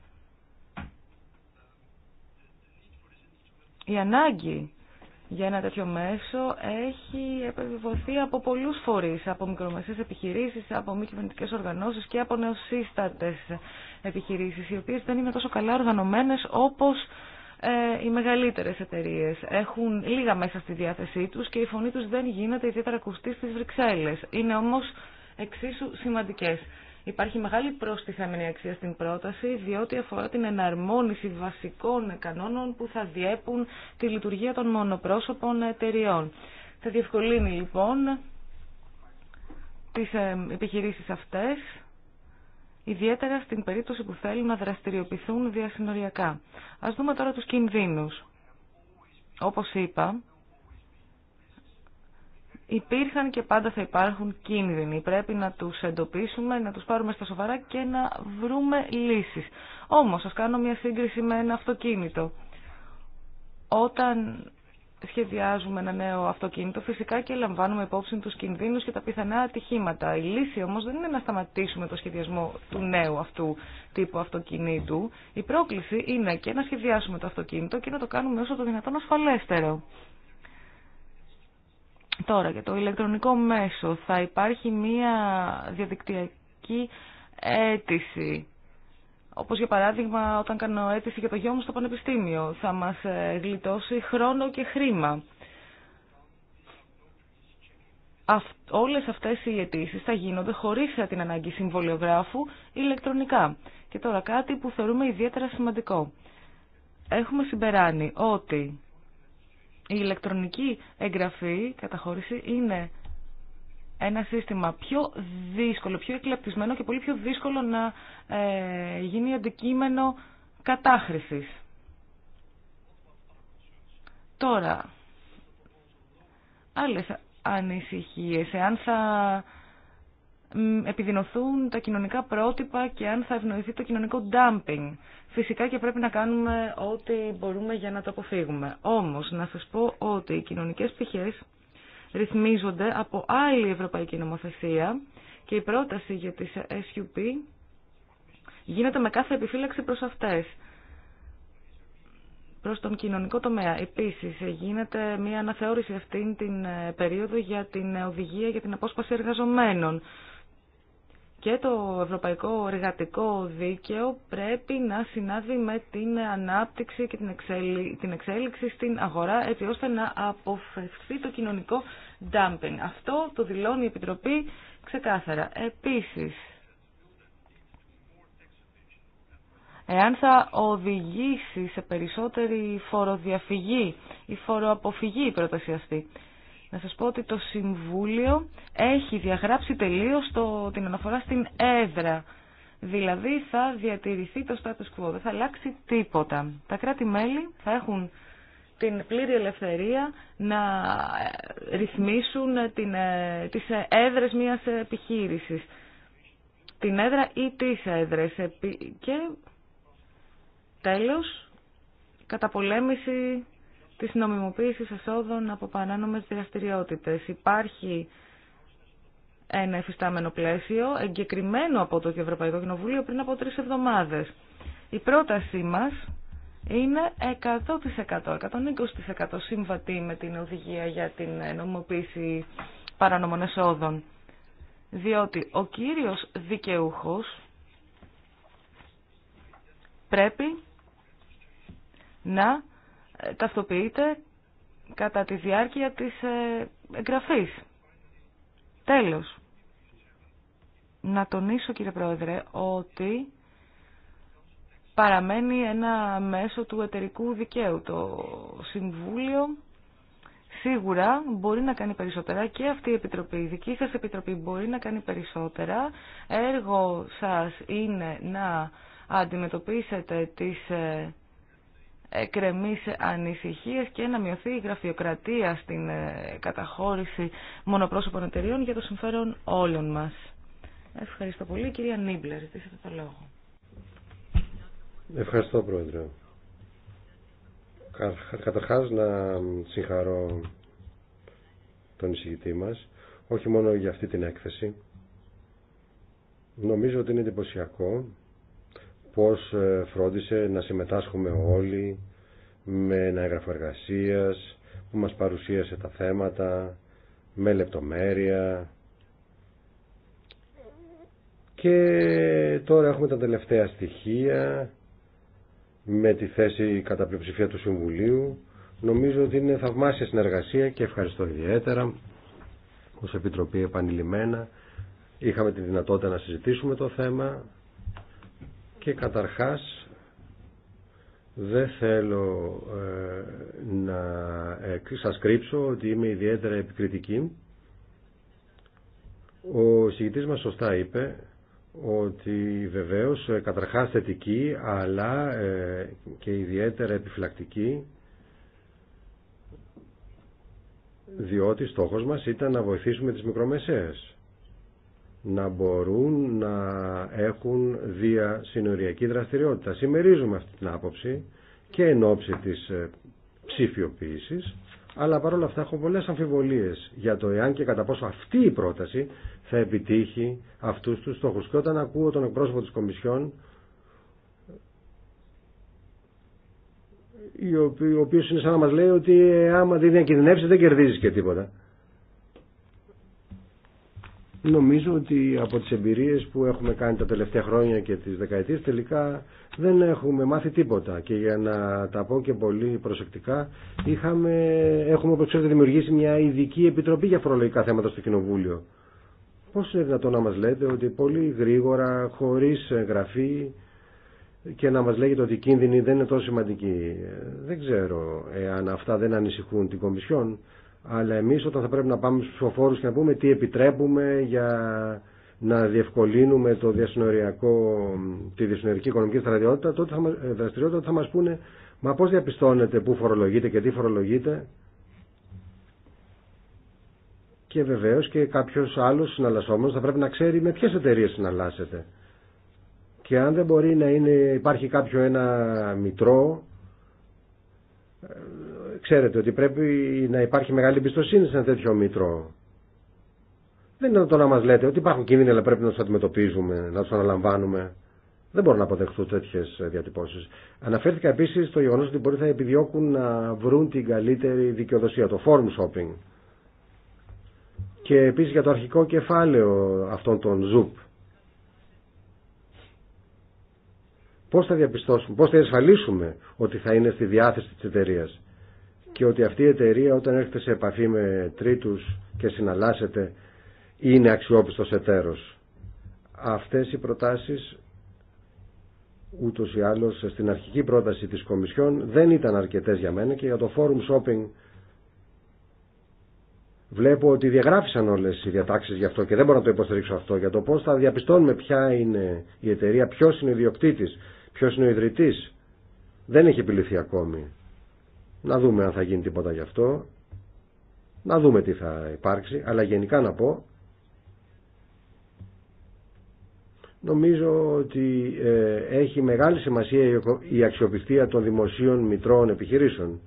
Η ανάγκη για ένα τέτοιο μέσο έχει επιβεβαιωθεί από πολλούς φορείς, από μικρομεσαίες επιχειρήσεις, από μη κυβερνητικέ οργανώσεις και από νεοσύστατες επιχειρήσεις, οι οποίες δεν είναι τόσο καλά οργανωμένες όπως ε, οι μεγαλύτερες εταιρείες. Έχουν λίγα μέσα στη διάθεσή τους και η φωνή τους δεν γίνεται ιδιαίτερα ακουστή στις Βρυξέλλες. Είναι όμως εξίσου σημαντικές. Υπάρχει μεγάλη προστιθέμενη αξία στην πρόταση, διότι αφορά την εναρμόνιση βασικών κανόνων που θα διέπουν τη λειτουργία των μονοπρόσωπων εταιριών. Θα διευκολύνει λοιπόν τις ε, επιχειρήσεις αυτές, ιδιαίτερα στην περίπτωση που θέλουν να δραστηριοποιηθούν διασυνοριακά. Ας δούμε τώρα τους κινδύνους. Όπως είπα, υπήρχαν και πάντα θα υπάρχουν κίνδυνοι. Πρέπει να τους εντοπίσουμε, να τους πάρουμε στα σοβαρά και να βρούμε λύσεις. Όμως, ας κάνω μια σύγκριση με ένα αυτοκίνητο. Όταν σχεδιάζουμε ένα νέο αυτοκίνητο, φυσικά και λαμβάνουμε υπόψη τους κινδύνους και τα πιθανά ατυχήματα. Η λύση όμως δεν είναι να σταματήσουμε το σχεδιασμό του νέου αυτού τύπου αυτοκινήτου. Η πρόκληση είναι και να σχεδιάσουμε το αυτοκίνητο και να το κάνουμε όσο το δυνατόν ασφαλέστερο. Τώρα για το ηλεκτρονικό μέσο θα υπάρχει μία διαδικτυακή αίτηση. Όπως για παράδειγμα όταν κάνω αίτηση για το γιο μου στο πανεπιστήμιο. Θα μας ε, γλιτώσει χρόνο και χρήμα. Όλες αυτές οι αιτήσει θα γίνονται χωρίς την ανάγκη συμβολιογράφου ηλεκτρονικά. Και τώρα κάτι που θεωρούμε ιδιαίτερα σημαντικό. Έχουμε συμπεράνει ότι η ηλεκτρονική εγγραφή, καταχώρηση, είναι ένα σύστημα πιο δύσκολο, πιο εκλεπτισμένο και πολύ πιο δύσκολο να ε, γίνει αντικείμενο κατάχρησης. Τώρα, άλλες ανησυχίες, εάν θα επιδεινωθούν τα κοινωνικά πρότυπα και αν θα ευνοηθεί το κοινωνικό dumping. Φυσικά και πρέπει να κάνουμε ό,τι μπορούμε για να το αποφύγουμε. Όμως, να σας πω ότι οι κοινωνικές πτυχές ρυθμίζονται από άλλη ευρωπαϊκή νομοθεσία και η πρόταση για τις SUP γίνεται με κάθε επιφύλαξη προς αυτές. Προς τον κοινωνικό τομέα. Επίσης, γίνεται μια αναθεώρηση αυτήν την ε, περίοδο για την οδηγία για την απόσπαση εργαζομένων και το ευρωπαϊκό εργατικό δίκαιο πρέπει να συνάδει με την ανάπτυξη και την εξέλιξη στην αγορά έτσι ώστε να αποφευθεί το κοινωνικό dumping. Αυτό το δηλώνει η Επιτροπή ξεκάθαρα. Επίσης, εάν θα οδηγήσει σε περισσότερη φοροδιαφυγή ή φοροαποφυγή η πρόταση αυτή, να σας πω ότι το Συμβούλιο έχει διαγράψει τελείως το, την αναφορά στην έδρα. Δηλαδή θα διατηρηθεί το status quo, δεν θα αλλάξει τίποτα. Τα κράτη-μέλη θα έχουν την πλήρη ελευθερία να ε, ρυθμίσουν την, ε, τις έδρες μιας επιχείρησης. Την έδρα ή τις έδρες. Και τέλος, καταπολέμηση της νομιμοποίησης εσόδων από παράνομες δραστηριότητες. Υπάρχει ένα εφιστάμενο πλαίσιο, εγκεκριμένο από το Ευρωπαϊκό Κοινοβούλιο πριν από τρεις εβδομάδες. Η πρότασή μας είναι 100%, 120% σύμβατη με την οδηγία για την νομιμοποίηση παράνομων εσόδων. Διότι ο κύριος δικαιούχος πρέπει να ταυτοποιείται κατά τη διάρκεια της ε, εγγραφής. Τέλος, να τονίσω κύριε Πρόεδρε ότι παραμένει ένα μέσο του εταιρικού δικαίου. Το Συμβούλιο σίγουρα μπορεί να κάνει περισσότερα και αυτή η Επιτροπή, η δική σας Επιτροπή μπορεί να κάνει περισσότερα. Έργο σας είναι να αντιμετωπίσετε τις ε, κρεμίσει ανησυχίες και να μειωθεί η γραφειοκρατία στην ε, καταχώρηση μονοπρόσωπων εταιρείων για το συμφέρον όλων μας. Ευχαριστώ πολύ. Κυρία Νίμπλερ, ζητήσατε το λόγο. Ευχαριστώ, Πρόεδρε. Καταρχάς να συγχαρώ τον εισηγητή μας, όχι μόνο για αυτή την έκθεση. Νομίζω ότι είναι εντυπωσιακό πώς ε, φρόντισε να συμμετάσχουμε όλοι με ένα έγγραφο εργασία που μας παρουσίασε τα θέματα με λεπτομέρεια και τώρα έχουμε τα τελευταία στοιχεία με τη θέση κατά πλειοψηφία του Συμβουλίου νομίζω ότι είναι θαυμάσια συνεργασία και ευχαριστώ ιδιαίτερα ως Επιτροπή επανειλημμένα είχαμε τη δυνατότητα να συζητήσουμε το θέμα και καταρχάς δεν θέλω ε, να σας κρύψω ότι είμαι ιδιαίτερα επικριτική. Ο συγητής μας σωστά είπε ότι βεβαίως ε, καταρχάς θετική αλλά ε, και ιδιαίτερα επιφυλακτική διότι στόχος μας ήταν να βοηθήσουμε τις μικρομεσαίες να μπορούν να έχουν διασυνοριακή δραστηριότητα. Συμμερίζουμε αυτή την άποψη και εν ώψη της ε, ψηφιοποίησης, αλλά παρόλα αυτά έχω πολλές αμφιβολίες για το εάν και κατά πόσο αυτή η πρόταση θα επιτύχει αυτούς τους στόχους. Και όταν ακούω τον εκπρόσωπο της Κομισιόν, ο οποίος είναι σαν να μας λέει ότι ε, άμα δεν δεν κερδίζεις και τίποτα. Νομίζω ότι από τις εμπειρίες που έχουμε κάνει τα τελευταία χρόνια και τις δεκαετίες τελικά δεν έχουμε μάθει τίποτα και για να τα πω και πολύ προσεκτικά είχαμε, έχουμε όπως ξέρετε δημιουργήσει μια ειδική επιτροπή για φορολογικά θέματα στο Κοινοβούλιο. Πώς είναι δυνατόν να μας λέτε ότι πολύ γρήγορα, χωρίς γραφή και να μας λέγεται ότι οι κίνδυνοι δεν είναι τόσο σημαντικοί. Ε, δεν ξέρω εάν αυτά δεν ανησυχούν την Κομισιόν αλλά εμείς όταν θα πρέπει να πάμε στους ψηφοφόρους και να πούμε τι επιτρέπουμε για να διευκολύνουμε το τη διασυνοριακή οικονομική δραστηριότητα, τότε θα ε, δραστηριότητα θα μας πούνε μα πώς διαπιστώνετε πού φορολογείτε και τι φορολογείτε και βεβαίως και κάποιος άλλος συναλλασσόμενος θα πρέπει να ξέρει με ποιες εταιρείε συναλλάσσεται και αν δεν μπορεί να είναι, υπάρχει κάποιο ένα μητρό ε, ξέρετε ότι πρέπει να υπάρχει μεγάλη εμπιστοσύνη σε ένα τέτοιο μήτρο. Δεν είναι το να μα λέτε ότι υπάρχουν κίνδυνοι αλλά πρέπει να του αντιμετωπίζουμε, να του αναλαμβάνουμε. Δεν μπορώ να αποδεχθώ τέτοιε διατυπώσει. Αναφέρθηκα επίση στο γεγονό ότι μπορεί να επιδιώκουν να βρουν την καλύτερη δικαιοδοσία, το forum shopping. Και επίση για το αρχικό κεφάλαιο αυτών των ZUP. Πώ θα διαπιστώσουμε, πώ θα εσφαλίσουμε ότι θα είναι στη διάθεση τη εταιρεία και ότι αυτή η εταιρεία όταν έρχεται σε επαφή με τρίτους και συναλλάσσεται είναι αξιόπιστος εταίρος. Αυτές οι προτάσεις ούτως ή άλλως στην αρχική πρόταση της Κομισιόν δεν ήταν αρκετές για μένα και για το Forum Shopping βλέπω ότι διαγράφησαν όλες οι διατάξεις γι' αυτό και δεν μπορώ να το υποστηρίξω αυτό για το πώς θα διαπιστώνουμε ποια είναι η εταιρεία, ποιος είναι ο ιδιοκτήτης, ποιος είναι ο ιδρυτής. Δεν έχει επιληθεί ακόμη να δούμε αν θα γίνει τίποτα γι' αυτό, να δούμε τι θα υπάρξει, αλλά γενικά να πω, νομίζω ότι ε, έχει μεγάλη σημασία η αξιοπιστία των δημοσίων μητρώων επιχειρήσεων.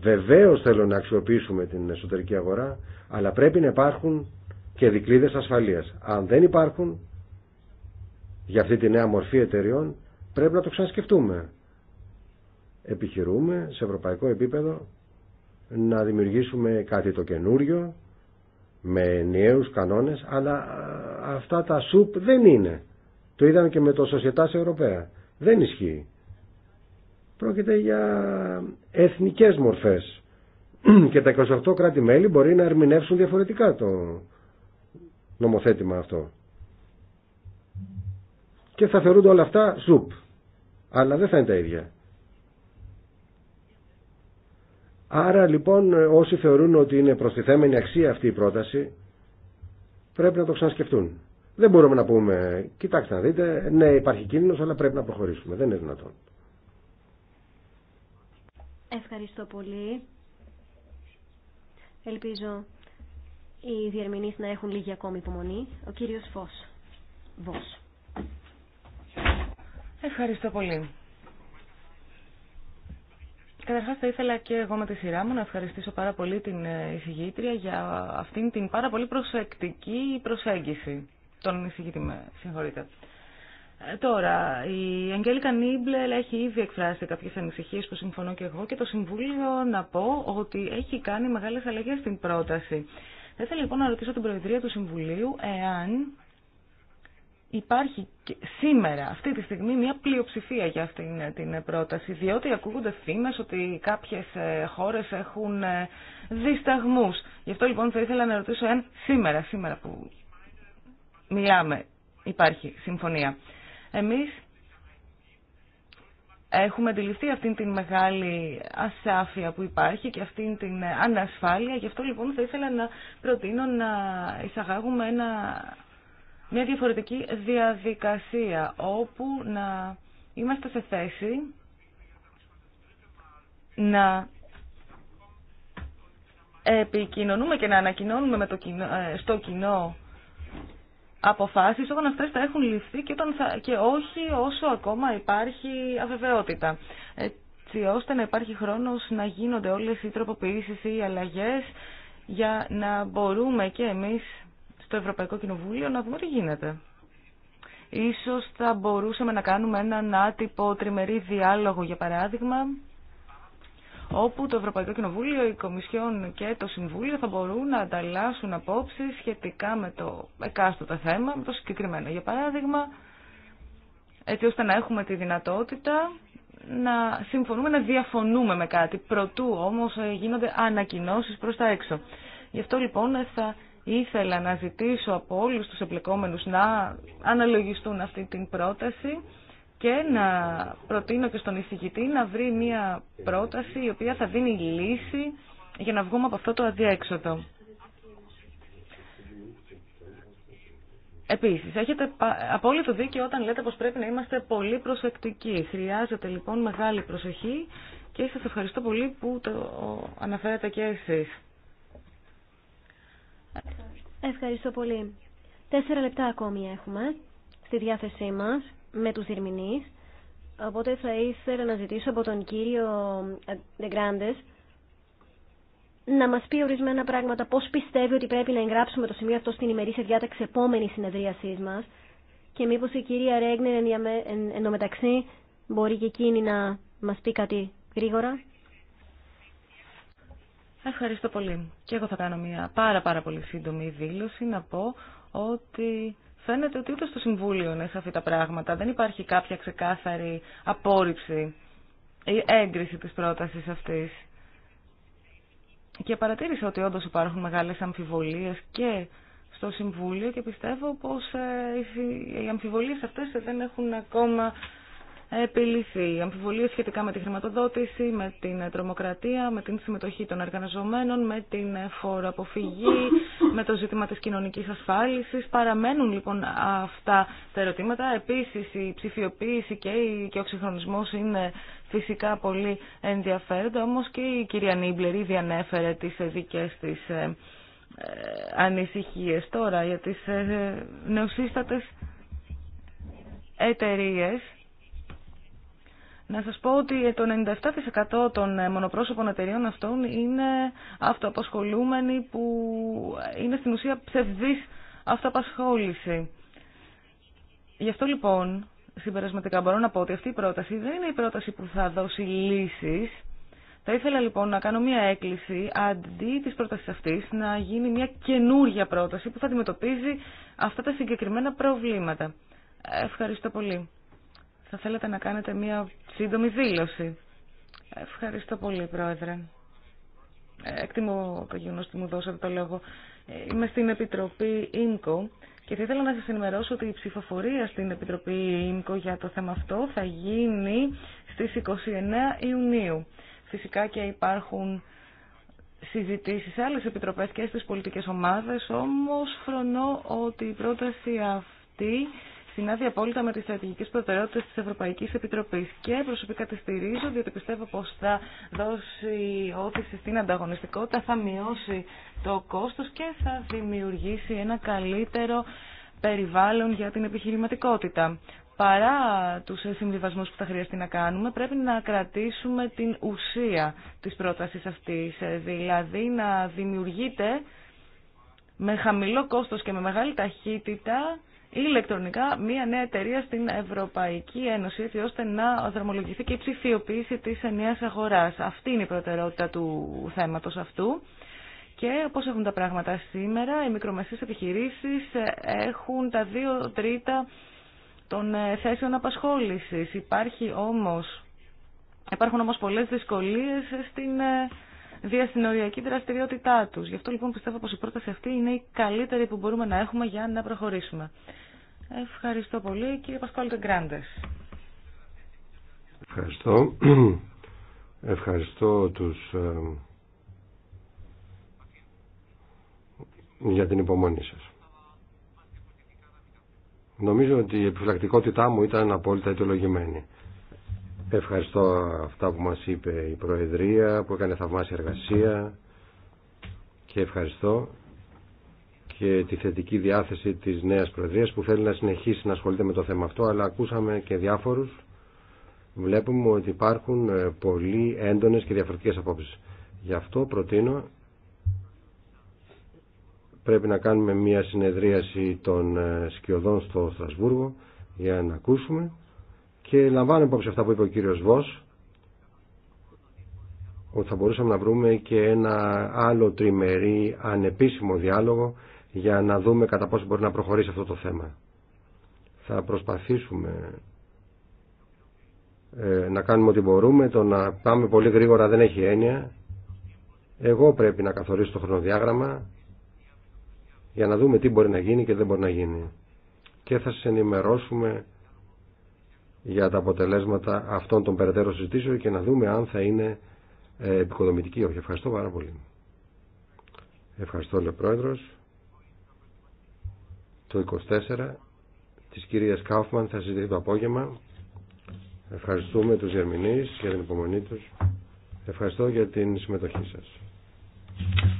Βεβαίως θέλω να αξιοποιήσουμε την εσωτερική αγορά, αλλά πρέπει να υπάρχουν και δικλείδες ασφαλείας. Αν δεν υπάρχουν για αυτή τη νέα μορφή εταιριών, πρέπει να το ξανασκεφτούμε επιχειρούμε σε ευρωπαϊκό επίπεδο να δημιουργήσουμε κάτι το καινούριο με νέους κανόνες αλλά αυτά τα σουπ δεν είναι το είδαμε και με το Σοσιατάς Ευρωπαία δεν ισχύει πρόκειται για εθνικές μορφές και τα 28 κράτη-μέλη μπορεί να ερμηνεύσουν διαφορετικά το νομοθέτημα αυτό και θα θεωρούνται όλα αυτά σουπ αλλά δεν θα είναι τα ίδια Άρα λοιπόν όσοι θεωρούν ότι είναι προστιθέμενη αξία αυτή η πρόταση πρέπει να το ξανασκεφτούν. Δεν μπορούμε να πούμε, κοιτάξτε να δείτε, ναι υπάρχει κίνδυνος αλλά πρέπει να προχωρήσουμε. Δεν είναι δυνατόν. Ευχαριστώ πολύ. Ελπίζω οι διερμηνείς να έχουν λίγη ακόμη υπομονή. Ο κύριος Φως. Βος. Ευχαριστώ πολύ. Καταρχάς θα ήθελα και εγώ με τη σειρά μου να ευχαριστήσω πάρα πολύ την ε, εισηγήτρια για αυτήν την πάρα πολύ προσεκτική προσέγγιση. των εισηγήτη με ε, Τώρα, η Αγγέλικα Νίμπλελ έχει ήδη εκφράσει κάποιες ανησυχίες που συμφωνώ και εγώ και το Συμβούλιο να πω ότι έχει κάνει μεγάλες αλλαγές στην πρόταση. Θα ήθελα λοιπόν να ρωτήσω την Προεδρία του Συμβουλίου εάν υπάρχει σήμερα, αυτή τη στιγμή, μια πλειοψηφία για αυτή ε, την ε, πρόταση, διότι ακούγονται φήμες ότι κάποιες ε, χώρες έχουν δισταγμούς. Γι' αυτό λοιπόν θα ήθελα να ρωτήσω αν σήμερα, σήμερα που μιλάμε, υπάρχει συμφωνία. Εμείς έχουμε αντιληφθεί αυτήν την μεγάλη ασάφεια που υπάρχει και αυτήν την ανασφάλεια. Γι' αυτό λοιπόν θα ήθελα να προτείνω να εισαγάγουμε ένα μια διαφορετική διαδικασία όπου να είμαστε σε θέση να επικοινωνούμε και να ανακοινώνουμε το ε, στο κοινό αποφάσεις όταν αυτές θα έχουν ληφθεί και, και όχι όσο ακόμα υπάρχει αβεβαιότητα. Έτσι ώστε να υπάρχει χρόνος να γίνονται όλες οι τροποποιήσεις ή οι αλλαγές για να μπορούμε και εμείς στο Ευρωπαϊκό Κοινοβούλιο να δούμε τι γίνεται. Ίσως θα μπορούσαμε να κάνουμε έναν άτυπο τριμερή διάλογο, για παράδειγμα, όπου το Ευρωπαϊκό Κοινοβούλιο, η Κομισιόν και το Συμβούλιο θα μπορούν να ανταλλάσσουν απόψεις σχετικά με το εκάστοτε θέμα, με το συγκεκριμένο. Για παράδειγμα, έτσι ώστε να έχουμε τη δυνατότητα να συμφωνούμε, να διαφωνούμε με κάτι. Προτού όμως γίνονται ανακοινώσεις προς τα έξω. Γι' αυτό λοιπόν θα ήθελα να ζητήσω από όλους τους εμπλεκόμενους να αναλογιστούν αυτή την πρόταση και να προτείνω και στον εισηγητή να βρει μια πρόταση η οποία θα δίνει λύση για να βγούμε από αυτό το αδιέξοδο. Επίσης, έχετε απόλυτο δίκιο όταν λέτε πως πρέπει να είμαστε πολύ προσεκτικοί. Χρειάζεται λοιπόν μεγάλη προσοχή και σας ευχαριστώ πολύ που το αναφέρατε και εσείς. Ευχαριστώ πολύ. Τέσσερα λεπτά ακόμη έχουμε στη διάθεσή μας με τους διερμηνείς. Οπότε θα ήθελα να ζητήσω από τον κύριο Ντεγκράντες να μας πει ορισμένα πράγματα πώς πιστεύει ότι πρέπει να εγγράψουμε το σημείο αυτό στην ημερήσια διάταξη επόμενη συνεδρίασής μας και μήπως η κυρία Ρέγνερ μεταξύ μπορεί και εκείνη να μας πει κάτι γρήγορα. Ευχαριστώ πολύ. Και εγώ θα κάνω μια πάρα πάρα πολύ σύντομη δήλωση να πω ότι φαίνεται ότι ούτε στο Συμβούλιο είναι σαφή τα πράγματα. Δεν υπάρχει κάποια ξεκάθαρη απόρριψη ή έγκριση της πρότασης αυτής. Και παρατήρησα ότι όντως υπάρχουν μεγάλες αμφιβολίες και στο Συμβούλιο και πιστεύω πως ε, οι αμφιβολίες αυτές δεν έχουν ακόμα επιληθεί. Αμφιβολίες σχετικά με τη χρηματοδότηση, με την τρομοκρατία, με την συμμετοχή των εργαζομένων, με την φοροαποφυγή, με το ζήτημα της κοινωνικής ασφάλισης. Παραμένουν λοιπόν αυτά τα ερωτήματα. Επίσης η ψηφιοποίηση και, και ο ξεχρονισμός είναι φυσικά πολύ ενδιαφέροντα, όμως και η κυρία Νίμπλερ ήδη ανέφερε τις δικές της ε, ε, ανησυχίες τώρα για τις ε, νεοσύστατες εταιρείες να σας πω ότι το 97% των ε, μονοπρόσωπων εταιρείων αυτών είναι αυτοαπασχολούμενοι που είναι στην ουσία ψευδής αυτοαπασχόληση. Γι' αυτό λοιπόν συμπερασματικά μπορώ να πω ότι αυτή η πρόταση δεν είναι η πρόταση που θα δώσει λύσεις. Θα ήθελα λοιπόν να κάνω μια έκκληση αντί της πρότασης αυτής να γίνει μια καινούργια πρόταση που θα αντιμετωπίζει αυτά τα συγκεκριμένα προβλήματα. Ευχαριστώ πολύ θα θέλατε να κάνετε μία σύντομη δήλωση. Ευχαριστώ πολύ, Πρόεδρε. Ε, εκτιμώ το γεγονό ότι μου δώσατε το λόγο. Ε, είμαι στην Επιτροπή ίνκο και θα ήθελα να σας ενημερώσω ότι η ψηφοφορία στην Επιτροπή ίνκο για το θέμα αυτό θα γίνει στις 29 Ιουνίου. Φυσικά και υπάρχουν συζητήσεις σε άλλες επιτροπές και στις πολιτικές ομάδες, όμως φρονώ ότι η πρόταση αυτή συνάδει απόλυτα με τις στρατηγικές προτεραιότητες τη Ευρωπαϊκή Επιτροπή και προσωπικά τη στηρίζω διότι πιστεύω πω θα δώσει όθηση στην ανταγωνιστικότητα, θα μειώσει το κόστο και θα δημιουργήσει ένα καλύτερο περιβάλλον για την επιχειρηματικότητα. Παρά του συμβιβασμού που θα χρειαστεί να κάνουμε, πρέπει να κρατήσουμε την ουσία τη πρόταση αυτή, δηλαδή να δημιουργείται με χαμηλό κόστος και με μεγάλη ταχύτητα ηλεκτρονικά μια νέα εταιρεία στην Ευρωπαϊκή Ένωση, έτσι ώστε να δρομολογηθεί και η ψηφιοποίηση της ενιαίας αγοράς. Αυτή είναι η προτεραιότητα του θέματος αυτού. Και πώς έχουν τα πράγματα σήμερα, οι μικρομεσαίες επιχειρήσεις έχουν τα δύο τρίτα των ε, θέσεων απασχόλησης. Υπάρχει όμως, υπάρχουν όμως πολλές δυσκολίες στην ε, διασυνοριακή δραστηριότητά τους. Γι' αυτό λοιπόν πιστεύω πως η πρόταση αυτή είναι η καλύτερη που μπορούμε να έχουμε για να προχωρήσουμε. Ευχαριστώ πολύ κύριε Πασκόλου Τεγκράντες. Ευχαριστώ. Ευχαριστώ τους ε, για την υπομονή σας. Νομίζω ότι η επιφυλακτικότητά μου ήταν απόλυτα αιτιολογημένη. Ευχαριστώ αυτά που μας είπε η Προεδρία που έκανε θαυμάσια εργασία και ευχαριστώ και τη θετική διάθεση της νέας Προεδρίας που θέλει να συνεχίσει να ασχολείται με το θέμα αυτό αλλά ακούσαμε και διάφορους βλέπουμε ότι υπάρχουν ε, πολύ έντονες και διαφορετικές απόψεις. Γι' αυτό προτείνω πρέπει να κάνουμε μια συνεδρίαση των ε, σκιωδών στο Στρασβούργο για να ακούσουμε και λαμβάνω υπόψη αυτά που είπε ο κύριος Βος ότι θα μπορούσαμε να βρούμε και ένα άλλο τριμερή ανεπίσημο διάλογο για να δούμε κατά πόσο μπορεί να προχωρήσει αυτό το θέμα. Θα προσπαθήσουμε ε, να κάνουμε ό,τι μπορούμε. Το να πάμε πολύ γρήγορα δεν έχει έννοια. Εγώ πρέπει να καθορίσω το χρονοδιάγραμμα για να δούμε τι μπορεί να γίνει και δεν μπορεί να γίνει. Και θα σας ενημερώσουμε για τα αποτελέσματα αυτών των περαιτέρω συζητήσεων και να δούμε αν θα είναι ε, επικοδομητική όχι. Ευχαριστώ πάρα πολύ. Ευχαριστώ, λέει Πρόεδρος. Το 24 της κυρίας Κάουφμαν θα συζητηθεί το απόγευμα. Ευχαριστούμε τους Γερμηνείς για την υπομονή τους. Ευχαριστώ για την συμμετοχή σας.